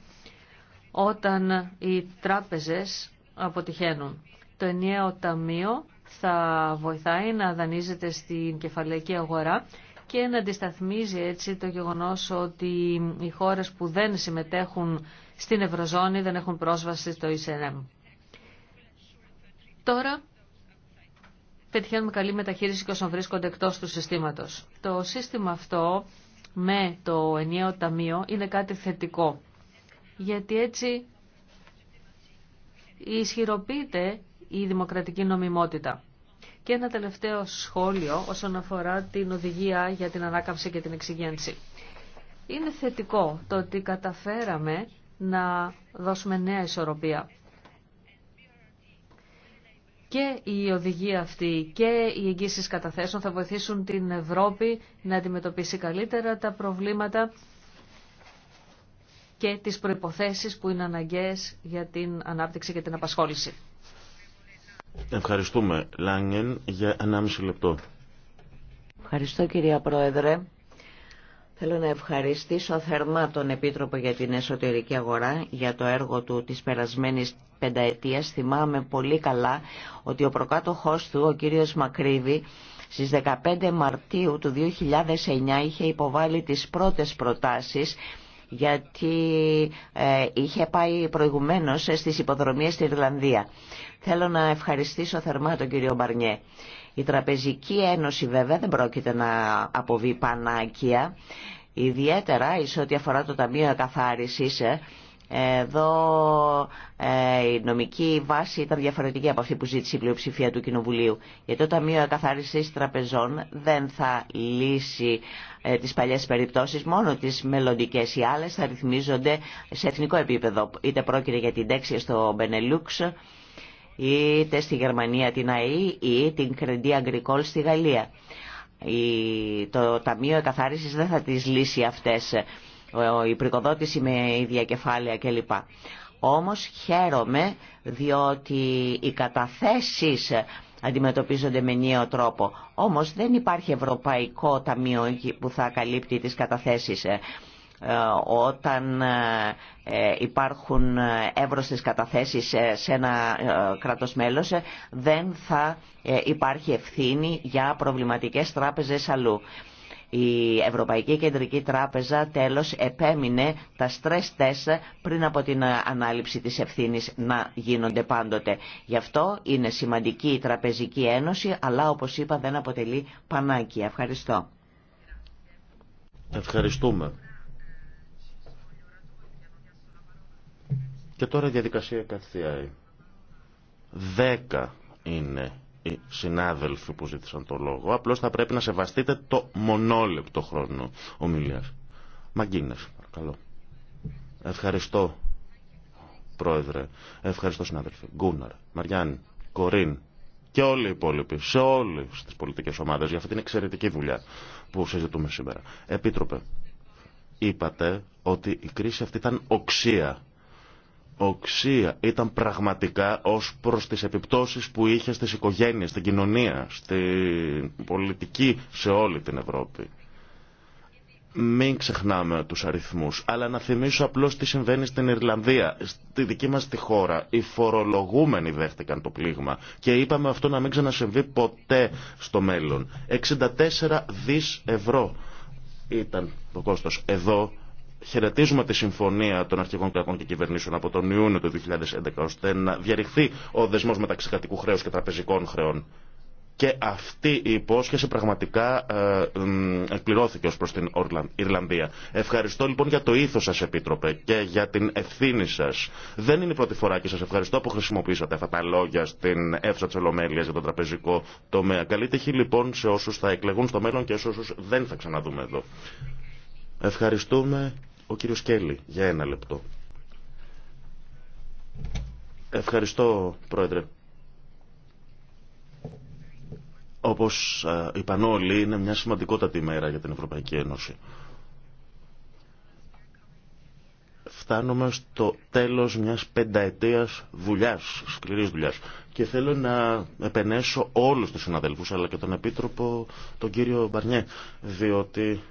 όταν οι τράπεζες αποτυχαίνουν. Το ενιαίο ταμείο θα βοηθάει να δανείζεται στην κεφαλαϊκή αγορά και να αντισταθμίζει έτσι το γεγονός ότι οι χώρες που δεν συμμετέχουν στην Ευρωζώνη δεν έχουν πρόσβαση στο ECM. Τώρα πετυχαίνουμε καλή μεταχείριση και όσων βρίσκονται εκτός του συστήματος. Το σύστημα αυτό με το ενιαίο ταμείο είναι κάτι θετικό, γιατί έτσι ισχυροποιείται η δημοκρατική νομιμότητα. Και ένα τελευταίο σχόλιο όσον αφορά την οδηγία για την ανάκαμψη και την εξυγένση. Είναι θετικό το ότι καταφέραμε να δώσουμε νέα ισορροπία. Και η οδηγία αυτή και οι εγγύσεις καταθέσεων θα βοηθήσουν την Ευρώπη να αντιμετωπίσει καλύτερα τα προβλήματα και τις προϋποθέσεις που είναι αναγκαίες για την ανάπτυξη και την απασχόληση.
Ευχαριστούμε, Λάγγεν, για 1,5 λεπτό.
Ευχαριστώ, κυρία Πρόεδρε. Θέλω να ευχαριστήσω θερμά τον Επίτροπο για την Εσωτερική Αγορά για το έργο του της περασμένης πενταετίας. Θυμάμαι πολύ καλά ότι ο προκάτοχός του, ο κύριος Μακρύβη, στις 15 Μαρτίου του 2009 είχε υποβάλει τις πρώτες προτάσεις γιατί ε, είχε πάει προηγουμένως στις υποδρομίες στην Ιρλανδία. Θέλω να ευχαριστήσω θερμά τον κύριο Μπαρνιέ. Η Τραπεζική Ένωση βέβαια δεν πρόκειται να αποβεί πανάκια, ιδιαίτερα εις ό,τι αφορά το Ταμείο Εκαθάρισης, ε, εδώ ε, η νομική βάση ήταν διαφορετική από αυτή που ζήτησε η πλειοψηφία του Κοινοβουλίου. Γιατί το Ταμείο Εκαθάρισης Τραπεζών δεν θα λύσει ε, τις παλιές περιπτώσεις, μόνο τις μελλοντικέ. Οι άλλες θα ρυθμίζονται σε εθνικό επίπεδο, είτε πρόκειται για την τέξη στο Μπενελούξ, είτε στη Γερμανία την ΑΕΗ ή την Κρεντή Αγκρικόλ στη Γαλλία. Το Ταμείο Εκαθάρισης δεν θα τις λύσει αυτές, η πρικοδότηση με ίδια κεφάλαια κλπ. Όμως χαίρομαι διότι οι καταθέσεις αντιμετωπίζονται με νέο τρόπο. Όμως δεν υπάρχει Ευρωπαϊκό Ταμείο που θα καλύπτει τις καταθέσεις. Ε, όταν ε, υπάρχουν ε, εύρωστες καταθέσεις σε ένα κράτος μέλος δεν θα υπάρχει ευθύνη για προβληματικές τράπεζες αλλού. Η Ευρωπαϊκή Κεντρική Τράπεζα τέλος επέμεινε τα stress πριν από την ανάληψη της ευθύνης να γίνονται πάντοτε. Γι' αυτό είναι σημαντική η Τραπεζική Ένωση, αλλά όπως είπα δεν αποτελεί πανάκι. Ευχαριστώ.
Ευχαριστούμε. Και τώρα διαδικασία καθιάει. Δέκα είναι οι συνάδελφοι που ζήτησαν το λόγο. Απλώς θα πρέπει να σεβαστείτε το μονόλεπτο χρόνο ομιλίας. Μαγκίνες, παρακαλώ. Ευχαριστώ, Πρόεδρε. Ευχαριστώ, συνάδελφοι. Γκούναρ, Μαριάννη, Κορίν, και όλοι οι υπόλοιποι, σε όλε τι πολιτικέ ομάδε, για αυτή την εξαιρετική δουλειά που συζητούμε σήμερα. Επίτροπε, είπατε ότι η κρίση αυτή ήταν οξία οξία ήταν πραγματικά ως προς τις επιπτώσεις που είχε στις οικογένειες, στην κοινωνία, στην πολιτική σε όλη την Ευρώπη. Μην ξεχνάμε τους αριθμούς, αλλά να θυμίσω απλώς τι συμβαίνει στην Ιρλανδία. Στη δική μας τη χώρα οι φορολογούμενοι δέχτηκαν το πλήγμα και είπαμε αυτό να μην ξανασυμβεί ποτέ στο μέλλον. 64 δις ευρώ ήταν το κόστος. Εδώ χαιρετίζουμε τη συμφωνία των αρχηγών κρατών και κυβερνήσεων από τον Ιούνιο του 2011 ώστε να διαρριχθεί ο δεσμός μεταξύ κρατικού χρέους και τραπεζικών χρεών. Και αυτή η υπόσχεση πραγματικά ε, εκπληρώθηκε ως προς την Ιρλανδία. Ευχαριστώ λοιπόν για το ήθος σας Επίτροπε και για την ευθύνη σας. Δεν είναι η πρώτη φορά και σας ευχαριστώ που χρησιμοποίησατε αυτά τα λόγια στην αίθουσα της Ολομέλειας για τον τραπεζικό τομέα. Καλή τύχη λοιπόν σε όσους θα εκλεγούν στο μέλλον και σε όσους δεν θα ξαναδούμε εδώ. Ευχαριστούμε. Ο κύριος Κέλλη, για ένα λεπτό. Ευχαριστώ, Πρόεδρε. Όπως είπαν όλοι, είναι μια σημαντικότατη ημέρα για την Ευρωπαϊκή Ένωση. φτάνουμε στο τέλος μιας πενταετίας δουλειάς, σκληρής δουλειάς. Και θέλω να επενέσω όλους τους συναδελφούς, αλλά και τον Επίτροπο, τον κύριο Μπαρνιέ, διότι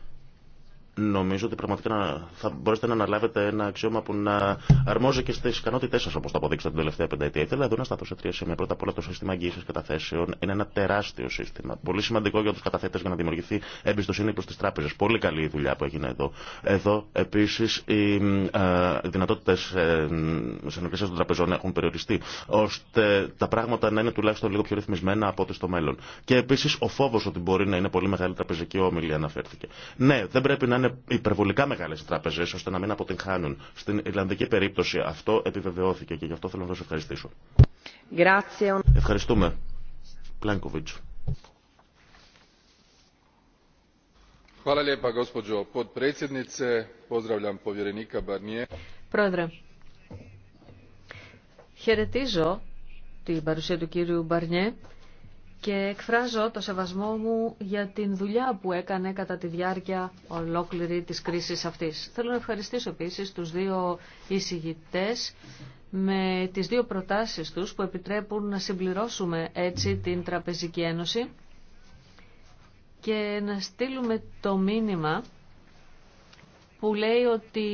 Νομίζω ότι πραγματικά θα μπορέσετε να αναλάβετε ένα αξίωμα που να αρμόζει και στι ικανότητέ σα, όπω το αποδείξατε την τελευταία πενταετία. Ήθελα εδώ να σταθώ σε τρία σημεία. Πρώτα απ' όλα, το σύστημα εγγύηση καταθέσεων είναι ένα τεράστιο σύστημα. Πολύ σημαντικό για του καταθέτε για να δημιουργηθεί εμπιστοσύνη προ τι τράπεζε. Πολύ καλή η δουλειά που έγινε εδώ. Εδώ, επίση, οι ε, δυνατότητε ε, συνεργασία των τραπεζών έχουν περιοριστεί, ώστε τα πράγματα να είναι τουλάχιστον λίγο πιο ρυθμισμένα από ό,τι στο μέλλον. Και επίση, ο φόβο ότι μπορεί να είναι πολύ μεγάλη τραπεζική όμιλη αναφέρθηκε. Ναι, δεν πρέπει να είναι υπερβολικά μεγάλε οι τράπεζε ώστε να μην αποτυγχάνουν. Στην Ιρλανδική περίπτωση αυτό επιβεβαιώθηκε και γι' αυτό θέλω να σα ευχαριστήσω. Ευχαριστούμε. Πλάνκοβιτ. Πρόεδρε,
χαιρετίζω την παρουσία του κύριου Μπαρνιέ και εκφράζω το σεβασμό μου για την δουλειά που έκανε κατά τη διάρκεια ολόκληρη της κρίσης αυτής. Θέλω να ευχαριστήσω επίσης τους δύο εισηγητές με τις δύο προτάσεις τους που επιτρέπουν να συμπληρώσουμε έτσι την Τραπεζική Ένωση και να στείλουμε το μήνυμα που λέει ότι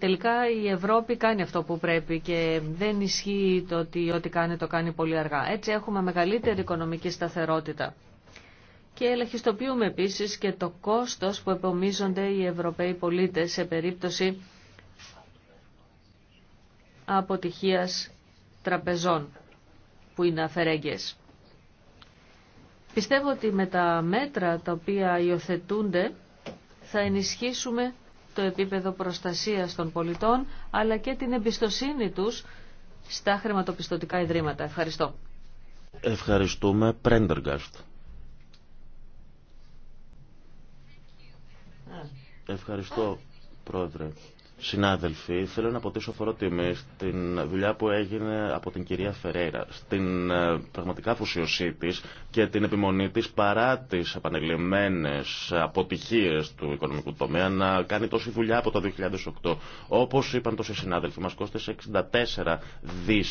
τελικά η Ευρώπη κάνει αυτό που πρέπει και δεν ισχύει το ότι ό,τι κάνει το κάνει πολύ αργά. Έτσι έχουμε μεγαλύτερη οικονομική σταθερότητα. Και ελαχιστοποιούμε επίσης και το κόστος που επομίζονται οι Ευρωπαίοι πολίτες σε περίπτωση αποτυχίας τραπεζών που είναι αφαιρέγγες. Πιστεύω ότι με τα μέτρα τα οποία υιοθετούνται θα ενισχύσουμε το επίπεδο προστασίας των πολιτών, αλλά και την εμπιστοσύνη τους στα χρηματοπιστωτικά ιδρύματα. Ευχαριστώ.
Ευχαριστούμε. Πρέντεργκαστ. Ευχαριστώ, Πρόεδρε. Συνάδελφοι, θέλω να αποτίσω φορό τιμή στην δουλειά που έγινε από την κυρία Φερέρα, στην ε, πραγματικά αφουσιωσή τη και την επιμονή τη παρά τι επανελειμμένε αποτυχίε του οικονομικού τομέα να κάνει τόση δουλειά από το 2008. Όπω είπαν τόσοι συνάδελφοι, μα κόστησε 64 δι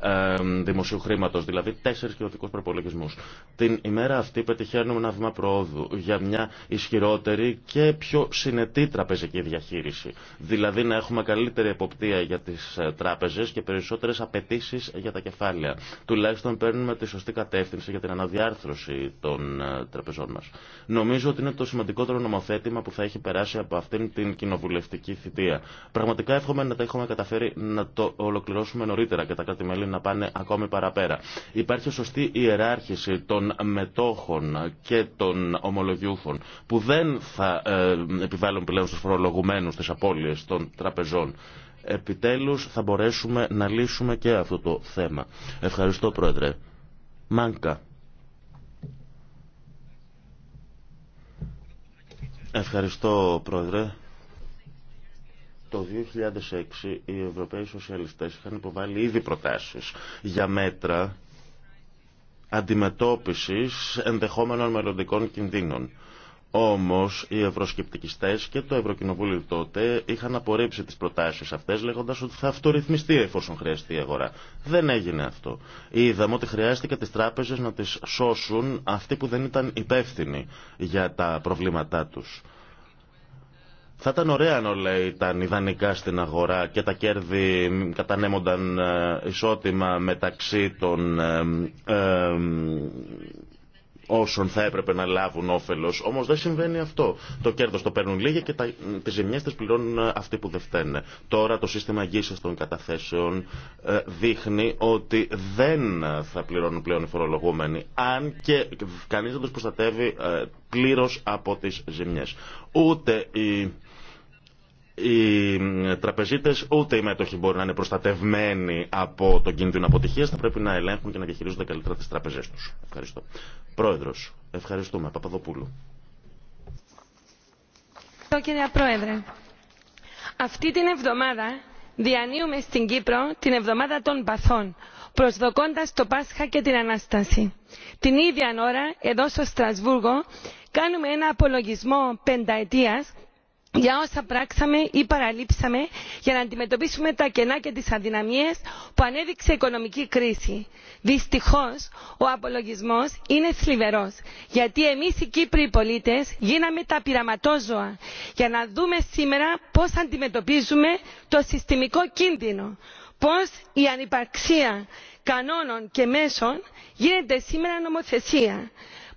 ε, δημοσίου χρήματο, δηλαδή τέσσερι κοινοτικού προπολογισμού. Την ημέρα αυτή πετυχαίνουμε ένα βήμα προόδου για μια ισχυρότερη και πιο συνετή τραπεζική διαχείριση. Δηλαδή δηλαδή να έχουμε καλύτερη εποπτεία για τις ε, τράπεζες και περισσότερες απαιτήσει για τα κεφάλαια. Τουλάχιστον παίρνουμε τη σωστή κατεύθυνση για την αναδιάρθρωση των ε, τραπεζών μας. Νομίζω ότι είναι το σημαντικότερο νομοθέτημα που θα έχει περάσει από αυτήν την κοινοβουλευτική θητεία. Πραγματικά εύχομαι να τα έχουμε καταφέρει να το ολοκληρώσουμε νωρίτερα και τα κράτη-μέλη να πάνε ακόμη παραπέρα. Υπάρχει σωστή ιεράρχηση των μετόχων και των ομολογιούχων που δεν θα ε, επιβάλλουν πλέον στους φορολογουμένους τις απώλειες των τραπεζών. Επιτέλους θα μπορέσουμε να λύσουμε και αυτό το θέμα. Ευχαριστώ Πρόεδρε. Μάνκα. Ευχαριστώ Πρόεδρε. Το 2006 οι Ευρωπαίοι Σοσιαλιστές είχαν υποβάλει ήδη προτάσεις για μέτρα αντιμετώπισης ενδεχόμενων μελλοντικών κινδύνων. Όμως οι ευρωσκεπτικιστές και το Ευρωκοινοβούλιο τότε είχαν απορρίψει τις προτάσεις αυτές λέγοντας ότι θα αυτορυθμιστεί εφόσον χρειαστεί η αγορά. Δεν έγινε αυτό. Είδαμε ότι χρειάστηκε τις τράπεζες να τις σώσουν αυτοί που δεν ήταν υπεύθυνοι για τα προβλήματά τους. Θα ήταν ωραία αν όλα ήταν ιδανικά στην αγορά και τα κέρδη κατανέμονταν ε, ισότιμα μεταξύ των ε, ε, όσων θα έπρεπε να λάβουν όφελο. Όμω δεν συμβαίνει αυτό. Το κέρδο το παίρνουν λίγοι και τι ζημιέ τι πληρώνουν ε, αυτοί που δεν φταίνε. Τώρα το σύστημα γύση των καταθέσεων ε, δείχνει ότι δεν θα πληρώνουν πλέον οι φορολογούμενοι, αν και κανεί δεν του προστατεύει ε, πλήρω από τι ζημιέ. Ούτε οι οι τραπεζίτε ούτε οι μέτοχοι μπορεί να είναι προστατευμένοι από τον κίνδυνο αποτυχία. Θα πρέπει να ελέγχουν και να διαχειρίζονται καλύτερα τι τραπεζέ του. Ευχαριστώ. Πρόεδρο, ευχαριστούμε. Παπαδοπούλου.
Ευχαριστώ κύριε Πρόεδρε. Αυτή την εβδομάδα διανύουμε στην Κύπρο την εβδομάδα των παθών, προσδοκώντας το Πάσχα και την Ανάσταση. Την ίδια ώρα, εδώ στο Στρασβούργο, κάνουμε ένα απολογισμό πενταετίας για όσα πράξαμε ή παραλείψαμε για να αντιμετωπίσουμε τα κενά και τις αδυναμίες που ανέδειξε η οικονομική κρίση. δυστυχώς ο απολογισμός είναι θλιβερός γιατί εμείς οι κύπροι πολίτες γίναμε τα πειραματόζωα για να δούμε σήμερα πώς αντιμετωπίζουμε το συστημικό κίνδυνο πώς η ανυπαρξία κανόνων και μέσων γίνεται σήμερα νομοθεσία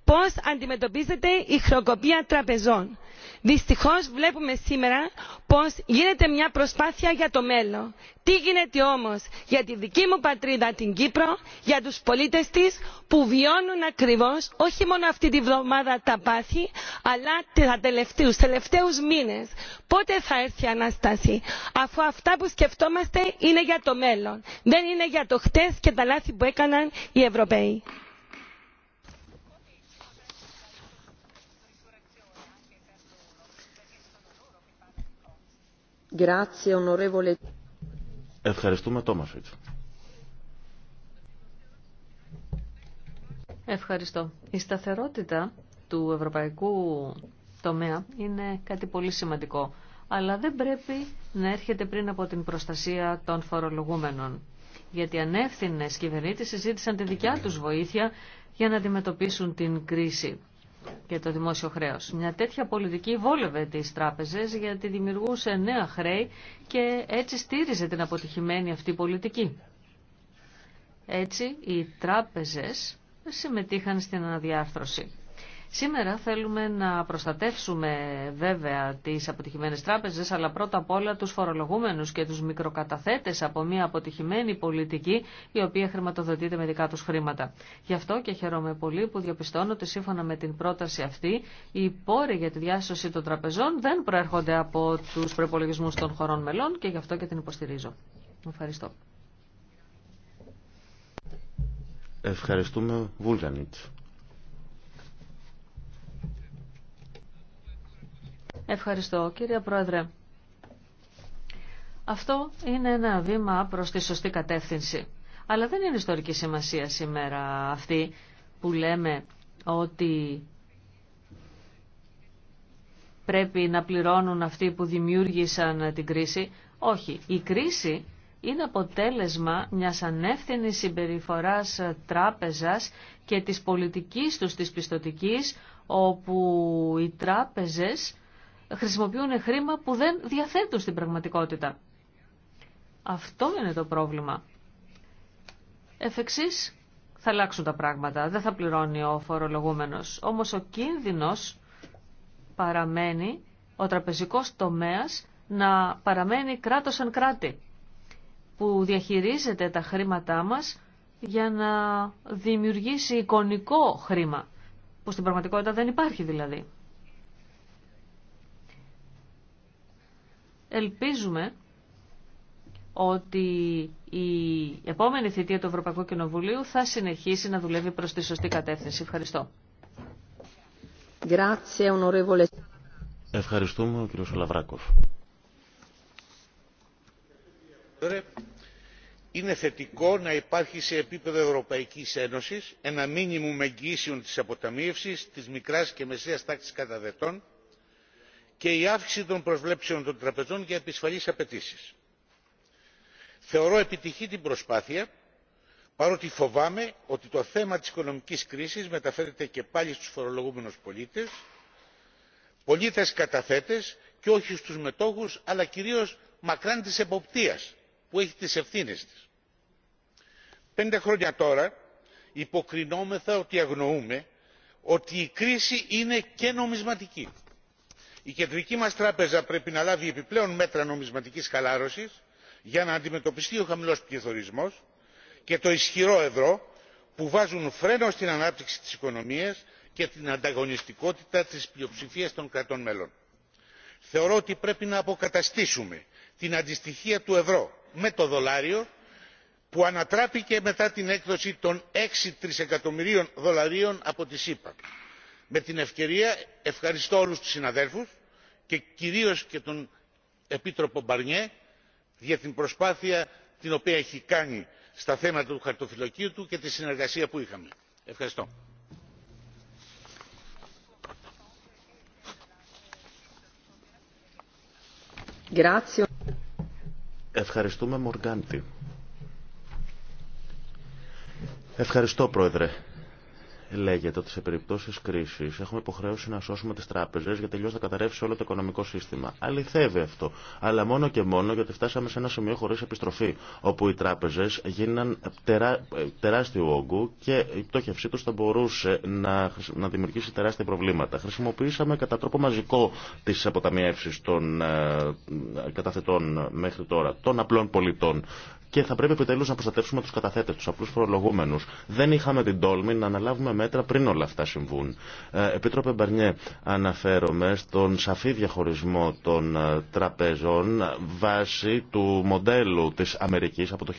πώς αντιμετωπίζεται η χρεοκοπία τραπεζών δυστυχώς βλέπουμε σήμερα πως γίνεται μια προσπάθεια για το μέλλον. τι γίνεται όμως για τη δική μου πατρίδα την κύπρο για τους πολίτες της που βιώνουν ακριβώς όχι μόνο αυτή τη βδομάδα τα πάθη αλλά του, τελευταίους μήνες. πότε θα έρθει η ανάσταση αφού αυτά που σκεφτόμαστε είναι για το μέλλον δεν είναι για το χτες και τα λάθη που έκαναν οι ευρωπαίοι.
Ευχαριστούμε,
Ευχαριστώ. Η σταθερότητα του ευρωπαϊκού τομέα είναι κάτι πολύ σημαντικό, αλλά δεν πρέπει να έρχεται πριν από την προστασία των φορολογούμενων. Γιατί ανεύθυνες κυβερνήτες συζήτησαν τη δικιά τους βοήθεια για να αντιμετωπίσουν την κρίση για το δημόσιο χρέος. Μια τέτοια πολιτική βόλευε τις τράπεζες γιατί δημιουργούσε νέα χρέη και έτσι στήριζε την αποτυχημένη αυτή πολιτική. Έτσι οι τράπεζες συμμετείχαν στην αναδιάρθρωση. Σήμερα θέλουμε να προστατεύσουμε βέβαια τις αποτυχημένες τράπεζες, αλλά πρώτα απ' όλα τους φορολογούμενους και τους μικροκαταθέτες από μια αποτυχημένη πολιτική η οποία χρηματοδοτείται με δικά τους χρήματα. Γι' αυτό και χαίρομαι πολύ που διαπιστώνω ότι σύμφωνα με την πρόταση αυτή οι πόροι για τη διάσωση των τραπεζών δεν προέρχονται από τους προπολογισμού των χωρών μελών και γι' αυτό και την υποστηρίζω. Ευχαριστώ.
Ευχαριστούμε Βούλγανιτς.
Ευχαριστώ κύριε Πρόεδρε. Αυτό είναι ένα βήμα προς τη σωστή κατεύθυνση. Αλλά δεν είναι ιστορική σημασία σήμερα αυτή που λέμε ότι πρέπει να πληρώνουν αυτοί που δημιούργησαν την κρίση. Όχι, η κρίση είναι αποτέλεσμα μιας ανεύθυνης συμπεριφοράς τράπεζας και της πολιτικής τους της πιστοτικής, όπου οι τράπεζες χρησιμοποιούν χρήμα που δεν διαθέτουν στην πραγματικότητα. Αυτό είναι το πρόβλημα. Εφ' θα αλλάξουν τα πράγματα, δεν θα πληρώνει ο φορολογούμενος. Όμως ο κίνδυνος παραμένει ο τραπεζικός τομέας να παραμένει κράτος αν κράτη, που διαχειρίζεται τα χρήματά μας για να δημιουργήσει εικονικό χρήμα, που στην πραγματικότητα δεν υπάρχει δηλαδή. Ελπίζουμε ότι η επόμενη θητεία του Ευρωπαϊκού Κοινοβουλίου θα συνεχίσει να δουλεύει προς τη σωστή κατεύθυνση.
Ευχαριστώ.
Ευχαριστούμε, κύριο Λαβράκοφ.
Είναι θετικό να υπάρχει σε επίπεδο Ευρωπαϊκής Ένωσης ένα μήνυμο εγγύσεων της αποταμίευσης της μικράς και μεσαίας τάξης καταδετών και η αύξηση των προσβλέψεων των τραπεζών για επισφαλείς απαιτήσει. θεωρώ επιτυχή την προσπάθεια παρότι φοβάμαι ότι το θέμα της οικονομικής κρίσης μεταφέρεται και πάλι στους φορολογούμενους πολίτες πολίτες καταθέτες και όχι στους μετόχους αλλά κυρίως μακράν της εποπτείας που έχει τις ευθύνες της. πέντε χρόνια τώρα υποκρινόμεθα ότι αγνοούμε ότι η κρίση είναι και νομισματική η κεντρική μας τράπεζα πρέπει να λάβει επιπλέον μέτρα νομισματικής χαλάρωσης για να αντιμετωπιστεί ο χαμηλός πληθωρισμός και το ισχυρό ευρώ που βάζουν φρένο στην ανάπτυξη της οικονομίας και την ανταγωνιστικότητα της πλειοψηφίας των κρατών μελών. θεωρώ ότι πρέπει να αποκαταστήσουμε την αντιστοιχία του ευρώ με το δολάριο που ανατράπηκε μετά την έκδοση των έξι τρισεκατομμυρίων δολαρίων από τη σύπα με την ευκαιρία ευχαριστώ όλους τους συναδέλφους και κυρίως και τον επίτροπο μπαρνιέ για την προσπάθεια την οποία έχει κάνει στα θέματα του χαρτοφυλακίου του και τη συνεργασία που είχαμε. ευχαριστώ.
Ευχαριστούμε Μοργάντη. Ευχαριστώ Πρόεδρε λέγεται ότι σε περιπτώσει κρίση έχουμε υποχρέωση να σώσουμε τι τράπεζε γιατί τελειώς να καταρρεύσει όλο το οικονομικό σύστημα. Αληθεύει αυτό. Αλλά μόνο και μόνο γιατί φτάσαμε σε ένα σημείο χωρί επιστροφή όπου οι τράπεζε γίναν τερά... τεράστιου όγκου και η πτώχευσή του θα μπορούσε να... να δημιουργήσει τεράστια προβλήματα. Χρησιμοποιήσαμε κατά τρόπο μαζικό τι αποταμιεύσει των ε, καταθετών μέχρι τώρα, των απλών πολιτών και θα πρέπει επιτέλου να προστατεύσουμε του καταθέτε, του απλού φορολογούμενου. Δεν είχαμε την τόλμη να αναλάβουμε μέτρα πριν όλα αυτά συμβούν. Ε, Επίτροπε Μπαρνιέ, αναφέρομαι στον σαφή διαχωρισμό των ε, τραπεζών βάσει του μοντέλου τη Αμερική από το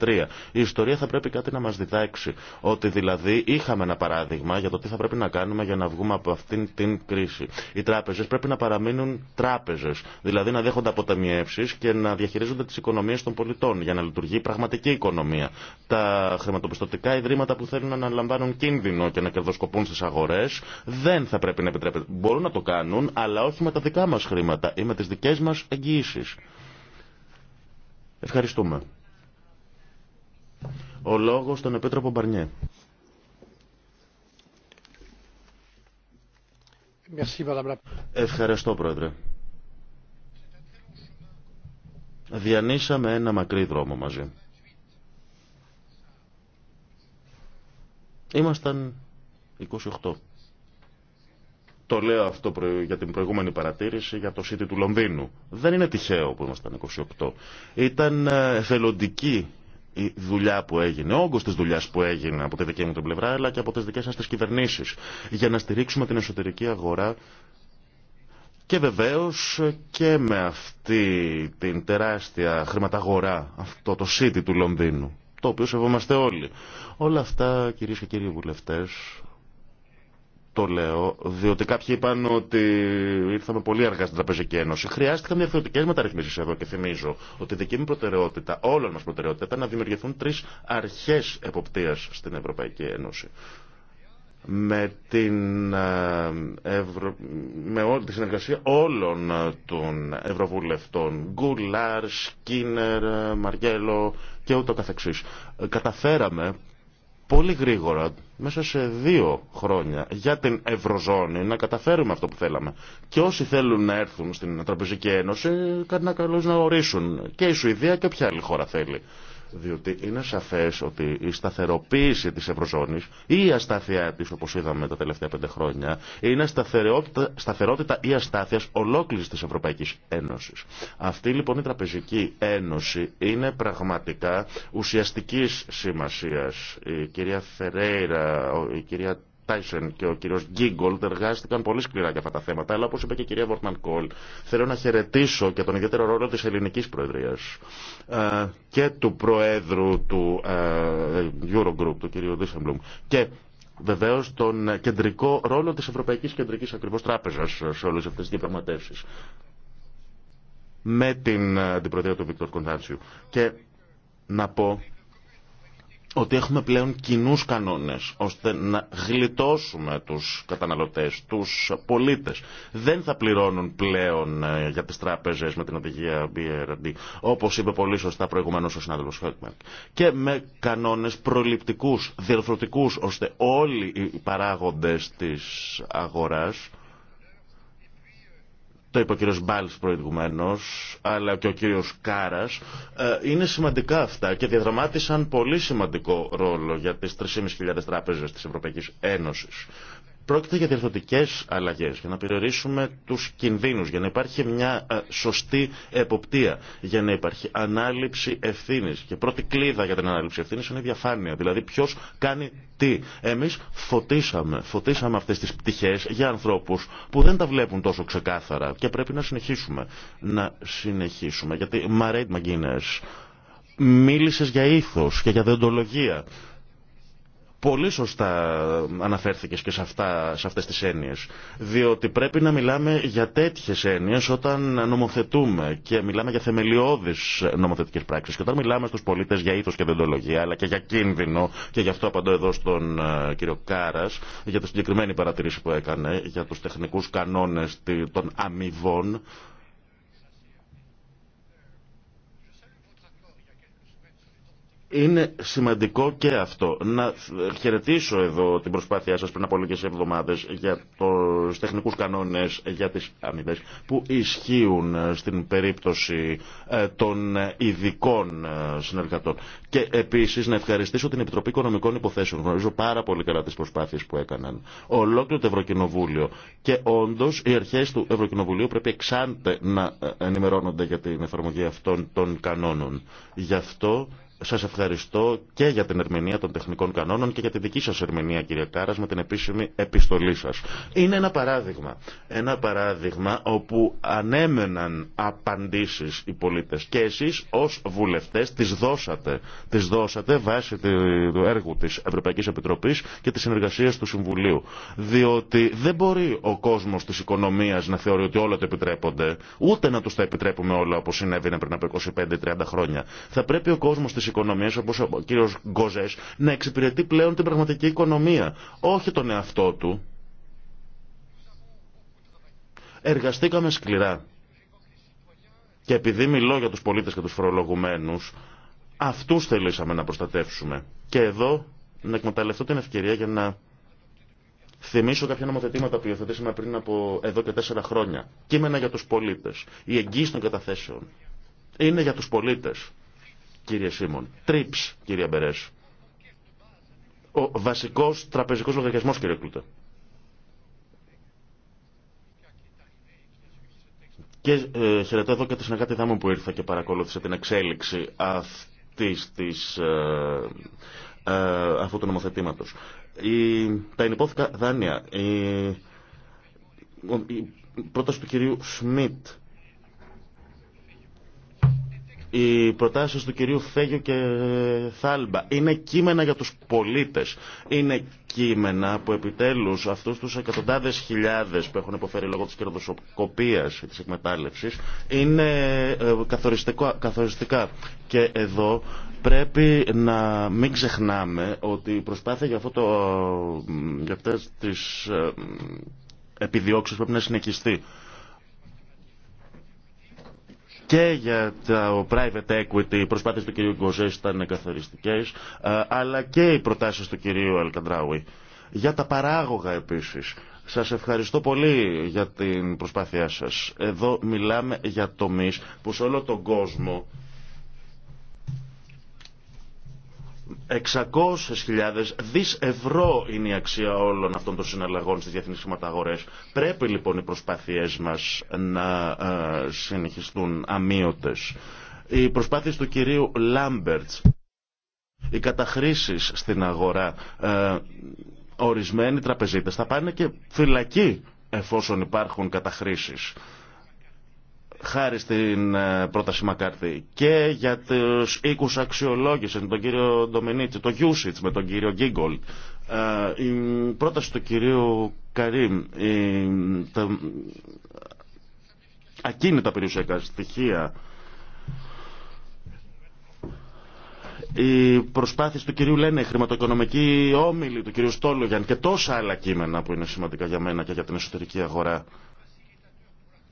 1933. Η ιστορία θα πρέπει κάτι να μα διδάξει. Ότι δηλαδή είχαμε ένα παράδειγμα για το τι θα πρέπει να κάνουμε για να βγούμε από αυτήν την κρίση. Οι τράπεζε πρέπει να παραμείνουν τράπεζε. Δηλαδή να δέχονται αποταμιεύσει και να διαχειρίζονται τι οικονομίε των πολιτών πολιτών για να λειτουργεί πραγματική οικονομία. Τα χρηματοπιστωτικά ιδρύματα που θέλουν να αναλαμβάνουν κίνδυνο και να κερδοσκοπούν στι αγορέ δεν θα πρέπει να επιτρέπεται. Μπορούν να το κάνουν, αλλά όχι με τα δικά μα χρήματα ή με τι δικέ μα εγγυήσει. Ευχαριστούμε. Ο λόγος στον Επίτροπο Μπαρνιέ. Ευχαριστώ, Πρόεδρε. Διανύσαμε ένα μακρύ δρόμο μαζί. Ήμασταν 28. Το λέω αυτό για την προηγούμενη παρατήρηση για το City του Λονδίνου. Δεν είναι τυχαίο που ήμασταν 28. Ήταν ε, εθελοντική η δουλειά που έγινε, όγκο τη δουλειά που έγινε από τη δική μου την πλευρά, αλλά και από τι δικέ σα τι κυβερνήσει, για να στηρίξουμε την εσωτερική αγορά και βεβαίως και με αυτή την τεράστια χρηματαγορά, αυτό το city του Λονδίνου, το οποίο σεβόμαστε όλοι. Όλα αυτά κυρίες και κύριοι βουλευτές, το λέω, διότι κάποιοι είπαν ότι ήρθαμε πολύ αργά στην Τραπεζική Ένωση. Χρειάστηκαν διαφορετικέ μεταρρυθμίσει εδώ και θυμίζω ότι η δική μου προτεραιότητα, όλων μα προτεραιότητα, ήταν να δημιουργηθούν τρει αρχέ εποπτεία στην Ευρωπαϊκή Ένωση με, την, ε, με όλη τη συνεργασία όλων ε, των Ευρωβουλευτών Γκουλάρ, Σκίνερ, ε, Μαριέλο και ούτω καθεξής καταφέραμε πολύ γρήγορα μέσα σε δύο χρόνια για την Ευρωζώνη να καταφέρουμε αυτό που θέλαμε και όσοι θέλουν να έρθουν στην Τραπεζική Ένωση κάτι να καλώς να ορίσουν και η Σουηδία και ποια άλλη χώρα θέλει διότι είναι σαφές ότι η σταθεροποίηση της Ευρωζώνης ή η αστάθειά της, όπως είδαμε τα τελευταία πέντε χρόνια, είναι σταθερότητα, σταθερότητα ή αστάθειας ολόκληρης της Ευρωπαϊκής Ένωσης. Αυτή λοιπόν η Τραπεζική Ένωση είναι πραγματικά ουσιαστικής σημασίας. Η κυρία Φερέιρα, η κυρία Τάισεν και ο κύριο Γκίγκολτ εργάστηκαν πολύ σκληρά για αυτά τα θέματα, αλλά όπω είπε και η κυρία Βορτμαν Κόλ, θέλω να χαιρετήσω και τον ιδιαίτερο ρόλο τη Ελληνική Προεδρία ε, και του προέδρου του ε, Eurogroup, του κύριου Δίσεμπλουμ, και βεβαίω τον κεντρικό ρόλο τη Ευρωπαϊκή Κεντρική Ακριβώ Τράπεζα σε όλε αυτέ τι διαπραγματεύσει. Με την ε, αντιπροεδρία του Βίκτορ Κοντάντσιου. Και να πω ότι έχουμε πλέον κοινού κανόνες ώστε να γλιτώσουμε τους καταναλωτές, τους πολίτες. Δεν θα πληρώνουν πλέον ε, για τι τράπεζε με την οδηγία BRD, όπως είπε πολύ σωστά προηγουμένω ο συνάδελφο Και με κανόνες προληπτικούς, διαρθρωτικού, ώστε όλοι οι παράγοντε της αγοράς το είπε ο κύριος Μπάλς προηγουμένως, αλλά και ο κύριος Κάρας, ε, είναι σημαντικά αυτά και διαδραμάτισαν πολύ σημαντικό ρόλο για τις 3.500 τράπεζες της Ευρωπαϊκής Ένωσης. Πρόκειται για διορθωτικέ αλλαγέ για να περιορίσουμε τους κινδύνους, για να υπάρχει μια ε, σωστή εποπτεία, για να υπάρχει ανάληψη ευθύνη. Και πρώτη κλίδα για την ανάληψη ευθύνη είναι η διαφάνεια, δηλαδή ποιο κάνει τι. Εμείς φωτίσαμε, φωτίσαμε αυτές τις πτυχές για ανθρώπους που δεν τα βλέπουν τόσο ξεκάθαρα και πρέπει να συνεχίσουμε. Να συνεχίσουμε, γιατί Μαρέιτ Μαγκίνε, μίλησε για ήθο και για διοντολογία πολύ σωστά αναφέρθηκες και σε, αυτά, σε αυτές τις έννοιες. Διότι πρέπει να μιλάμε για τέτοιες έννοιες όταν νομοθετούμε και μιλάμε για θεμελιώδεις νομοθετικές πράξεις. Και όταν μιλάμε στους πολίτες για ήθος και δεντολογία αλλά και για κίνδυνο και γι' αυτό απαντώ εδώ στον ε, κύριο Κάρας για τη συγκεκριμένη παρατηρήση που έκανε για τους τεχνικούς κανόνες των αμοιβών Είναι σημαντικό και αυτό. Να χαιρετήσω εδώ την προσπάθειά σας πριν από λίγες εβδομάδες για τους τεχνικούς κανόνες για τις αμοιβέ που ισχύουν στην περίπτωση ε, των ειδικών ε, συνεργατών. Και επίσης να ευχαριστήσω την Επιτροπή Οικονομικών Υποθέσεων. Γνωρίζω πάρα πολύ καλά τις προσπάθειες που έκαναν. Ολόκληρο το Ευρωκοινοβούλιο. Και όντως οι αρχές του Ευρωκοινοβουλίου πρέπει εξάντε να ε, ενημερώνονται για την εφαρμογή αυτών των κανόνων. Γι' αυτό σας ευχαριστώ και για την ερμηνεία των τεχνικών κανόνων και για τη δική σας ερμηνεία κύριε Κάρας με την επίσημη επιστολή σας. Είναι ένα παράδειγμα. Ένα παράδειγμα όπου ανέμεναν απαντήσεις οι πολίτες και εσείς ως βουλευτές τις δώσατε. Τις δώσατε βάσει του έργου της Ευρωπαϊκής Επιτροπής και της συνεργασίας του Συμβουλίου. Διότι δεν μπορεί ο κόσμος της οικονομίας να θεωρεί ότι όλα το επιτρέπονται, ούτε να τους τα επιτρέπουμε όλα όπως συνέβαινε πριν από 25-30 χρόνια. Θα πρέπει ο κόσμος οικονομία, όπω ο κύριο Γκοζέ, να εξυπηρετεί πλέον την πραγματική οικονομία, όχι τον εαυτό του. Εργαστήκαμε σκληρά. Και επειδή μιλώ για τους πολίτες και τους φορολογουμένους, αυτούς θελήσαμε να προστατεύσουμε. Και εδώ να εκμεταλλευτώ την ευκαιρία για να θυμίσω κάποια νομοθετήματα που υιοθετήσαμε πριν από εδώ και τέσσερα χρόνια. Κείμενα για τους πολίτες. Η εγγύηση των καταθέσεων. Είναι για τους πολίτες κύριε Σίμων. Τρίψ, κύριε Μπερές. Ο βασικός τραπεζικός λογαριασμός, κύριε Κλούτα. Και ε, χαιρετώ εδώ και τη συνεργάτη δάμου που ήρθε και παρακολούθησε την εξέλιξη αυτής της, ε, ε αυτού του νομοθετήματος. τα ενυπόθηκα δάνεια, η, η πρόταση του κυρίου Σμιτ οι προτάσεις του κυρίου Φέγιο και Θάλμπα είναι κείμενα για τους πολίτες. Είναι κείμενα που επιτέλους αυτούς τους εκατοντάδες χιλιάδες που έχουν υποφέρει λόγω της κερδοσκοπίας και της εκμετάλλευσης είναι ε, καθοριστικά. Και εδώ πρέπει να μην ξεχνάμε ότι η προσπάθεια για, αυτό το, ε, για αυτές τις ε, επιδιώξεις πρέπει να συνεχιστεί και για το private equity, οι προσπάθειες του κυρίου Γκοζές ήταν καθοριστικές, ε, αλλά και οι προτάσεις του κυρίου Αλκαντράουι. Για τα παράγωγα επίσης. Σας ευχαριστώ πολύ για την προσπάθειά σας. Εδώ μιλάμε για τομείς που σε όλο τον κόσμο 600.000 δις ευρώ είναι η αξία όλων αυτών των συναλλαγών στις διεθνείς χρηματαγορές. Πρέπει λοιπόν οι προσπάθειές μας να ε, συνεχιστούν αμύωτες. Οι προσπάθειες του κυρίου Λάμπερτς, οι καταχρήσεις στην αγορά, ε, ορισμένοι τραπεζίτες θα πάνε και φυλακή εφόσον υπάρχουν καταχρήσεις χάρη στην ε, πρόταση Μακάρθη και για τους οίκους αξιολόγηση με τον κύριο Ντομενίτσι, το Γιούσιτς με τον κύριο Γκίγκολ, ε, η πρόταση του κυρίου Καρίμ, η, τα ακίνητα περιουσιακά στοιχεία, οι προσπάθεια του κυρίου Λένε, η χρηματοοικονομική όμιλη του κυρίου Στόλογιαν και τόσα άλλα κείμενα που είναι σημαντικά για μένα και για την εσωτερική αγορά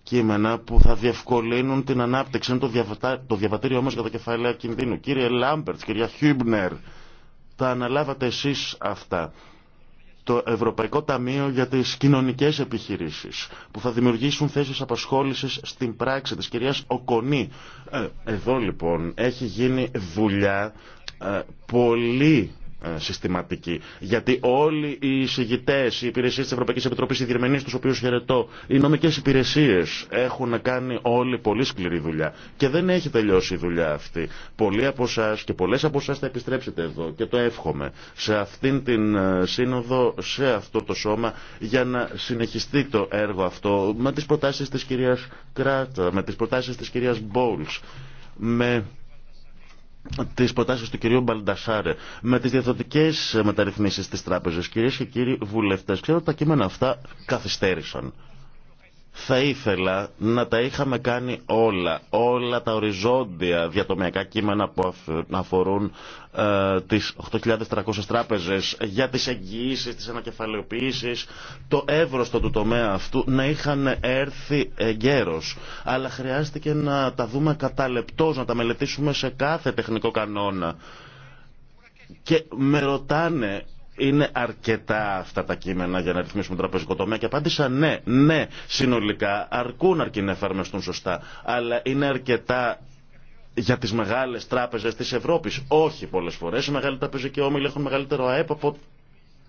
κείμενα που θα διευκολύνουν την ανάπτυξη. Είναι το, διαβατά, το διαβατήριό όμω για τα κεφάλαια κινδύνου. Κύριε Λάμπερτ, κυρία Χιούμπνερ, τα αναλάβατε εσεί αυτά. Το Ευρωπαϊκό Ταμείο για τι κοινωνικέ επιχειρήσει που θα δημιουργήσουν θέσεις απασχόληση στην πράξη τη κυρία Οκονή. Ε, εδώ λοιπόν έχει γίνει δουλειά ε, πολύ ε, συστηματική. Γιατί όλοι οι εισηγητέ, οι υπηρεσίε τη Ευρωπαϊκή Επιτροπή, οι διερμηνεί του οποίου χαιρετώ, οι νομικέ υπηρεσίε έχουν κάνει όλοι πολύ σκληρή δουλειά. Και δεν έχει τελειώσει η δουλειά αυτή. Πολλοί από εσά και πολλέ από εσά θα επιστρέψετε εδώ και το εύχομαι σε αυτήν την ε, σύνοδο, σε αυτό το σώμα, για να συνεχιστεί το έργο αυτό με τι προτάσει τη κυρία Κράτα, με τι προτάσει τη κυρία Μπόλ. Με τι προτάσει του κυρίου Μπαλντασάρε με τι διαδοτικέ μεταρρυθμίσει τη τράπεζα. Κυρίε και κύριοι βουλευτέ, ξέρω ότι τα κείμενα αυτά καθυστέρησαν. Θα ήθελα να τα είχαμε κάνει όλα, όλα τα οριζόντια διατομιακά κείμενα που αφορούν ε, τις 8.300 τράπεζες για τις εγγυήσεις, τις ανακεφαλαιοποιήσεις, το εύρωστο του τομέα αυτού να είχαν έρθει γέρος. Αλλά χρειάστηκε να τα δούμε κατά να τα μελετήσουμε σε κάθε τεχνικό κανόνα. Και με ρωτάνε είναι αρκετά αυτά τα κείμενα για να ρυθμίσουμε τραπεζικό τομέα και απάντησα ναι, ναι, συνολικά αρκούν αρκεί να εφαρμοστούν σωστά. Αλλά είναι αρκετά για τις μεγάλες τράπεζες της Ευρώπης. Όχι πολλές φορές. Οι μεγάλοι τραπεζικοί όμιλοι έχουν μεγαλύτερο ΑΕΠ από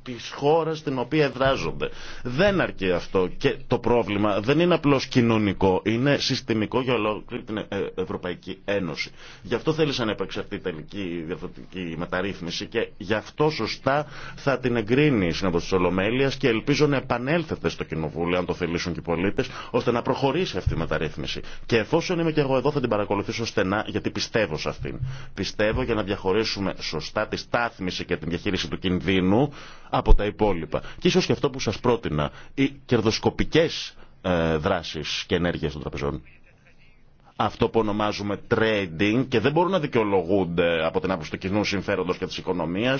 της χώρας στην οποία εδράζονται. Δεν αρκεί αυτό και το πρόβλημα δεν είναι απλώς κοινωνικό, είναι συστημικό για ολόκληρη την ε, Ευρωπαϊκή Ένωση. Γι' αυτό θέλησα να υπάρξει αυτή η τελική διαφορετική μεταρρύθμιση και γι' αυτό σωστά θα την εγκρίνει η Σύνοδος της Ολομέλειας και ελπίζω να επανέλθετε στο Κοινοβούλιο, αν το θελήσουν και οι πολίτες, ώστε να προχωρήσει αυτή η μεταρρύθμιση. Και εφόσον είμαι και εγώ εδώ θα την παρακολουθήσω στενά γιατί πιστεύω σε αυτήν. Πιστεύω για να διαχωρίσουμε σωστά τη στάθμιση και την διαχείριση του κινδύνου από τα υπόλοιπα. Και ίσως και αυτό που σας πρότεινα, οι κερδοσκοπικές ε, δράσεις και ενέργειες των τραπεζών. Αυτό που ονομάζουμε trading και δεν μπορούν να δικαιολογούνται από την άποψη του κοινού συμφέροντος και τη οικονομία,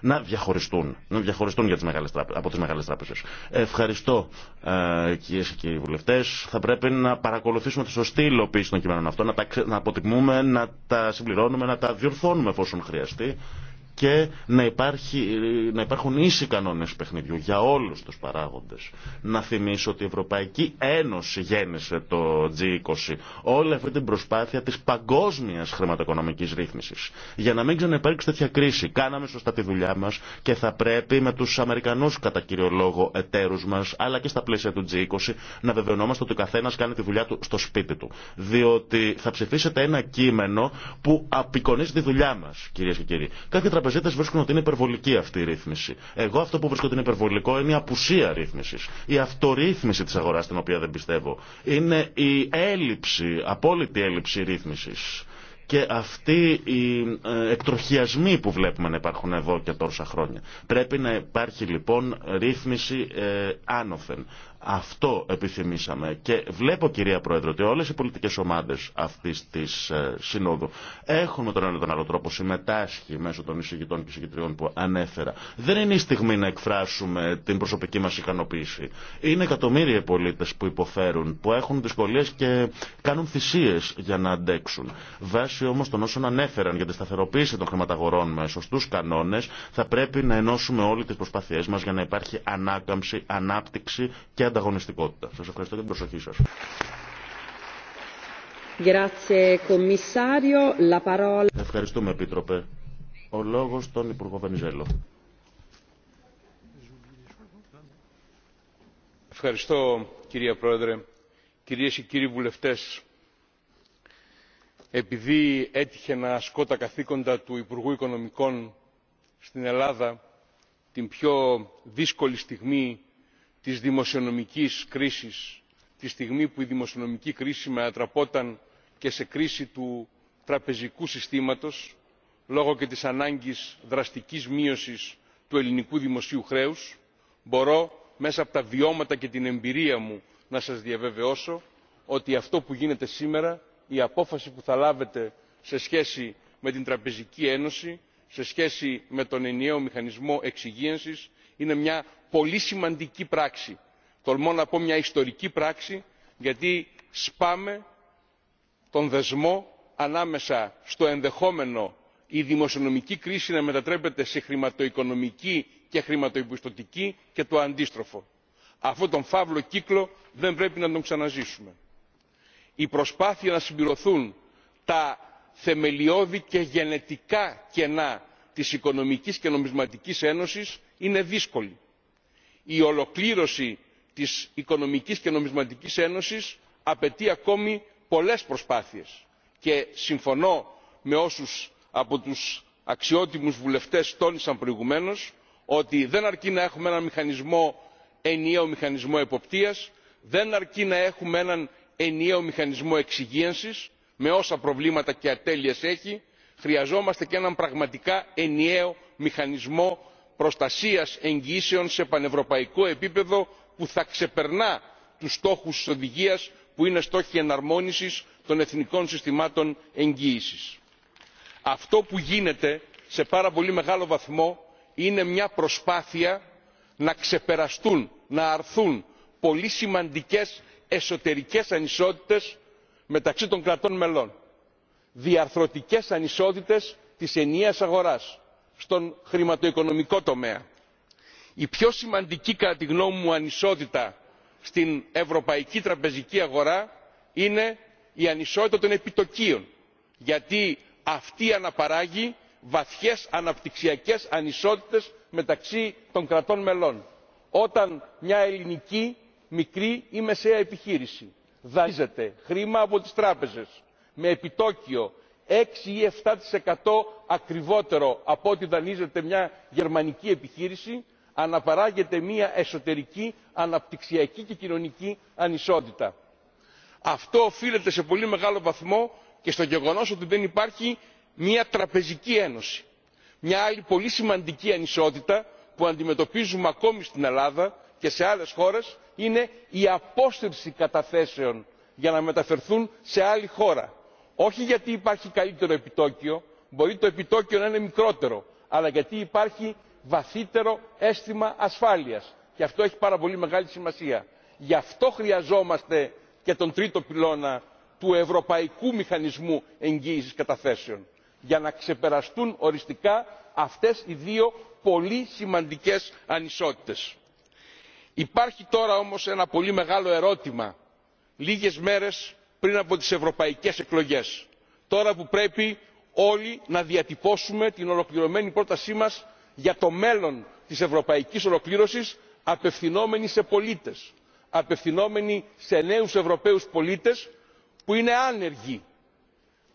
να διαχωριστούν, να διαχωριστούν για τις μεγάλες, από τις μεγάλες τράπεζες. Ευχαριστώ ε, κυρίες και κύριοι βουλευτές. Θα πρέπει να παρακολουθήσουμε τη σωστή υλοποίηση των κειμένων αυτών, να τα να αποτιμούμε, να τα συμπληρώνουμε, να τα διορθώνουμε εφόσον χρειαστεί και να, υπάρχει, να υπάρχουν ίσοι κανόνες παιχνιδιού για όλους τους παράγοντες. Να θυμίσω ότι η Ευρωπαϊκή Ένωση γέννησε το G20 όλη αυτή την προσπάθεια της παγκόσμιας χρηματοοικονομικής ρύθμισης. Για να μην ξαναυπάρξει τέτοια κρίση. Κάναμε σωστά τη δουλειά μας και θα πρέπει με τους Αμερικανούς κατά κύριο λόγο εταίρους μας αλλά και στα πλαίσια του G20 να βεβαιωνόμαστε ότι ο καθένας κάνει τη δουλειά του στο σπίτι του. Διότι θα ψηφίσετε ένα κείμενο που απεικονίζει τη δουλειά μας κυρίες και κύριοι τραπεζίτε βρίσκουν ότι είναι υπερβολική αυτή η ρύθμιση. Εγώ αυτό που βρίσκω ότι είναι υπερβολικό είναι η απουσία ρύθμιση. Η αυτορύθμιση τη αγορά, την οποία δεν πιστεύω. Είναι η έλλειψη, απόλυτη έλλειψη ρύθμιση. Και αυτοί οι ε, εκτροχιασμοί που βλέπουμε να υπάρχουν εδώ και τόσα χρόνια. Πρέπει να υπάρχει λοιπόν ρύθμιση ε, άνωθεν. Αυτό επιθυμήσαμε και βλέπω κυρία Πρόεδρε ότι όλες οι πολιτικές ομάδες αυτής της ε, Συνόδου έχουν με τον ένα τον άλλο τρόπο συμμετάσχει μέσω των εισηγητών και εισηγητριών που ανέφερα. Δεν είναι η στιγμή να εκφράσουμε την προσωπική μας ικανοποίηση. Είναι εκατομμύρια πολίτες που υποφέρουν, που έχουν δυσκολίες και κάνουν θυσίες για να αντέξουν. Βάσει όμως των όσων ανέφεραν για τη σταθεροποίηση των χρηματαγορών με σωστούς κανόνες θα πρέπει να ενώσουμε όλοι τις προσπάθειές μας για να υπάρχει ανάκαμψη, ανάπτυξη και ανταγωνιστικότητα. Σας ευχαριστώ για την προσοχή σας. Ευχαριστούμε, Επίτροπε. Ο λόγος των Υπουργό Βενιζέλο.
Ευχαριστώ, κυρία Πρόεδρε. Κυρίες και κύριοι βουλευτές, επειδή έτυχε να ασκώ τα καθήκοντα του Υπουργού Οικονομικών στην Ελλάδα την πιο δύσκολη στιγμή της δημοσιονομικής κρίσης τη στιγμή που η δημοσιονομική κρίση μετατραπόταν και σε κρίση του τραπεζικού συστήματος λόγω και της ανάγκης δραστικής μείωσης του ελληνικού δημοσίου χρέους μπορώ μέσα από τα βιώματα και την εμπειρία μου να σας διαβεβαιώσω ότι αυτό που γίνεται σήμερα η απόφαση που θα λάβετε σε σχέση με την τραπεζική ένωση σε σχέση με τον ενιαίο μηχανισμό εξυγίανσης είναι μια πολύ σημαντική πράξη τολμώ να πω μια ιστορική πράξη γιατί σπάμε τον δεσμό ανάμεσα στο ενδεχόμενο η δημοσιονομική κρίση να μετατρέπεται σε χρηματοοικονομική και χρηματοπιστωτική και το αντίστροφο. αυτόν τον φαύλο κύκλο δεν πρέπει να τον ξαναζήσουμε. η προσπάθεια να συμπληρωθούν τα θεμελιώδη και γενετικά κενά της οικονομικής και νομισματικής ένωσης είναι δύσκολη. η ολοκλήρωση της οικονομικής και νομισματικής ένωσης απαιτεί ακόμη πολλές προσπάθειες και συμφωνώ με όσους από τους αξιότιμους βουλευτές τόνισαν προηγουμένως ότι δεν αρκεί να έχουμε έναν μηχανισμό ενιαίο μηχανισμό εποπτείας δεν αρκεί να έχουμε έναν ενιαίο μηχανισμό εξυγίανσης με όσα προβλήματα και ατέλειες έχει χρειαζόμαστε και έναν πραγματικά ενιαίο μηχανισμό προστασίας εγγυήσεων σε πανευρωπαϊκό επίπεδο που θα ξεπερνά τους στόχους της οδηγίας που είναι στόχοι εναρμόνισης των εθνικών συστημάτων εγγύησης. αυτό που γίνεται σε πάρα πολύ μεγάλο βαθμό είναι μια προσπάθεια να ξεπεραστούν να αρθούν πολύ σημαντικές εσωτερικές ανισότητες μεταξύ των κρατών μελών διαρθρωτικές ανισότητες της ενιαίας αγοράς στον χρηματοοικονομικό τομέα. η πιο σημαντική κατά τη γνώμη μου ανισότητα στην ευρωπαϊκή τραπεζική αγορά είναι η ανισότητα των επιτοκίων γιατί αυτή αναπαράγει βαθιές αναπτυξιακές ανισότητες μεταξύ των κρατών μελών. όταν μια ελληνική μικρή ή μεσαία επιχείρηση δανείζεται χρήμα από τις τράπεζες με επιτόκιο έξι ή εφτά ακριβότερο από ό,τι δανείζεται μια γερμανική επιχείρηση αναπαράγεται μια εσωτερική αναπτυξιακή και κοινωνική ανισότητα. αυτό οφείλεται σε πολύ μεγάλο βαθμό και στο γεγονός ότι δεν υπάρχει μια τραπεζική ένωση. μια άλλη πολύ σημαντική ανισότητα που αντιμετωπίζουμε ακόμη στην ελλάδα και σε άλλες χώρες είναι η απόσυρση καταθέσεων για να μεταφερθούν σε άλλη χώρα όχι γιατί υπάρχει καλύτερο επιτόκιο μπορεί το επιτόκιο να είναι μικρότερο αλλά γιατί υπάρχει βαθύτερο αίσθημα ασφάλειας και αυτό έχει πάρα πολύ μεγάλη σημασία. γι' αυτό χρειαζόμαστε και τον τρίτο πυλώνα του ευρωπαϊκού μηχανισμού εγγύησης καταθέσεων για να ξεπεραστούν οριστικά αυτές οι δύο πολύ σημαντικές ανισότητες. υπάρχει τώρα όμως ένα πολύ μεγάλο ερώτημα. λίγες μέρες πριν από τις ευρωπαϊκές εκλογές τώρα που πρέπει όλοι να διατυπώσουμε την ολοκληρωμένη πρότασή μας για το μέλλον της ευρωπαϊκής ολοκλήρωσης απευθυνόμενοι σε πολίτες απευθυνόμενη σε νέους ευρωπαίους πολίτες που είναι άνεργοι.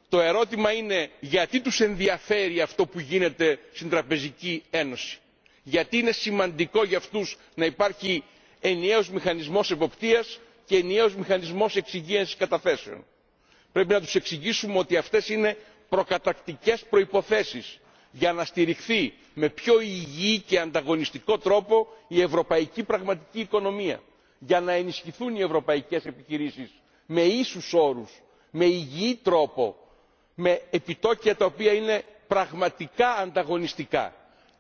το ερώτημα είναι γιατί τους ενδιαφέρει αυτό που γίνεται στην τραπεζική ένωση γιατί είναι σημαντικό για αυτούς να υπάρχει ενιαίος μηχανισμός εποπτείας και ενιαίος μηχανισμός εξυγίανσης καταθέσεων. πρέπει να τους εξηγήσουμε ότι αυτές είναι προκατακτικές προϋποθέσεις για να στηριχθεί με πιο υγιή και ανταγωνιστικό τρόπο η ευρωπαϊκή πραγματική οικονομία για να ενισχυθούν οι ευρωπαϊκές επιχειρήσεις με ίσους όρους με υγιή τρόπο με επιτόκια τα οποία είναι πραγματικά ανταγωνιστικά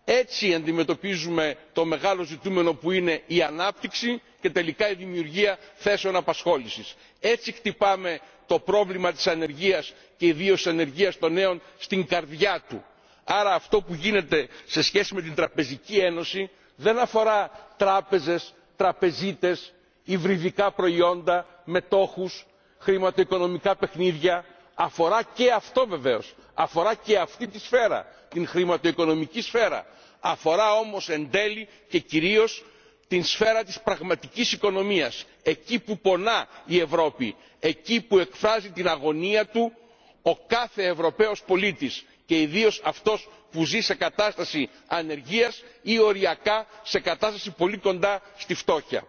έτσι αντιμετωπίζουμε το μεγάλο ζητούμενο που είναι η ανάπτυξη και τελικά η δημιουργία θέσεων απασχόλησης. έτσι χτυπάμε το πρόβλημα της ανεργίας και ιδίως της ανεργίας των νέων στην καρδιά του. άρα αυτό που γίνεται σε σχέση με την τραπεζική ένωση δεν αφορά τράπεζες τραπεζίτες υβριδικά προϊόντα μετόχους χρηματοοικονομικά παιχνίδια αφορά και αυτό βεβαίως αφορά και αυτή τη σφαίρα την χρηματοοικονομική σφαίρα αφορά όμως εν τέλει και κυρίως την σφαίρα της πραγματικής οικονομίας εκεί που πονά η ευρώπη εκεί που εκφράζει την αγωνία του ο κάθε ευρωπαίος πολίτης και ιδίως αυτός που ζει σε κατάσταση ανεργίας ή οριακά σε κατάσταση πολύ κοντά στη φτώχεια.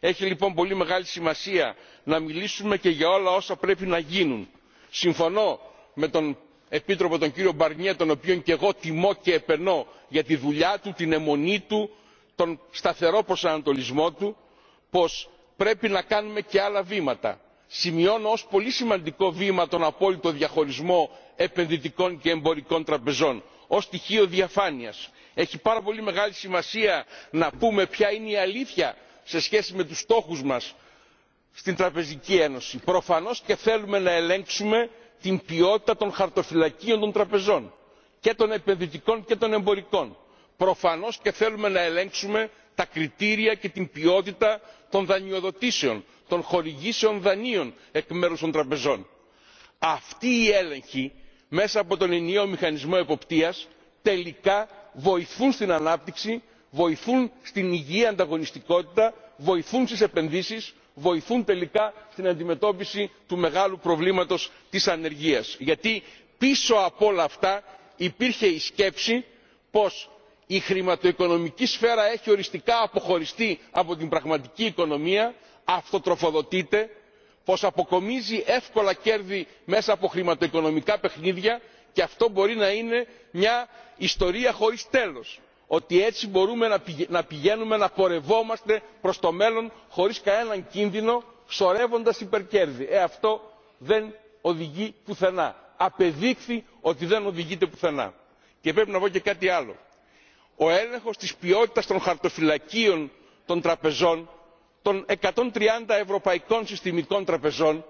έχει λοιπόν πολύ μεγάλη σημασία να μιλήσουμε και για όλα όσα πρέπει να γίνουν συμφωνώ με τον επίτροπο τον κύριο μπαρνιέ τον οποίον και εγώ τιμώ και επενώ για τη δουλειά του την αιμονή του τον σταθερό προσανατολισμό του πως πρέπει να κάνουμε και άλλα βήματα. σημειώνω ως πολύ σημαντικό βήμα τον απόλυτο διαχωρισμό επενδυτικών και εμπορικών τραπεζών ως στοιχείο διαφάνειας. έχει πάρα πολύ μεγάλη σημασία να πούμε ποια είναι η αλήθεια σε σχέση με τους στόχους μας στην τραπεζική ένωση. προφανώς και θέλουμε να ελέγξουμε την ποιότητα των χαρτοφυλακίων των τραπεζών και των επενδυτικών και των εμπορικών. προφανώς και θέλουμε να ελέγξουμε τα κριτήρια και την ποιότητα των δανειοδοτήσεων των χορηγήσεων δανείων εκ μέρους των τραπεζών. Αυτή η έλεγχη μέσα από τον ενιαίο μηχανισμό εποπτείας τελικά βοηθούν στην ανάπτυξη βοηθούν στην υγιή ανταγωνιστικότητα βοηθούν στις επενδύσεις βοηθούν τελικά στην αντιμετώπιση του μεγάλου προβλήματος της ανεργίας γιατί πίσω από όλα αυτά υπήρχε η σκέψη πως η χρηματοοικονομική σφαίρα έχει οριστικά αποχωριστεί από την πραγματική οικονομία αυτοτροφοδοτείται πως αποκομίζει εύκολα κέρδη μέσα από χρηματοοικονομικά παιχνίδια και αυτό μπορεί να είναι μια ιστορία χωρίς τέλος ότι έτσι μπορούμε να πηγαίνουμε να πορευόμαστε προς το μέλλον χωρίς κανέναν κίνδυνο σωρεύοντας υπερκέρδη. Ε, αυτό δεν οδηγεί πουθενά. Απεδείχθη ότι δεν οδηγείται πουθενά. Και πρέπει να πω και κάτι άλλο. Ο έλεγχος της ποιότητας των χαρτοφυλακίων των τραπεζών, των 130 ευρωπαϊκών συστημικών τραπεζών,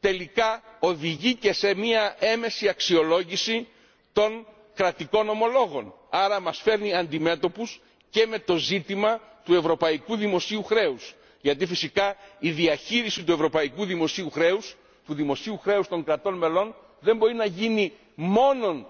τελικά οδηγεί και σε μια έμεση αξιολόγηση των κρατικών ομολόγων άρα μας φέρνει αντιμέτωπους και με το ζήτημα του ευρωπαϊκού δημοσίου χρέους γιατί φυσικά η διαχείριση του ευρωπαϊκού δημοσίου χρέους του δημοσίου χρέους των κρατών μελών δεν μπορεί να γίνει μόνο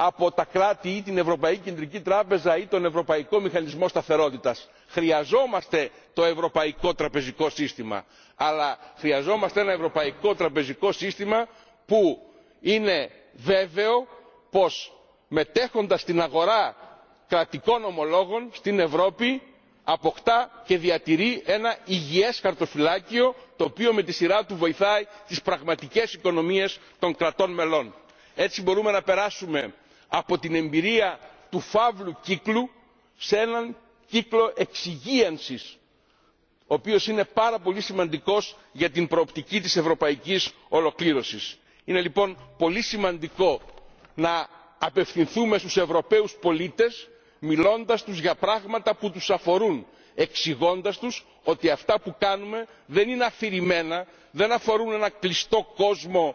από τα κράτη ή την ευρωπαϊκή κεντρική τράπεζα ή τον ευρωπαϊκό μηχανισμό σταθερότητας. χρειαζόμαστε το ευρωπαϊκό τραπεζικό σύστημα αλλά χρειαζόμαστε ένα ευρωπαϊκό τραπεζικό σύστημα που είναι βέβαιο πως Μετέχοντα στην αγορά κρατικών ομολόγων στην ευρώπη αποκτά και διατηρεί ένα υγιές χαρτοφυλάκιο το οποίο με τη σειρά του βοηθάει τις πραγματικές οικονομίες των κρατών μελών. έτσι μπορούμε να περάσουμε από την εμπειρία του φαύλου κύκλου σε έναν κύκλο εξυγίανσης ο οποίος είναι πάρα πολύ σημαντικός για την προοπτική της ευρωπαϊκής ολοκλήρωσης. είναι λοιπόν πολύ σημαντικό να απευθυνθούμε στους ευρωπαίους πολίτες μιλώντας τους για πράγματα που τους αφορούν εξηγώντας τους ότι αυτά που κάνουμε δεν είναι αφηρημένα δεν αφορούν ένα κλειστό κόσμο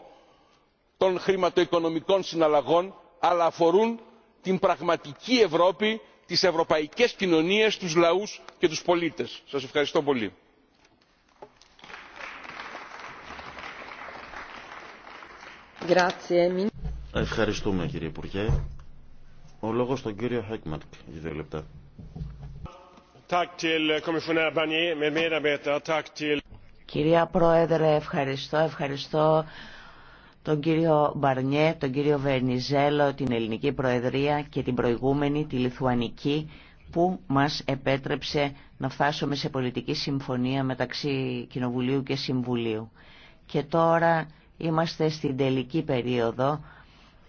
των χρηματοοικονομικών συναλλαγών αλλά αφορούν την πραγματική ευρώπη τις ευρωπαϊκές κοινωνίες τους λαούς και τους
πολίτες. σας ευχαριστώ πολύ. Ευχαριστούμε κύριε Υπουργέ. Ο λόγος στον κύριο Χέκμαρκ για δύο λεπτά.
Κυρία Πρόεδρε, ευχαριστώ, ευχαριστώ τον κύριο Μπαρνιέ, τον κύριο Βενιζέλο, την Ελληνική Προεδρία και την προηγούμενη, τη Λιθουανική, που μας επέτρεψε να φτάσουμε σε πολιτική συμφωνία μεταξύ Κοινοβουλίου και Συμβουλίου. Και τώρα είμαστε στην τελική περίοδο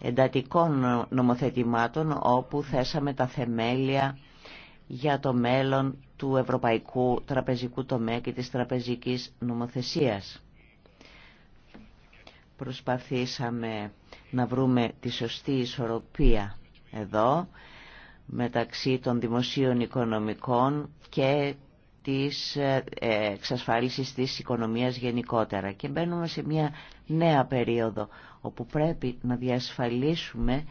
εντατικών νομοθετημάτων όπου θέσαμε τα θεμέλια για το μέλλον του ευρωπαϊκού τραπεζικού τομέα και της τραπεζικής νομοθεσίας. Προσπαθήσαμε να βρούμε τη σωστή ισορροπία εδώ μεταξύ των δημοσίων οικονομικών και της ε, ε, εξασφάλισης της οικονομίας γενικότερα και μπαίνουμε σε μια νέα περίοδο όπου πρέπει να διασφαλίσουμε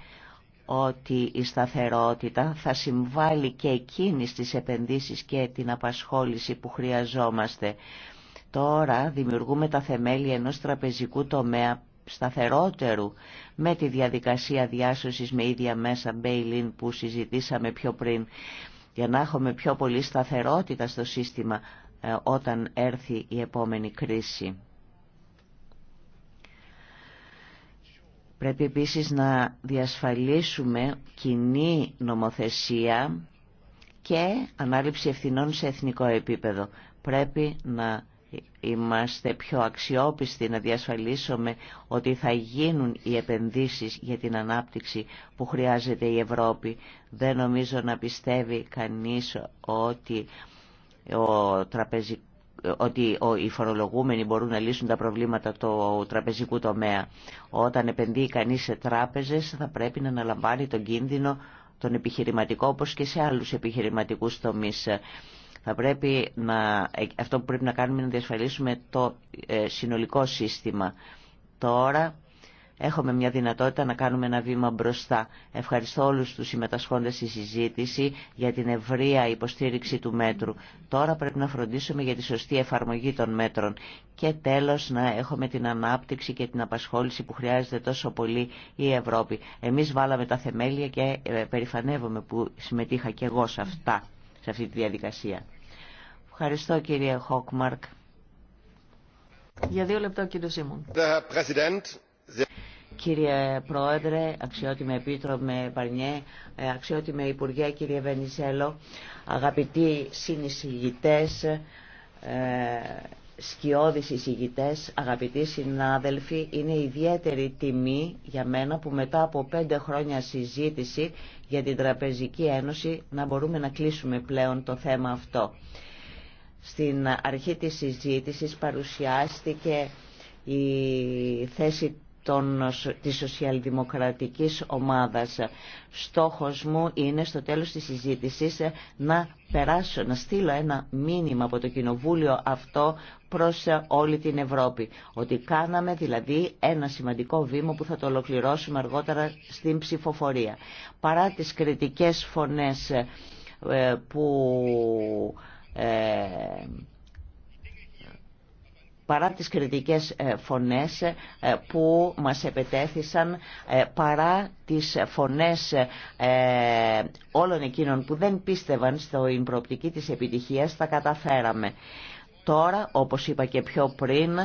ότι η σταθερότητα θα συμβάλλει και εκείνη στις επενδύσεις και την απασχόληση που χρειαζόμαστε. Τώρα δημιουργούμε τα θεμέλια ενός τραπεζικού τομέα σταθερότερου με τη διαδικασία διάσωσης με ίδια μέσα που συζητήσαμε πιο πριν για να έχουμε πιο πολύ σταθερότητα στο σύστημα ε, όταν έρθει η επόμενη κρίση. Πρέπει επίσης να διασφαλίσουμε κοινή νομοθεσία και ανάληψη ευθυνών σε εθνικό επίπεδο. Πρέπει να είμαστε πιο αξιόπιστοι να διασφαλίσουμε ότι θα γίνουν οι επενδύσεις για την ανάπτυξη που χρειάζεται η Ευρώπη. Δεν νομίζω να πιστεύει κανείς ότι, οι φορολογούμενοι μπορούν να λύσουν τα προβλήματα του τραπεζικού τομέα. Όταν επενδύει κανείς σε τράπεζες θα πρέπει να αναλαμβάνει τον κίνδυνο τον επιχειρηματικό όπως και σε άλλους επιχειρηματικούς τομείς. Θα πρέπει να, αυτό που πρέπει να κάνουμε είναι να διασφαλίσουμε το ε, συνολικό σύστημα. Τώρα έχουμε μια δυνατότητα να κάνουμε ένα βήμα μπροστά. Ευχαριστώ όλους τους συμμετασχόντες στη συζήτηση για την ευρεία υποστήριξη του μέτρου. Τώρα πρέπει να φροντίσουμε για τη σωστή εφαρμογή των μέτρων και τέλος να έχουμε την ανάπτυξη και την απασχόληση που χρειάζεται τόσο πολύ η Ευρώπη. Εμείς βάλαμε τα θεμέλια και ε, περηφανεύομαι που συμμετείχα και εγώ σε αυτά, σε αυτή τη διαδικασία. Ευχαριστώ κύριε Χόκμαρκ.
Για δύο λεπτά κύριο
Σίμων.
Κύριε Πρόεδρε, αξιότιμε Επίτροπε Παρνιέ, αξιότιμε Υπουργέ, κύριε Βενιζέλο, αγαπητοί συνεισηγητές, ε, σκιώδεις εισηγητές, αγαπητοί συνάδελφοι, είναι ιδιαίτερη τιμή για μένα που μετά από πέντε χρόνια συζήτηση για την Τραπεζική Ένωση να μπορούμε να κλείσουμε πλέον το θέμα αυτό. Στην αρχή της συζήτησης παρουσιάστηκε η θέση των, της σοσιαλδημοκρατικής ομάδας. Στόχος μου είναι στο τέλος της συζήτησης να περάσω, να στείλω ένα μήνυμα από το κοινοβούλιο αυτό προς όλη την Ευρώπη. Ότι κάναμε δηλαδή ένα σημαντικό βήμα που θα το ολοκληρώσουμε αργότερα στην ψηφοφορία. Παρά τις κριτικές φωνές ε, που ε, παρά τις κριτικές ε, φωνές ε, που μας επετέθησαν, παρά τις φωνές όλων εκείνων που δεν πίστευαν στο προοπτική της επιτυχίας, τα καταφέραμε. Τώρα, όπως είπα και πιο πριν,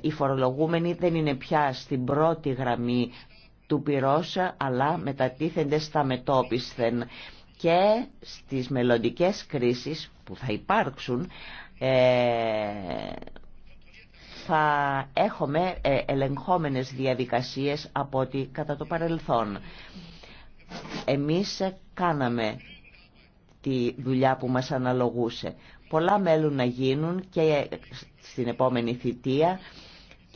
οι φορολογούμενοι δεν είναι πια στην πρώτη γραμμή του πυρός, αλλά μετατίθενται στα μετόπισθεν και στις μελλοντικές κρίσεις που θα υπάρξουν ε, θα έχουμε ε, ελεγχόμενες διαδικασίες από ό,τι κατά το παρελθόν. Εμείς κάναμε τη δουλειά που μας αναλογούσε. Πολλά μέλουν να γίνουν και στην επόμενη θητεία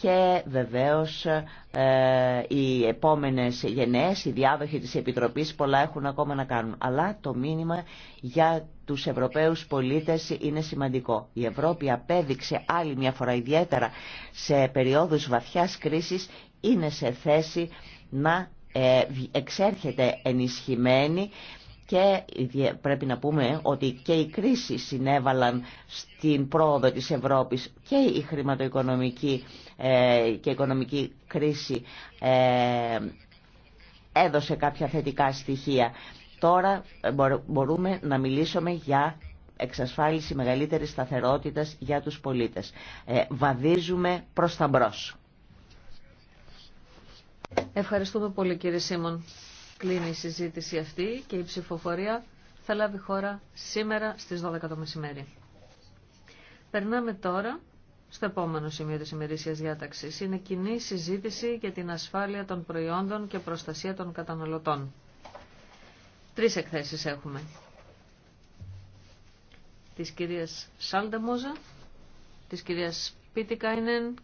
και βεβαίως ε, οι επόμενες γενναίες, οι διάδοχοι της Επιτροπής πολλά έχουν ακόμα να κάνουν. Αλλά το μήνυμα για τους Ευρωπαίους πολίτες είναι σημαντικό. Η Ευρώπη απέδειξε άλλη μια φορά ιδιαίτερα σε περιόδους βαθιάς κρίσης είναι σε θέση να ε, εξέρχεται ενισχυμένη και πρέπει να πούμε ότι και οι κρίσεις συνέβαλαν στην πρόοδο της Ευρώπης και η χρηματοοικονομική ε, και οικονομική κρίση ε, έδωσε κάποια θετικά στοιχεία. Τώρα ε, μπορούμε να μιλήσουμε για εξασφάλιση μεγαλύτερης σταθερότητας για τους πολίτες. Βαδίζουμε προς τα μπρος.
Ευχαριστούμε πολύ κύριε Σίμων. Κλείνει η συζήτηση αυτή και η ψηφοφορία θα λάβει χώρα σήμερα στις 12 το μεσημέρι. Περνάμε τώρα στο επόμενο σημείο της ημερήσιας διάταξης είναι κοινή συζήτηση για την ασφάλεια των προϊόντων και προστασία των καταναλωτών. Τρεις εκθέσεις έχουμε. Της κυρίας Σάλντεμόζα, της κυρίας Πίτικάινεν